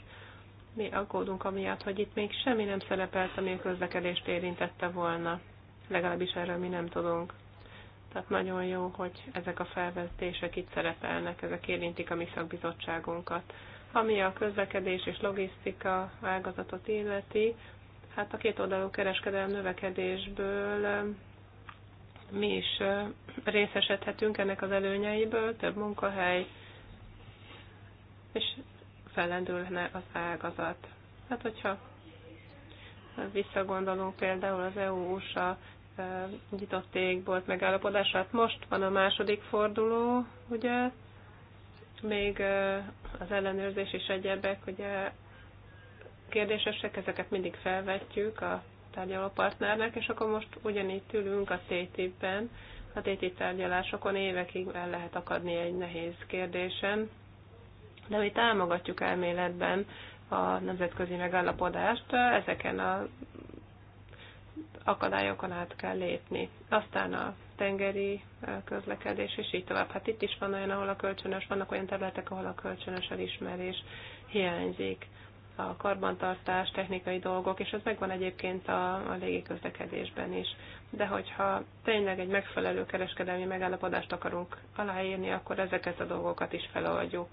Mi aggódunk amiatt, hogy itt még semmi nem szerepelt, ami a közlekedést érintette volna. Legalábbis erről mi nem tudunk. Tehát nagyon jó, hogy ezek a felvetések itt szerepelnek, ezek érintik a mi szakbizottságunkat. Ami a közlekedés és logisztika ágazatot illeti, hát a két oldalú kereskedelem növekedésből mi is részesedhetünk ennek az előnyeiből, több munkahely, és fellendülne az ágazat. Hát, hogyha visszagondolunk például az EU-USA nyitott égbolt megállapodását. Most van a második forduló, ugye, még az ellenőrzés is egyebek, ugye kérdésesek, ezeket mindig felvetjük a partnernek, és akkor most ugyanígy ülünk a TTIP-ben, a TTIP tárgyalásokon évekig el lehet akadni egy nehéz kérdésen, de mi támogatjuk elméletben a nemzetközi megállapodást ezeken a akadályokon át kell lépni. Aztán a tengeri közlekedés, és így tovább. Hát itt is van olyan, ahol a kölcsönös, vannak olyan területek, ahol a kölcsönös elismerés hiányzik. A karbantartás, technikai dolgok, és ez megvan egyébként a, a légiközlekedésben is. De hogyha tényleg egy megfelelő kereskedelmi megállapodást akarunk aláírni, akkor ezeket a dolgokat is feloldjuk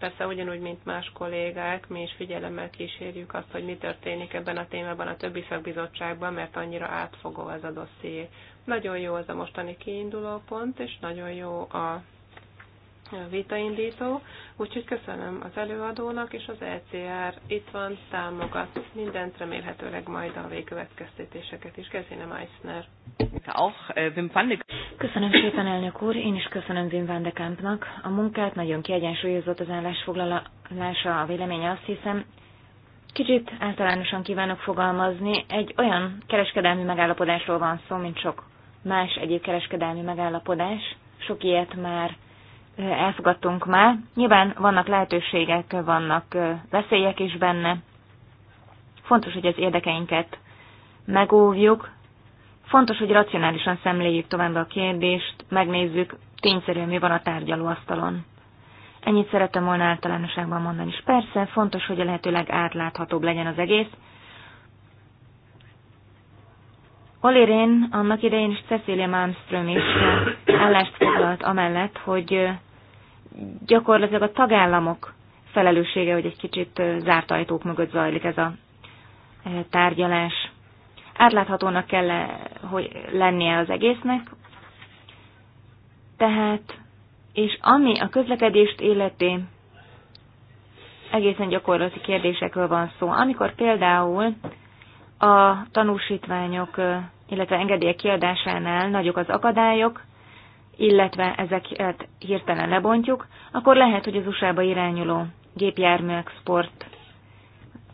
Persze ugyanúgy, mint más kollégák, mi is figyelemmel kísérjük azt, hogy mi történik ebben a témában a többi szakbizottságban, mert annyira átfogó ez a dosszié. Nagyon jó az a mostani kiinduló pont, és nagyon jó a vitaindító, úgyhogy köszönöm az előadónak, és az ECR itt van, támogat mindent, remélhetőleg majd a végkövetkeztetéseket is. Gesine Meissner. Äh, köszönöm szépen, elnök úr, én is köszönöm Wim van de Kampnak. A munkát nagyon kiegyensúlyozott az állásfoglalása, a véleménye azt hiszem, Kicsit általánosan kívánok fogalmazni, egy olyan kereskedelmi megállapodásról van szó, mint sok más egyéb kereskedelmi megállapodás. Sok ilyet már elfogadtunk már. Nyilván vannak lehetőségek, vannak veszélyek is benne. Fontos, hogy az érdekeinket megóvjuk. Fontos, hogy racionálisan szemléljük tovább a kérdést, megnézzük tényszerűen mi van a tárgyalóasztalon. Ennyit szerettem volna általánosságban mondani, és persze fontos, hogy a lehetőleg átláthatóbb legyen az egész. Olirén annak idején is Cecilia Malmström is állást foglalt amellett, hogy gyakorlatilag a tagállamok felelőssége, hogy egy kicsit zárt ajtók mögött zajlik ez a tárgyalás. Átláthatónak kell -e, hogy lennie az egésznek, tehát, és ami a közlekedést illeti, egészen gyakorlati kérdésekről van szó. Amikor például a tanúsítványok, illetve engedélyek kiadásánál nagyok az akadályok, illetve ezeket hirtelen lebontjuk, akkor lehet, hogy az USA-ba irányuló gépjármű export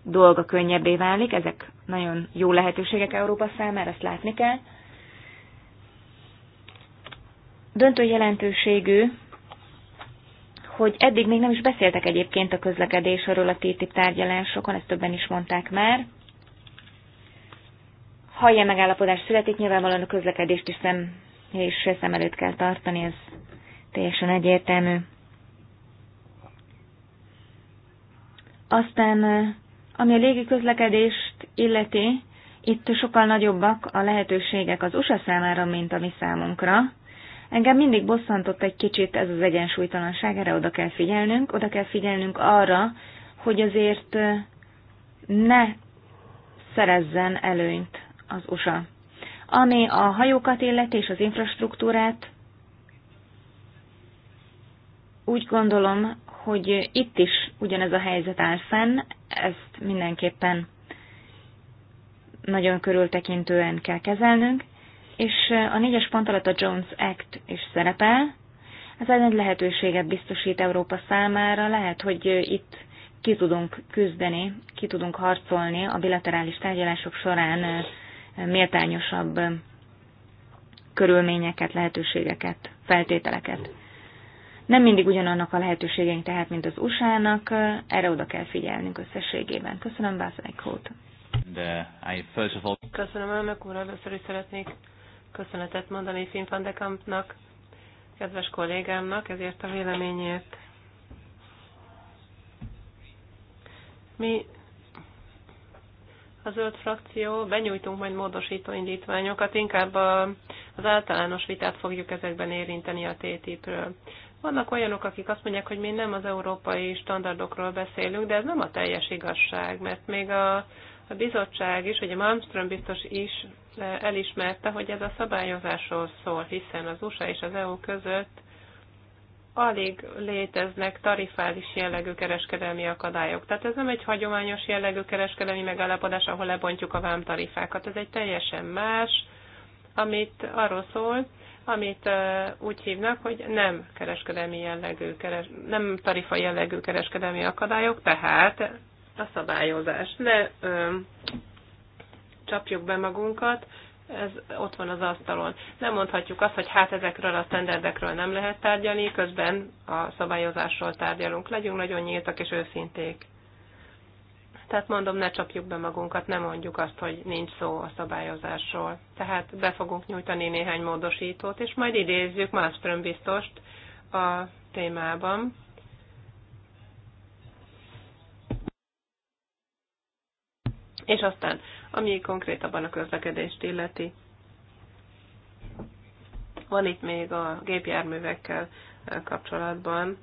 dolga könnyebbé válik. Ezek nagyon jó lehetőségek Európa számára, ezt látni kell. Döntő jelentőségű, hogy eddig még nem is beszéltek egyébként a közlekedésről a TTIP tárgyalásokon, ezt többen is mondták már. Ha ilyen megállapodás születik, nyilvánvalóan a közlekedést is szem és szem előtt kell tartani, ez teljesen egyértelmű. Aztán, ami a légi közlekedést illeti, itt sokkal nagyobbak a lehetőségek az USA számára, mint a mi számunkra. Engem mindig bosszantott egy kicsit ez az egyensúlytalanság, erre oda kell figyelnünk, oda kell figyelnünk arra, hogy azért ne szerezzen előnyt az USA ami a hajókat illet és az infrastruktúrát. Úgy gondolom, hogy itt is ugyanez a helyzet áll fenn, ezt mindenképpen nagyon körültekintően kell kezelnünk, és a négyes pont alatt a Jones Act is szerepel. Ez egy nagy lehetőséget biztosít Európa számára, lehet, hogy itt ki tudunk küzdeni, ki tudunk harcolni a bilaterális tárgyalások során méltányosabb körülményeket, lehetőségeket, feltételeket. Nem mindig ugyanannak a lehetőségeink tehát, mint az USA-nak, erre oda kell figyelnünk összességében. Köszönöm, Bászlánk Hót. Uh, Köszönöm, elnök úr, először is szeretnék köszönetet mondani Finfandekampnak, kedves kollégámnak ezért a véleményért. Mi a zöld frakció, benyújtunk majd módosító indítványokat, inkább a, az általános vitát fogjuk ezekben érinteni a TTIP-ről. Vannak olyanok, akik azt mondják, hogy mi nem az európai standardokról beszélünk, de ez nem a teljes igazság, mert még a, a bizottság is, ugye Malmström biztos is eh, elismerte, hogy ez a szabályozásról szól, hiszen az USA és az EU között alig léteznek tarifális jellegű kereskedelmi akadályok. Tehát ez nem egy hagyományos jellegű kereskedelmi megállapodás, ahol lebontjuk a vámtarifákat. Ez egy teljesen más, amit arról szól, amit úgy hívnak, hogy nem kereskedelmi jellegű, keres, nem tarifa jellegű kereskedelmi akadályok, tehát a szabályozás. Ne uh, csapjuk be magunkat, ez ott van az asztalon. Nem mondhatjuk azt, hogy hát ezekről a standardekről nem lehet tárgyalni, közben a szabályozásról tárgyalunk. Legyünk nagyon nyíltak és őszinték. Tehát mondom, ne csapjuk be magunkat, ne mondjuk azt, hogy nincs szó a szabályozásról. Tehát be fogunk nyújtani néhány módosítót, és majd idézzük Malmström biztost a témában. És aztán ami konkrétabban a közlekedést illeti. Van itt még a gépjárművekkel kapcsolatban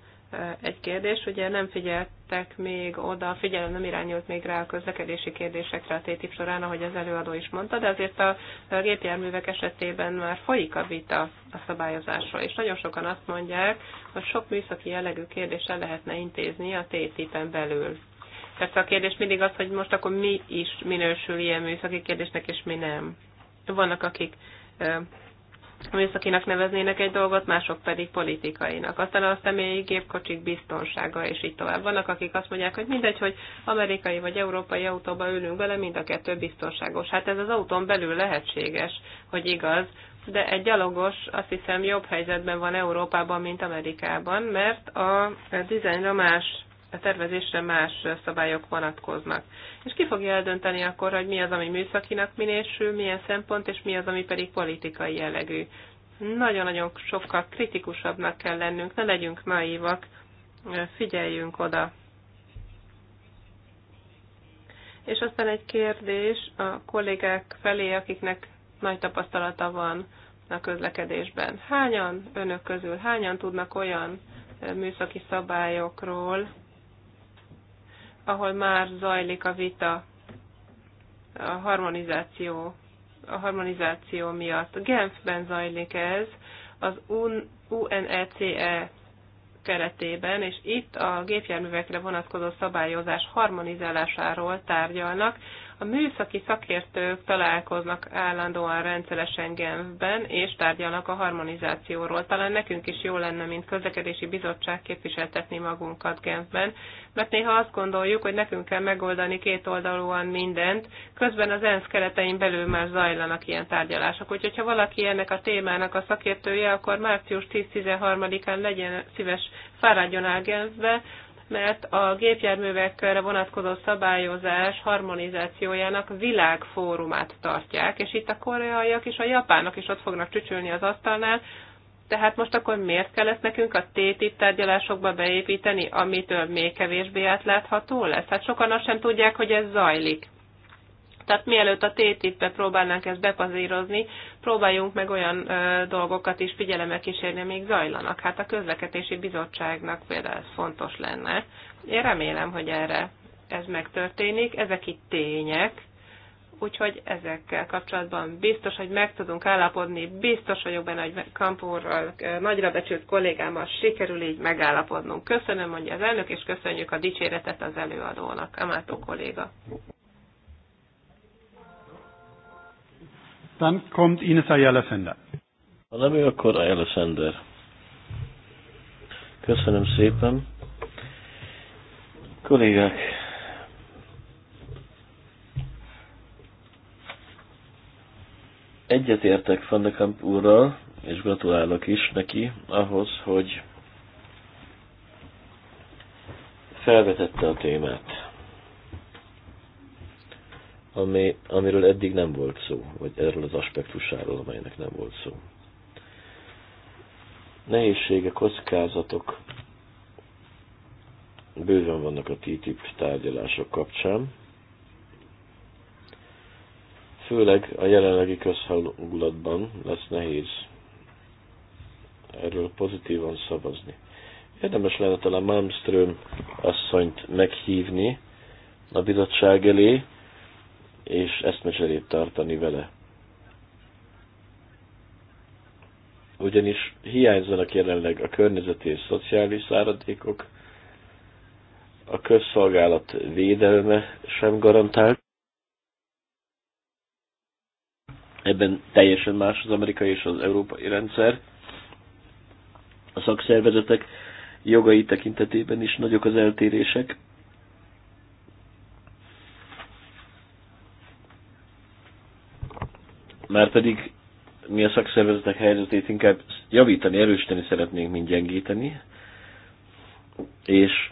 egy kérdés. Ugye nem figyeltek még oda, figyelem nem irányult még rá a közlekedési kérdésekre a TTIP során, ahogy az előadó is mondta, de azért a gépjárművek esetében már folyik a vita a szabályozásról, és nagyon sokan azt mondják, hogy sok műszaki jellegű kérdéssel lehetne intézni a TTIP-en belül. Persze a kérdés mindig az, hogy most akkor mi is minősül ilyen műszaki kérdésnek, és mi nem. Vannak, akik műszakinak neveznének egy dolgot, mások pedig politikainak. Aztán a személyi gépkocsik biztonsága, és így tovább. Vannak, akik azt mondják, hogy mindegy, hogy amerikai vagy európai autóba ülünk bele, mind a kettő biztonságos. Hát ez az autón belül lehetséges, hogy igaz, de egy gyalogos azt hiszem jobb helyzetben van Európában, mint Amerikában, mert a dizájnra más a tervezésre más szabályok vonatkoznak. És ki fogja eldönteni akkor, hogy mi az, ami műszakinak minősül, milyen szempont, és mi az, ami pedig politikai jellegű. Nagyon-nagyon sokkal kritikusabbnak kell lennünk, ne legyünk naívak, figyeljünk oda. És aztán egy kérdés a kollégák felé, akiknek nagy tapasztalata van a közlekedésben. Hányan önök közül, hányan tudnak olyan műszaki szabályokról, ahol már zajlik a vita a harmonizáció, a harmonizáció miatt. Genfben zajlik ez, az UNECE e keretében, és itt a gépjárművekre vonatkozó szabályozás harmonizálásáról tárgyalnak, a műszaki szakértők találkoznak állandóan rendszeresen Genfben, és tárgyalnak a harmonizációról. Talán nekünk is jó lenne, mint közlekedési bizottság képviseltetni magunkat Genfben, mert néha azt gondoljuk, hogy nekünk kell megoldani kétoldalúan mindent, közben az ENSZ keretein belül már zajlanak ilyen tárgyalások. Úgyhogy, ha valaki ennek a témának a szakértője, akkor március 10-13-án legyen szíves fáradjon el Genfbe, mert a gépjárművekre vonatkozó szabályozás harmonizációjának világfórumát tartják, és itt a koreaiak és a japánok is ott fognak csücsülni az asztalnál, tehát most akkor miért kell ezt nekünk a TTIP tárgyalásokba beépíteni, amitől még kevésbé átlátható lesz? Hát sokan azt sem tudják, hogy ez zajlik. Tehát mielőtt a TTIP-be próbálnánk ezt bepazírozni, próbáljunk meg olyan ö, dolgokat is figyelemmel kísérni, amik zajlanak. Hát a közlekedési bizottságnak például ez fontos lenne. Én remélem, hogy erre ez megtörténik. Ezek itt tények, úgyhogy ezekkel kapcsolatban biztos, hogy meg tudunk állapodni, biztos vagyok benne, hogy Kampurral, nagyra becsült kollégámmal sikerül így megállapodnunk. Köszönöm, mondja az elnök, és köszönjük a dicséretet az előadónak, Amátó kolléga. Dann kommt Ines Ayala Sender. Ha nem ő, akkor Ayala Sender. Köszönöm szépen. Kollégák, egyetértek Van de Kamp úrral, és gratulálok is neki ahhoz, hogy felvetette a témát ami, amiről eddig nem volt szó, vagy erről az aspektusáról, amelynek nem volt szó. Nehézségek, kockázatok bőven vannak a TTIP tárgyalások kapcsán, főleg a jelenlegi közhangulatban lesz nehéz erről pozitívan szavazni. Érdemes lenne talán Malmström asszonyt meghívni a bizottság elé, és eszmecserét tartani vele. Ugyanis hiányzanak jelenleg a környezeti és szociális száradékok, a közszolgálat védelme sem garantált. Ebben teljesen más az amerikai és az európai rendszer. A szakszervezetek jogai tekintetében is nagyok az eltérések. Már pedig mi a szakszervezetek helyzetét inkább javítani, erősíteni szeretnénk, mint gyengíteni. És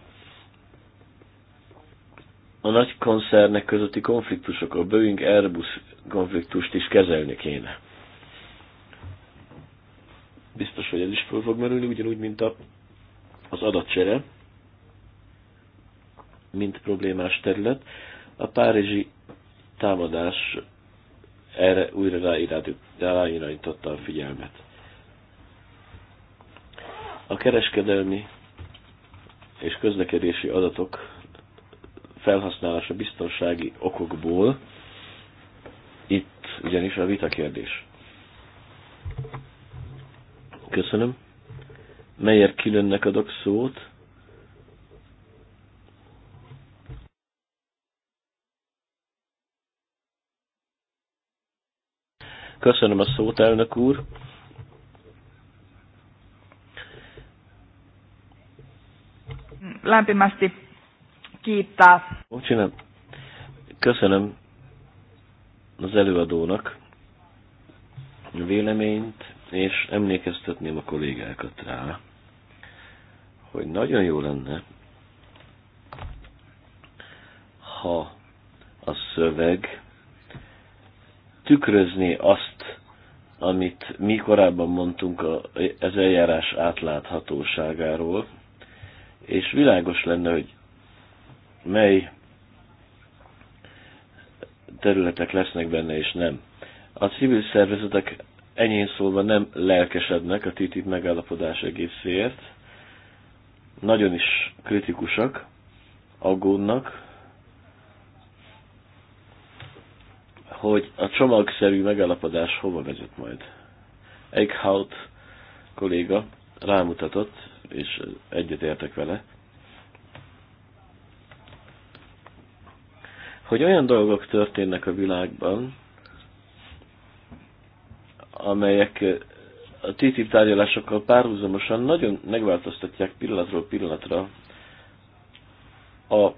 a nagy koncernek közötti konfliktusok, a Boeing-Airbus konfliktust is kezelni kéne. Biztos, hogy ez is föl fog merülni, ugyanúgy, mint a, az adatcsere, mint problémás terület. A párizsi támadás erre újra ráirányította a figyelmet. A kereskedelmi és közlekedési adatok felhasználása biztonsági okokból itt ugyanis a vita kérdés. Köszönöm. Melyek Kilönnek adok szót Köszönöm a szót, elnök úr. Lämpimästi kiittää. Bocsánat. Köszönöm az előadónak a véleményt, és emlékeztetném a kollégákat rá, hogy nagyon jó lenne, ha a szöveg tükrözni azt, amit mi korábban mondtunk az eljárás átláthatóságáról, és világos lenne, hogy mely területek lesznek benne és nem. A civil szervezetek enyhén szólva nem lelkesednek a TTIP megállapodás egészéért, nagyon is kritikusak, aggódnak, hogy a csomagszerű megalapodás hova vezet majd. Eichhout kolléga rámutatott, és egyetértek vele, hogy olyan dolgok történnek a világban, amelyek a TTIP tárgyalásokkal párhuzamosan nagyon megváltoztatják pillanatról pillanatra a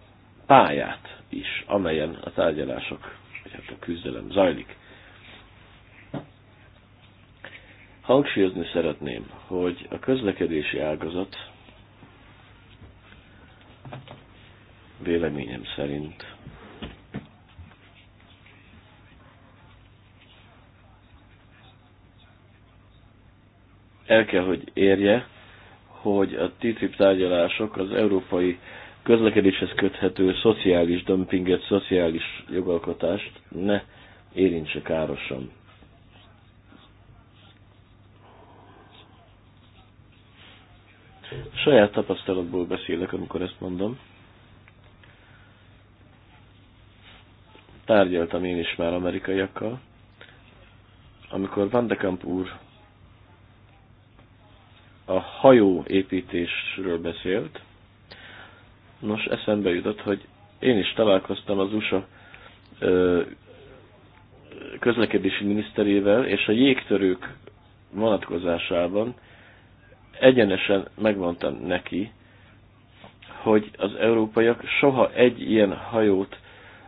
pályát is, amelyen a tárgyalások hát a küzdelem zajlik. Hangsúlyozni szeretném, hogy a közlekedési ágazat véleményem szerint el kell, hogy érje, hogy a TTIP tárgyalások az európai közlekedéshez köthető szociális dömpinget, szociális jogalkotást ne érintse károsan. Saját tapasztalatból beszélek, amikor ezt mondom. Tárgyaltam én is már amerikaiakkal. Amikor Van de Kamp úr a hajóépítésről beszélt, Nos, eszembe jutott, hogy én is találkoztam az USA közlekedési miniszterével, és a jégtörők vonatkozásában egyenesen megmondtam neki, hogy az európaiak soha egy ilyen hajót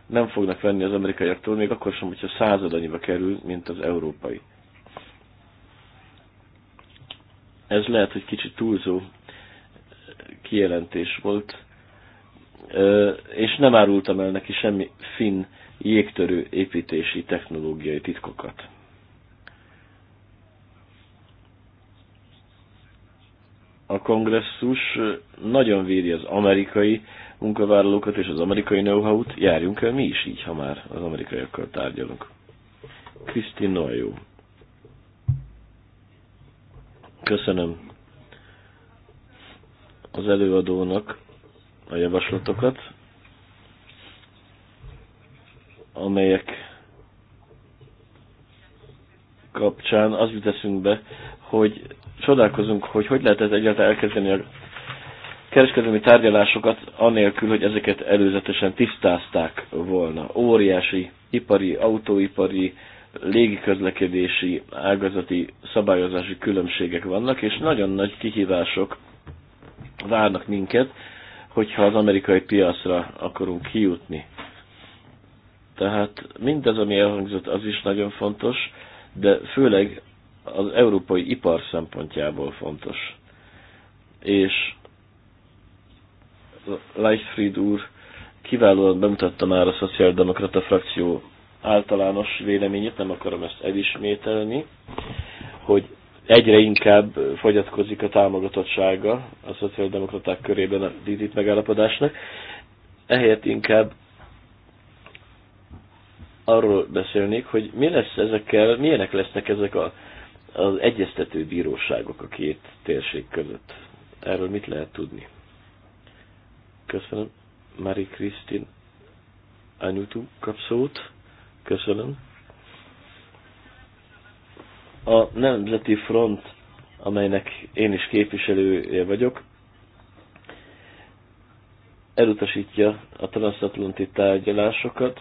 nem fognak venni az amerikaiaktól, még akkor sem, hogyha század annyiba kerül, mint az európai. Ez lehet, hogy kicsit túlzó kijelentés volt, és nem árultam el neki semmi finn jégtörő építési technológiai titkokat. A kongresszus nagyon védi az amerikai munkavállalókat és az amerikai know-how-t, járjunk el mi is így, ha már az amerikaiakkal tárgyalunk. Krisztin Noajó. Köszönöm az előadónak a javaslatokat, amelyek kapcsán az jut be, hogy csodálkozunk, hogy hogy lehet ez egyáltalán elkezdeni a kereskedelmi tárgyalásokat anélkül, hogy ezeket előzetesen tisztázták volna. Óriási ipari, autóipari, légiközlekedési, ágazati szabályozási különbségek vannak, és nagyon nagy kihívások várnak minket hogyha az amerikai piacra akarunk kijutni. Tehát mindez, ami elhangzott, az is nagyon fontos, de főleg az európai ipar szempontjából fontos. És Leichfried úr kiválóan bemutatta már a szociáldemokrata frakció általános véleményét, nem akarom ezt elismételni, hogy egyre inkább fogyatkozik a támogatottsága a szociáldemokraták körében a DITIT megállapodásnak. Ehelyett inkább arról beszélnék, hogy mi lesz ezekkel, milyenek lesznek ezek a, az egyeztető bíróságok a két térség között. Erről mit lehet tudni? Köszönöm. Mari Krisztin a kap szót. Köszönöm. A Nemzeti Front, amelynek én is képviselője vagyok, elutasítja a transatlanti tárgyalásokat.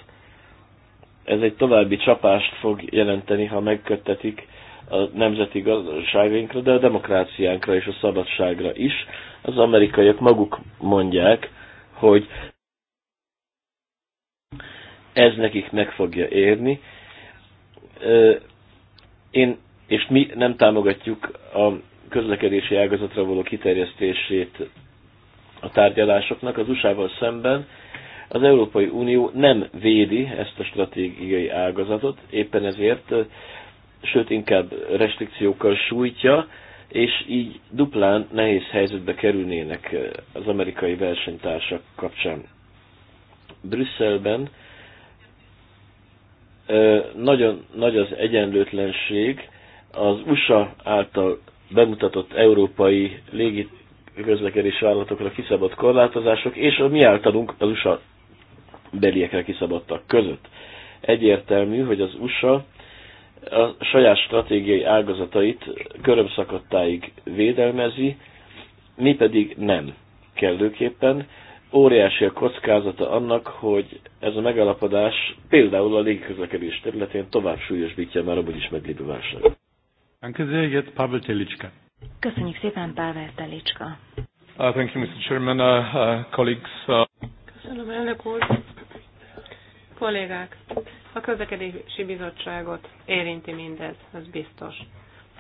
Ez egy további csapást fog jelenteni, ha megköttetik a nemzeti gazdaságainkra, de a demokráciánkra és a szabadságra is. Az amerikaiak maguk mondják, hogy ez nekik meg fogja érni. Én és mi nem támogatjuk a közlekedési ágazatra való kiterjesztését a tárgyalásoknak az USA-val szemben. Az Európai Unió nem védi ezt a stratégiai ágazatot, éppen ezért, sőt inkább restrikciókkal sújtja, és így duplán nehéz helyzetbe kerülnének az amerikai versenytársak kapcsán. Brüsszelben nagyon nagy az egyenlőtlenség, az USA által bemutatott európai légi közlekedési vállalatokra kiszabott korlátozások, és a mi általunk az USA beliekre kiszabottak között. Egyértelmű, hogy az USA a saját stratégiai ágazatait körömszakadtáig védelmezi, mi pedig nem kellőképpen. Óriási a kockázata annak, hogy ez a megalapodás például a légiközlekedés területén tovább súlyosbítja már a is meglévő válságot. Danke sehr, jetzt Pavel Köszönjük szépen, Pavel Telicska. Uh, thank you, Mr. Chairman, uh, uh, colleagues. Uh... Köszönöm, elnök úr. Kollégák, a közlekedési bizottságot érinti mindez, ez biztos.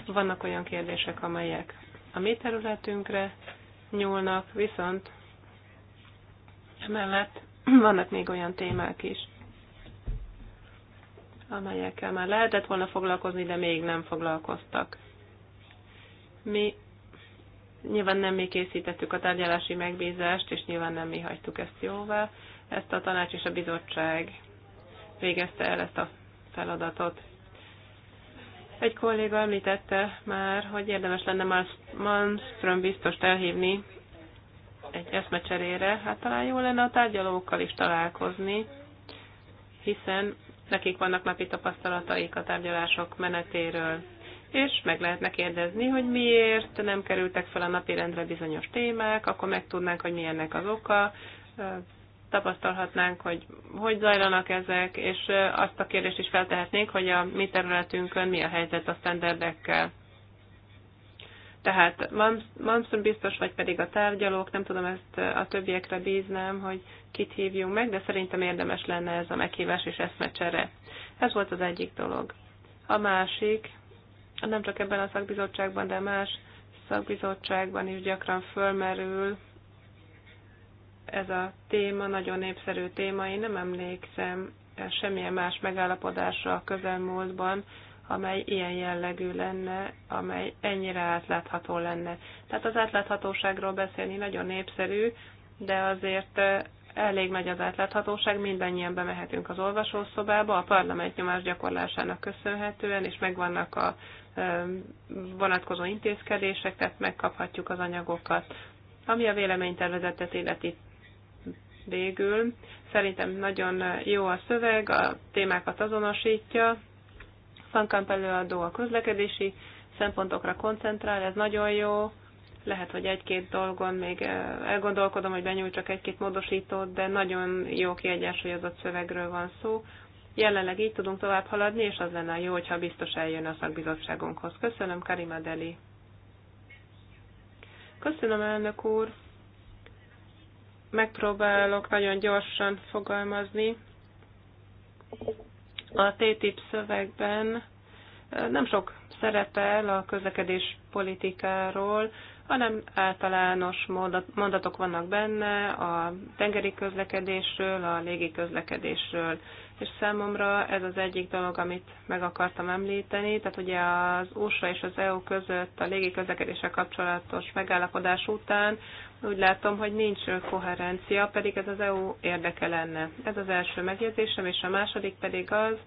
Vannak olyan kérdések, amelyek a mi területünkre nyúlnak, viszont emellett vannak még olyan témák is, amelyekkel már lehetett volna foglalkozni, de még nem foglalkoztak. Mi nyilván nem mi készítettük a tárgyalási megbízást, és nyilván nem mi hagytuk ezt jóvá. Ezt a tanács és a bizottság végezte el ezt a feladatot. Egy kolléga említette már, hogy érdemes lenne Malmström biztos elhívni egy eszmecserére. Hát talán jó lenne a tárgyalókkal is találkozni, hiszen nekik vannak napi tapasztalataik a tárgyalások menetéről, és meg lehetne kérdezni, hogy miért nem kerültek fel a rendre bizonyos témák, akkor megtudnánk, hogy milyennek az oka, tapasztalhatnánk, hogy hogy zajlanak ezek, és azt a kérdést is feltehetnénk, hogy a mi területünkön mi a helyzet a standardekkel. Tehát Malmström biztos, vagy pedig a tárgyalók, nem tudom, ezt a többiekre bíznám, hogy kit hívjunk meg, de szerintem érdemes lenne ez a meghívás és eszmecsere. Ez volt az egyik dolog. A másik, nem csak ebben a szakbizottságban, de más szakbizottságban is gyakran fölmerül ez a téma, nagyon népszerű téma. Én nem emlékszem semmilyen más megállapodásra a közelmúltban, amely ilyen jellegű lenne, amely ennyire átlátható lenne. Tehát az átláthatóságról beszélni nagyon népszerű, de azért elég nagy az átláthatóság, mindannyian bemehetünk az olvasószobába, a parlament nyomás gyakorlásának köszönhetően, és megvannak a vonatkozó intézkedések, tehát megkaphatjuk az anyagokat. Ami a véleménytervezetet illeti végül, szerintem nagyon jó a szöveg, a témákat azonosítja, Fankamp előadó a közlekedési szempontokra koncentrál, ez nagyon jó. Lehet, hogy egy-két dolgon még eh, elgondolkodom, hogy benyújtsak egy-két módosítót, de nagyon jó kiegyensúlyozott szövegről van szó. Jelenleg így tudunk tovább haladni, és az lenne jó, hogyha biztos eljön a szakbizottságunkhoz. Köszönöm, Karima Deli. Köszönöm, elnök úr. Megpróbálok nagyon gyorsan fogalmazni. A TTIP szövegben nem sok szerepel a közlekedés politikáról, hanem általános mondatok vannak benne a tengeri közlekedésről, a légi közlekedésről. És számomra ez az egyik dolog, amit meg akartam említeni, tehát ugye az USA és az EU között a légi közlekedéssel kapcsolatos megállapodás után úgy látom, hogy nincs koherencia, pedig ez az EU érdeke lenne. Ez az első megjegyzésem, és a második pedig az,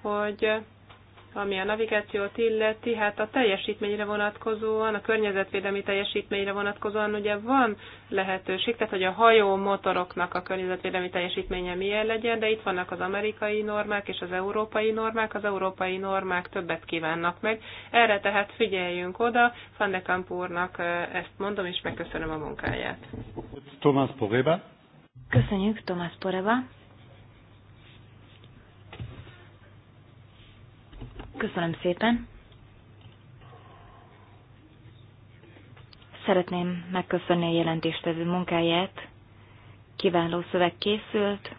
hogy ami a navigációt illeti, hát a teljesítményre vonatkozóan, a környezetvédelmi teljesítményre vonatkozóan ugye van lehetőség, tehát hogy a hajó motoroknak a környezetvédelmi teljesítménye milyen legyen, de itt vannak az amerikai normák és az európai normák, az európai normák többet kívánnak meg. Erre tehát figyeljünk oda, Van de Kamp úrnak ezt mondom, és megköszönöm a munkáját. Tomás Poreba. Köszönjük, Tomás Poreba. Köszönöm szépen. Szeretném megköszönni a jelentéstevő munkáját. Kiváló szöveg készült,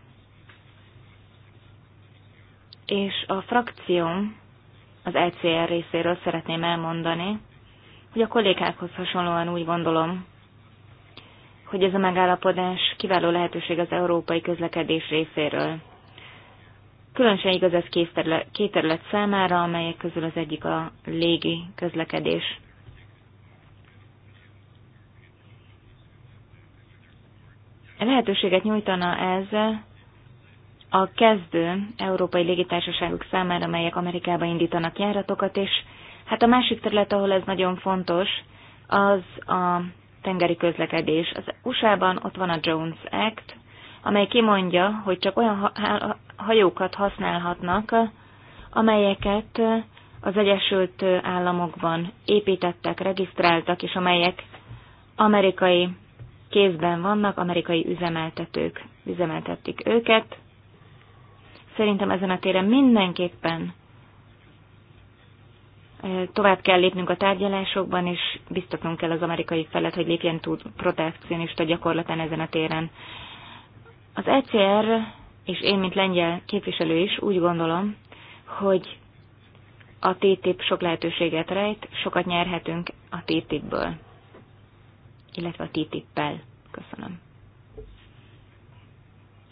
és a frakcióm az ECR részéről szeretném elmondani, hogy a kollégákhoz hasonlóan úgy gondolom, hogy ez a megállapodás kiváló lehetőség az európai közlekedés részéről. Különösen igaz ez két terület, két terület számára, amelyek közül az egyik a légi közlekedés. Lehetőséget nyújtana ez a kezdő európai légitársaságok számára, amelyek Amerikába indítanak járatokat, és hát a másik terület, ahol ez nagyon fontos, az a tengeri közlekedés. Az USA-ban ott van a Jones Act, amely kimondja, hogy csak olyan hajókat használhatnak, amelyeket az Egyesült Államokban építettek, regisztráltak, és amelyek amerikai kézben vannak, amerikai üzemeltetők üzemeltették őket. Szerintem ezen a téren mindenképpen tovább kell lépnünk a tárgyalásokban, és biztatnunk kell az amerikai felet, hogy lépjen túl protekcionista gyakorlatán ezen a téren. Az ECR, és én, mint lengyel képviselő is úgy gondolom, hogy a TTIP sok lehetőséget rejt, sokat nyerhetünk a TTIP-ből, illetve a TTIP-pel. Köszönöm.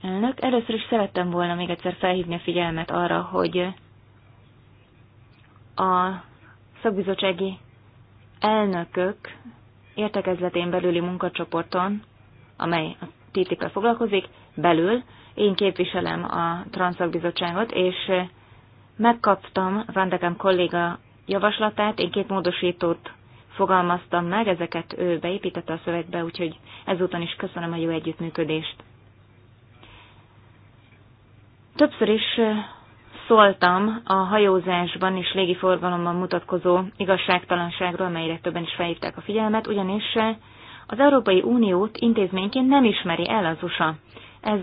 Elnök, először is szerettem volna még egyszer felhívni a figyelmet arra, hogy a szakbizottsági elnökök értekezletén belüli munkacsoporton, amely a TTIP-el foglalkozik, belül, én képviselem a Transzakbizottságot, és eh, megkaptam Vandekem kolléga javaslatát, én két módosítót fogalmaztam meg, ezeket ő beépítette a szövegbe, úgyhogy ezúton is köszönöm a jó együttműködést. Többször is eh, szóltam a hajózásban és légiforgalomban mutatkozó igazságtalanságról, melyre többen is felhívták a figyelmet, ugyanis eh, az Európai Uniót intézményként nem ismeri el az USA. Ez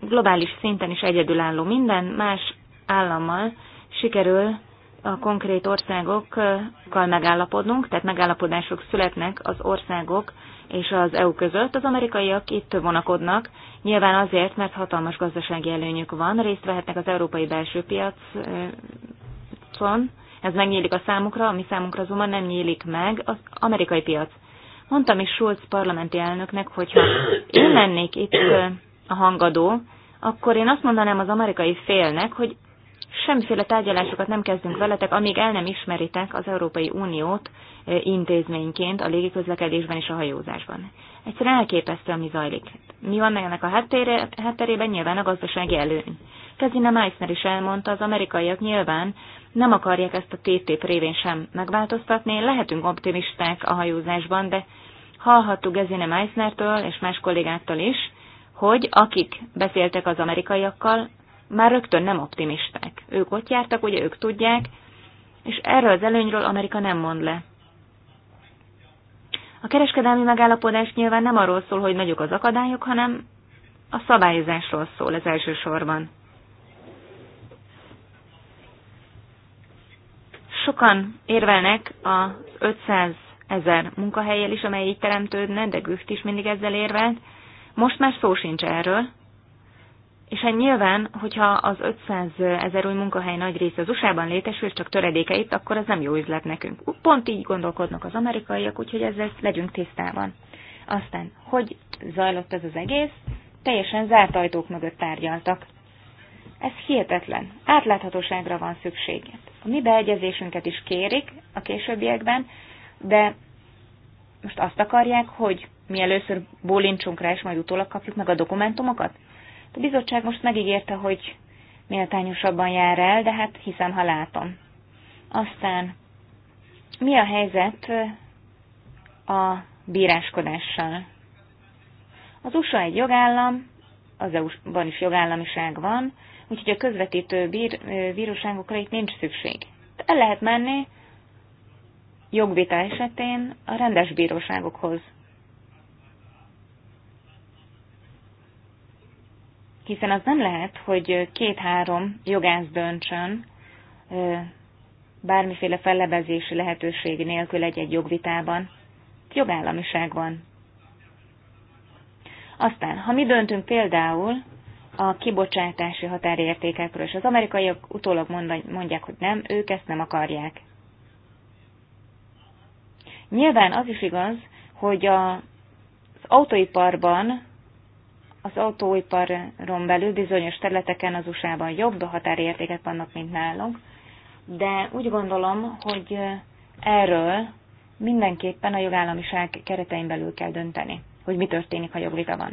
globális szinten is egyedülálló. Minden más állammal sikerül a konkrét országokkal megállapodnunk, tehát megállapodások születnek az országok és az EU között. Az amerikaiak itt vonakodnak, nyilván azért, mert hatalmas gazdasági előnyük van, részt vehetnek az európai belső piacon, ez megnyílik a számukra, ami számunkra azonban nem nyílik meg, az amerikai piac. Mondtam is Schulz parlamenti elnöknek, hogyha én lennék itt a hangadó, akkor én azt mondanám az amerikai félnek, hogy semmiféle tárgyalásokat nem kezdünk veletek, amíg el nem ismeritek az Európai Uniót intézményként a légiközlekedésben és a hajózásban. Egyszerűen elképesztő, ami zajlik. Mi van ennek a hátterében? Nyilván a gazdasági előny. Kezina Meissner is elmondta, az amerikaiak nyilván nem akarják ezt a TTIP révén sem megváltoztatni. Lehetünk optimisták a hajózásban, de Hallhattuk Gezine Meissnertől és más kollégáktól is, hogy akik beszéltek az amerikaiakkal, már rögtön nem optimisták. Ők ott jártak, ugye ők tudják, és erről az előnyről Amerika nem mond le. A kereskedelmi megállapodás nyilván nem arról szól, hogy nagyok az akadályok, hanem a szabályozásról szól ez elsősorban. Sokan érvelnek az 500 ezer munkahelyel is, amely így teremtődne, de Güft is mindig ezzel érvelt. Most már szó sincs erről. És hát nyilván, hogyha az 500 ezer új munkahely nagy része az USA-ban létesül, csak töredéke itt, akkor ez nem jó üzlet nekünk. Pont így gondolkodnak az amerikaiak, úgyhogy ezzel legyünk tisztában. Aztán, hogy zajlott ez az egész? Teljesen zárt ajtók mögött tárgyaltak. Ez hihetetlen. Átláthatóságra van szükséget. A mi beegyezésünket is kérik a későbbiekben, de most azt akarják, hogy mi először bólintsunk rá, és majd utólag kapjuk meg a dokumentumokat? A bizottság most megígérte, hogy méltányosabban jár el, de hát hiszem, ha látom. Aztán, mi a helyzet a bíráskodással? Az USA egy jogállam, az EU-ban is jogállamiság van, úgyhogy a közvetítő bír, bíróságokra itt nincs szükség. El lehet menni, jogvita esetén a rendes bíróságokhoz. Hiszen az nem lehet, hogy két-három jogász döntsön bármiféle fellebezési lehetőség nélkül egy-egy jogvitában. Jogállamiság van. Aztán, ha mi döntünk például a kibocsátási határértékekről, és az amerikaiak utólag mondják, hogy nem, ők ezt nem akarják. Nyilván az is igaz, hogy a, az autóiparban, az autóiparon belül bizonyos területeken az USA-ban jobb határértékek vannak, mint nálunk, de úgy gondolom, hogy erről mindenképpen a jogállamiság keretein belül kell dönteni, hogy mi történik, ha jogvita van.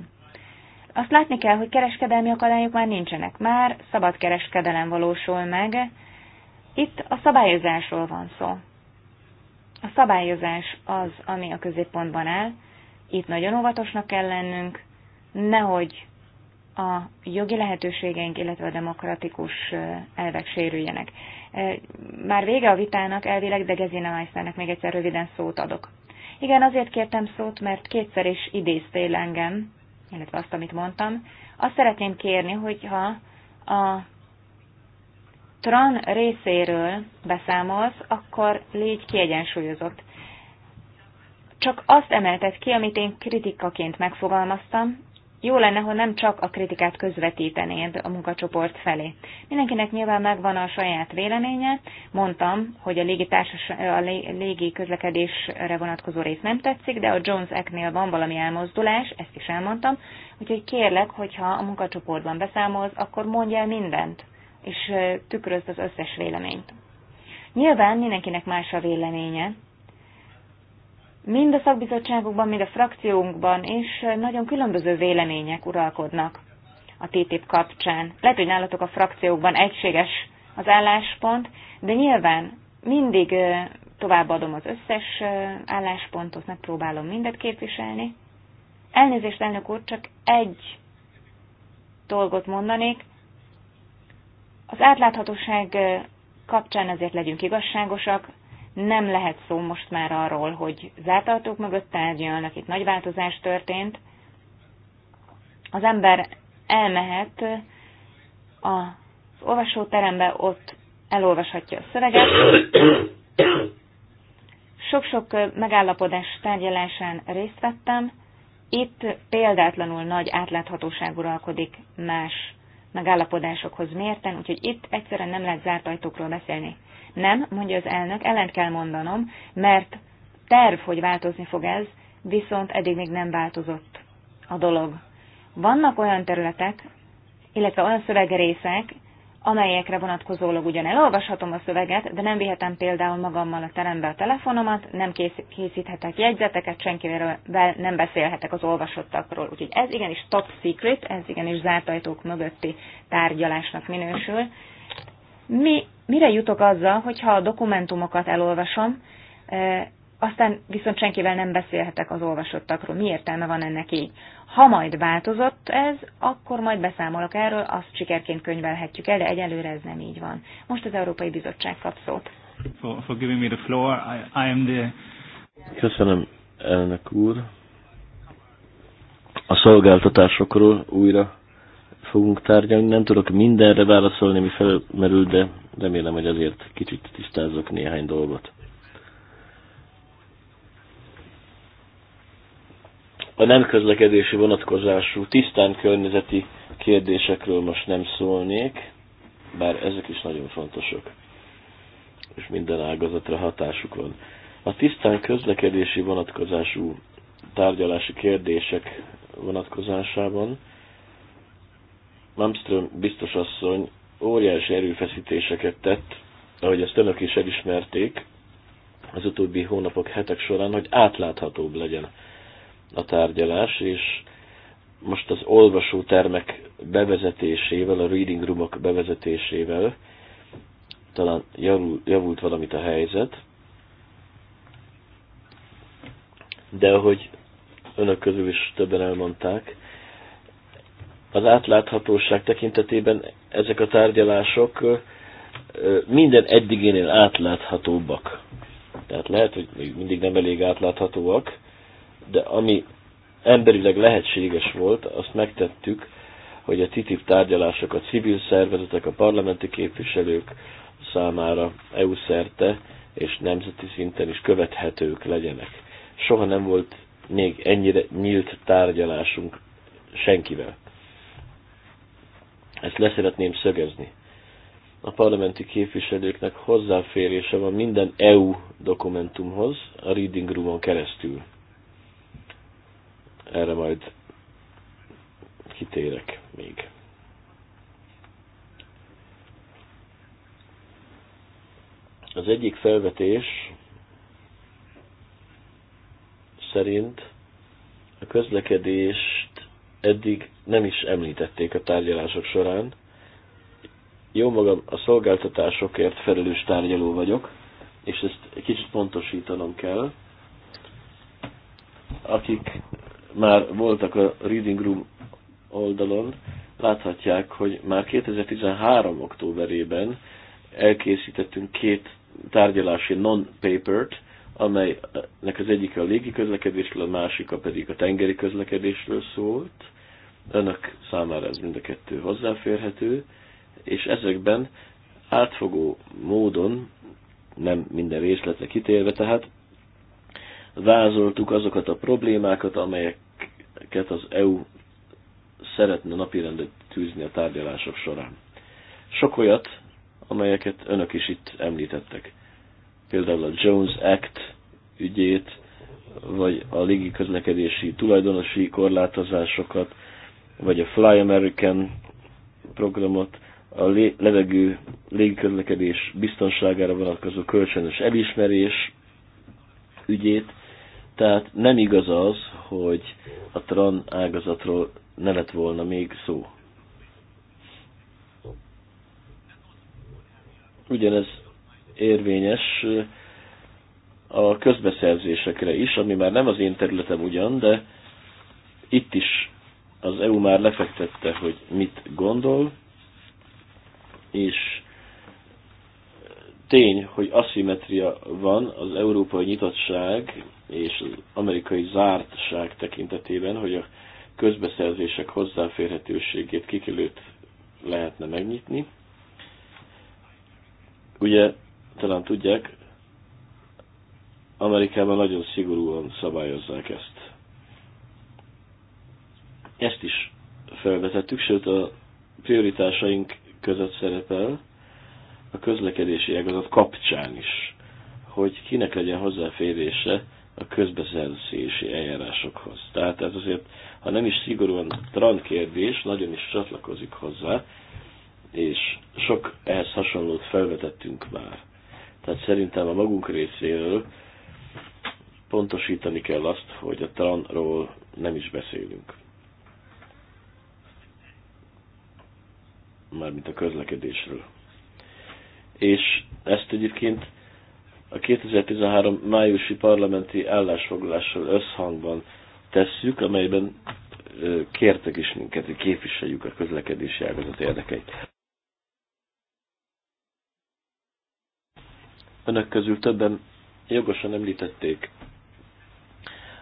Azt látni kell, hogy kereskedelmi akadályok már nincsenek, már szabad kereskedelem valósul meg. Itt a szabályozásról van szó. A szabályozás az, ami a középpontban áll. Itt nagyon óvatosnak kell lennünk, nehogy a jogi lehetőségeink, illetve a demokratikus elvek sérüljenek. Már vége a vitának elvileg, de Gezina Meissnernek még egyszer röviden szót adok. Igen, azért kértem szót, mert kétszer is idéztél engem, illetve azt, amit mondtam. Azt szeretném kérni, hogyha a TRAN részéről beszámolsz, akkor légy kiegyensúlyozott. Csak azt emelted ki, amit én kritikaként megfogalmaztam, jó lenne, ha nem csak a kritikát közvetítenéd a munkacsoport felé. Mindenkinek nyilván megvan a saját véleménye. Mondtam, hogy a légi, társas, a légi közlekedésre vonatkozó rész nem tetszik, de a Jones Act-nél van valami elmozdulás, ezt is elmondtam. Úgyhogy kérlek, hogyha a munkacsoportban beszámolsz, akkor mondj el mindent és tükrözd az összes véleményt. Nyilván mindenkinek más a véleménye, mind a szakbizottságokban, mind a frakciónkban is nagyon különböző vélemények uralkodnak a TTIP kapcsán. Lehet, hogy nálatok a frakciókban egységes az álláspont, de nyilván mindig továbbadom az összes álláspontot, megpróbálom mindet képviselni. Elnézést, elnök úr, csak egy dolgot mondanék. Az átláthatóság kapcsán azért legyünk igazságosak, nem lehet szó most már arról, hogy zárt ajtók mögött tárgyalnak, itt nagy változás történt. Az ember elmehet az olvasóterembe, ott elolvashatja a szöveget. Sok-sok megállapodás tárgyalásán részt vettem. Itt példátlanul nagy átláthatóság uralkodik más megállapodásokhoz mérten, úgyhogy itt egyszerűen nem lehet zárt ajtókról beszélni. Nem, mondja az elnök, ellent kell mondanom, mert terv, hogy változni fog ez, viszont eddig még nem változott a dolog. Vannak olyan területek, illetve olyan szövegrészek, amelyekre vonatkozólag ugyan elolvashatom a szöveget, de nem vihetem például magammal a terembe a telefonomat, nem készíthetek jegyzeteket, senkivel nem beszélhetek az olvasottakról. Úgyhogy ez igenis top secret, ez igenis zárt ajtók mögötti tárgyalásnak minősül. Mi, mire jutok azzal, hogyha a dokumentumokat elolvasom, eh, aztán viszont senkivel nem beszélhetek az olvasottakról. Mi értelme van ennek így? Ha majd változott ez, akkor majd beszámolok erről, azt sikerként könyvelhetjük el, de egyelőre ez nem így van. Most az Európai Bizottság kap szót. Köszönöm, elnök úr. A szolgáltatásokról újra fogunk tárgyalni. Nem tudok mindenre válaszolni, mi felmerül, de remélem, hogy azért kicsit tisztázok néhány dolgot a nem közlekedési vonatkozású, tisztán környezeti kérdésekről most nem szólnék, bár ezek is nagyon fontosak, és minden ágazatra hatásuk van. A tisztán közlekedési vonatkozású tárgyalási kérdések vonatkozásában Malmström biztos asszony óriási erőfeszítéseket tett, ahogy ezt önök is elismerték, az utóbbi hónapok, hetek során, hogy átláthatóbb legyen a tárgyalás, és most az olvasótermek bevezetésével, a reading roomok bevezetésével talán javult valamit a helyzet, de ahogy önök közül is többen elmondták, az átláthatóság tekintetében ezek a tárgyalások minden eddiginél átláthatóbbak. Tehát lehet, hogy még mindig nem elég átláthatóak, de ami emberileg lehetséges volt, azt megtettük, hogy a TTIP tárgyalások a civil szervezetek, a parlamenti képviselők számára EU szerte és nemzeti szinten is követhetők legyenek. Soha nem volt még ennyire nyílt tárgyalásunk senkivel. Ezt leszeretném szögezni. A parlamenti képviselőknek hozzáférése van minden EU dokumentumhoz a Reading Room-on keresztül erre majd kitérek még. Az egyik felvetés szerint a közlekedést eddig nem is említették a tárgyalások során. Jó magam, a szolgáltatásokért felelős tárgyaló vagyok, és ezt egy kicsit pontosítanom kell. Akik már voltak a Reading Room oldalon, láthatják, hogy már 2013. októberében elkészítettünk két tárgyalási non-papert, amelynek az egyik a légi közlekedésről, a másik a pedig a tengeri közlekedésről szólt. Önök számára ez mind a kettő hozzáférhető, és ezekben átfogó módon, nem minden részletre kitérve, tehát vázoltuk azokat a problémákat, amelyeket az EU szeretne napirendet tűzni a tárgyalások során. Sok olyat, amelyeket önök is itt említettek. Például a Jones Act ügyét, vagy a légi közlekedési tulajdonosi korlátozásokat, vagy a Fly American programot, a levegő légiközlekedés biztonságára vonatkozó kölcsönös elismerés ügyét, tehát nem igaz az, hogy a tran ágazatról ne lett volna még szó. Ugyanez érvényes a közbeszerzésekre is, ami már nem az én területem ugyan, de itt is az EU már lefektette, hogy mit gondol, és tény, hogy aszimetria van az európai nyitottság és az amerikai zártság tekintetében, hogy a közbeszerzések hozzáférhetőségét kikelőt lehetne megnyitni. Ugye, talán tudják, Amerikában nagyon szigorúan szabályozzák ezt. Ezt is felvetettük, sőt a prioritásaink között szerepel a közlekedési ágazat kapcsán is, hogy kinek legyen hozzáférése a közbeszerzési eljárásokhoz. Tehát ez azért, ha nem is szigorúan trant kérdés, nagyon is csatlakozik hozzá, és sok ehhez hasonlót felvetettünk már. Tehát szerintem a magunk részéről pontosítani kell azt, hogy a tranról nem is beszélünk. Mármint a közlekedésről. És ezt egyébként a 2013 májusi parlamenti állásfoglalással összhangban tesszük, amelyben kértek is minket, hogy képviseljük a közlekedési ágazat érdekeit. Önök közül többen jogosan említették,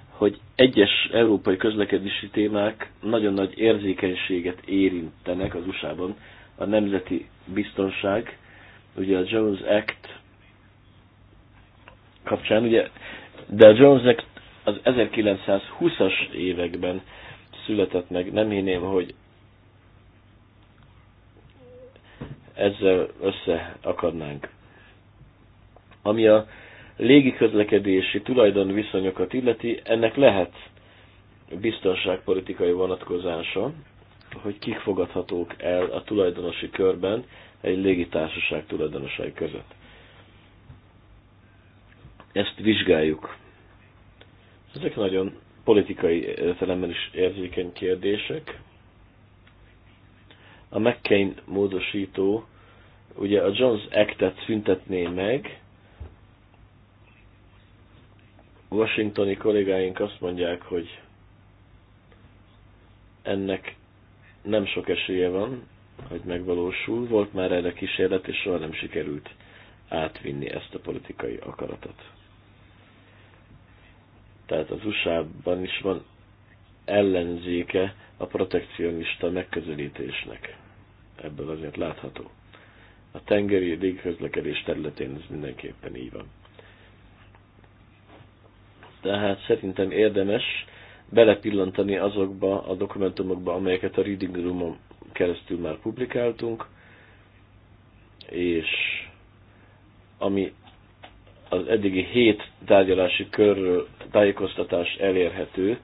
hogy egyes európai közlekedési témák nagyon nagy érzékenységet érintenek az USA-ban. A nemzeti biztonság, ugye a Jones Act kapcsán, ugye, de a Jones az 1920-as években született meg, nem hinném, hogy ezzel össze akadnánk. Ami a légiközlekedési viszonyokat illeti, ennek lehet biztonságpolitikai vonatkozása, hogy kik fogadhatók el a tulajdonosi körben egy légitársaság tulajdonosai között ezt vizsgáljuk. Ezek nagyon politikai értelemben is érzékeny kérdések. A McCain módosító ugye a Jones Act-et szüntetné meg, washingtoni kollégáink azt mondják, hogy ennek nem sok esélye van, hogy megvalósul. Volt már erre kísérlet, és soha nem sikerült átvinni ezt a politikai akaratot. Tehát az USA-ban is van ellenzéke a protekcionista megközelítésnek. Ebből azért látható. A tengeri légközlekedés területén ez mindenképpen így van. Tehát szerintem érdemes belepillantani azokba a dokumentumokba, amelyeket a Reading Room-on keresztül már publikáltunk, és ami az eddigi hét tárgyalási körről tájékoztatás elérhető,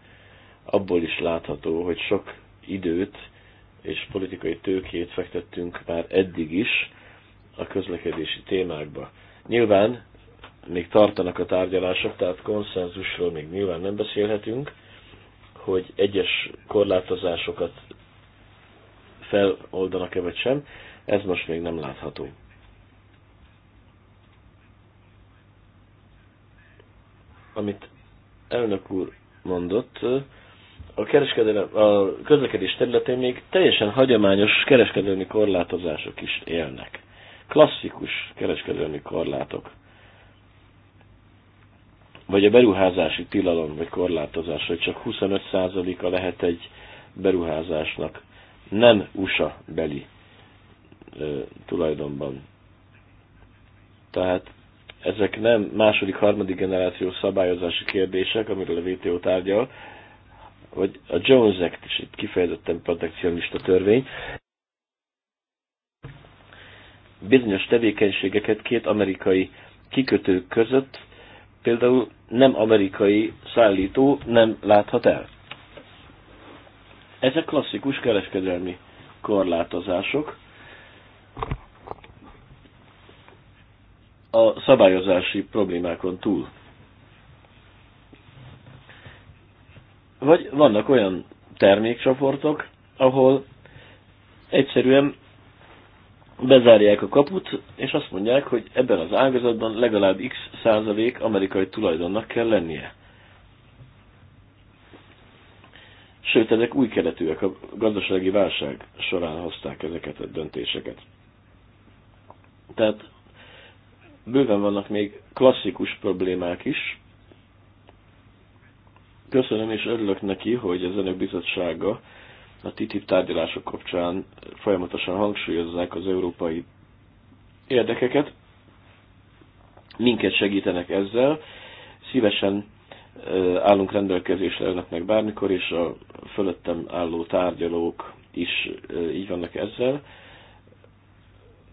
abból is látható, hogy sok időt és politikai tőkét fektettünk már eddig is a közlekedési témákba. Nyilván még tartanak a tárgyalások, tehát konszenzusról még nyilván nem beszélhetünk, hogy egyes korlátozásokat feloldanak-e vagy sem, ez most még nem látható. amit elnök úr mondott, a, a közlekedés területén még teljesen hagyományos kereskedelmi korlátozások is élnek. Klasszikus kereskedelmi korlátok. Vagy a beruházási tilalom, vagy korlátozás, hogy csak 25%-a lehet egy beruházásnak nem USA beli ö, tulajdonban. Tehát ezek nem második, harmadik generációs szabályozási kérdések, amiről a WTO tárgyal, vagy a Jones Act is egy kifejezetten protekcionista törvény. Bizonyos tevékenységeket két amerikai kikötő között például nem amerikai szállító nem láthat el. Ezek klasszikus kereskedelmi korlátozások, a szabályozási problémákon túl. Vagy vannak olyan termékcsoportok, ahol egyszerűen bezárják a kaput, és azt mondják, hogy ebben az ágazatban legalább x százalék amerikai tulajdonnak kell lennie. Sőt, ezek új keletűek, a gazdasági válság során hozták ezeket a döntéseket. Tehát bőven vannak még klasszikus problémák is. Köszönöm és örülök neki, hogy az Önök Bizottsága a TTIP tárgyalások kapcsán folyamatosan hangsúlyozzák az európai érdekeket. Minket segítenek ezzel. Szívesen állunk rendelkezésre önöknek bármikor, és a fölöttem álló tárgyalók is így vannak ezzel.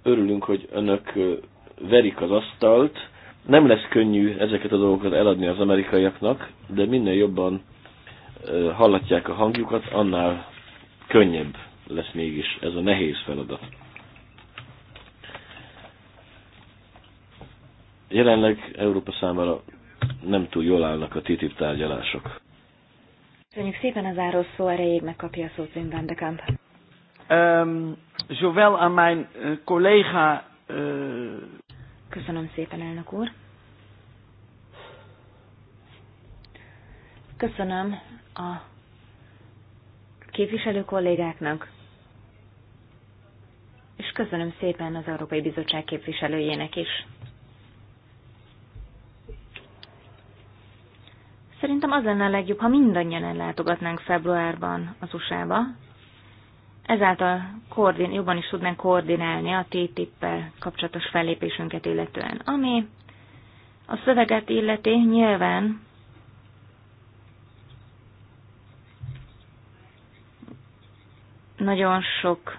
Örülünk, hogy önök verik az asztalt. Nem lesz könnyű ezeket a dolgokat eladni az amerikaiaknak, de minél jobban hallatják a hangjukat, annál könnyebb lesz mégis ez a nehéz feladat. Jelenleg Európa számára nem túl jól állnak a TTIP tárgyalások. Köszönjük szépen az záró szó erejéig megkapja a szót Wim de Kamp. Um, a mein mijn eh, collega uh, Köszönöm szépen, elnök úr. Köszönöm a képviselő kollégáknak, és köszönöm szépen az Európai Bizottság képviselőjének is. Szerintem az lenne a legjobb, ha mindannyian ellátogatnánk februárban az USA-ba, ezáltal koordin, jobban is tudnánk koordinálni a TTIP-pel kapcsolatos fellépésünket illetően. Ami a szöveget illeti, nyilván nagyon sok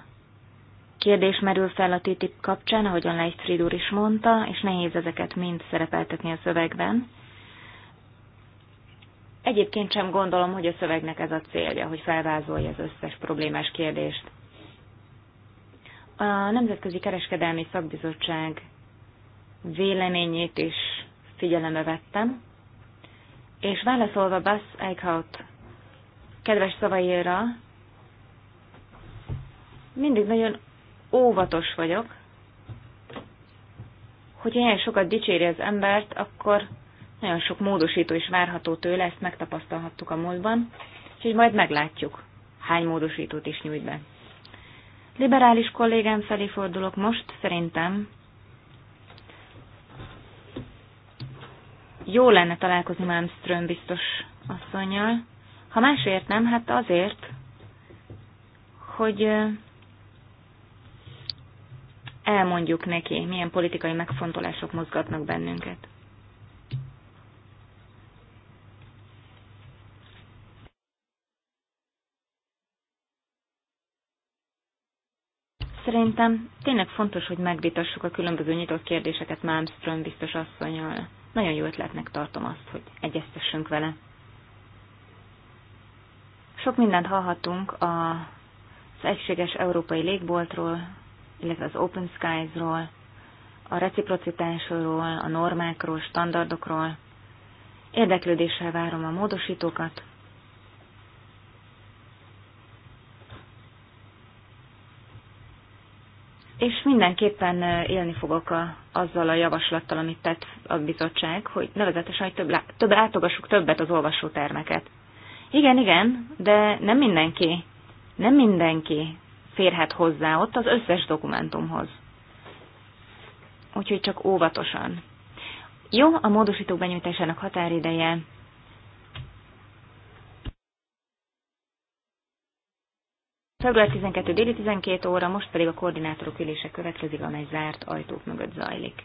kérdés merül fel a TTIP kapcsán, ahogyan Leif úr is mondta, és nehéz ezeket mind szerepeltetni a szövegben. Egyébként sem gondolom, hogy a szövegnek ez a célja, hogy felvázolja az összes problémás kérdést. A Nemzetközi Kereskedelmi Szakbizottság véleményét is figyelembe vettem, és válaszolva Bass Eichhout kedves szavaira, mindig nagyon óvatos vagyok, hogyha ilyen sokat dicséri az embert, akkor nagyon sok módosító is várható tőle, ezt megtapasztalhattuk a múltban, úgyhogy majd meglátjuk, hány módosítót is nyújt be. Liberális kollégám felé fordulok most, szerintem jó lenne találkozni Malmström biztos asszonyjal. Ha másért nem, hát azért, hogy elmondjuk neki, milyen politikai megfontolások mozgatnak bennünket. Szerintem tényleg fontos, hogy megvitassuk a különböző nyitott kérdéseket Malmström biztos asszonyal. Nagyon jó ötletnek tartom azt, hogy egyeztessünk vele. Sok mindent hallhatunk az egységes európai légboltról, illetve az Open Skies-ról, a reciprocitásról, a normákról, standardokról. Érdeklődéssel várom a módosítókat, és mindenképpen élni fogok a, azzal a javaslattal, amit tett a bizottság, hogy nevezetesen, hogy több, több látogassuk többet az olvasótermeket. Igen, igen, de nem mindenki, nem mindenki férhet hozzá ott az összes dokumentumhoz. Úgyhogy csak óvatosan. Jó, a módosítók benyújtásának határideje Február 12 déli 12 óra, most pedig a koordinátorok ülése következik, amely zárt ajtók mögött zajlik.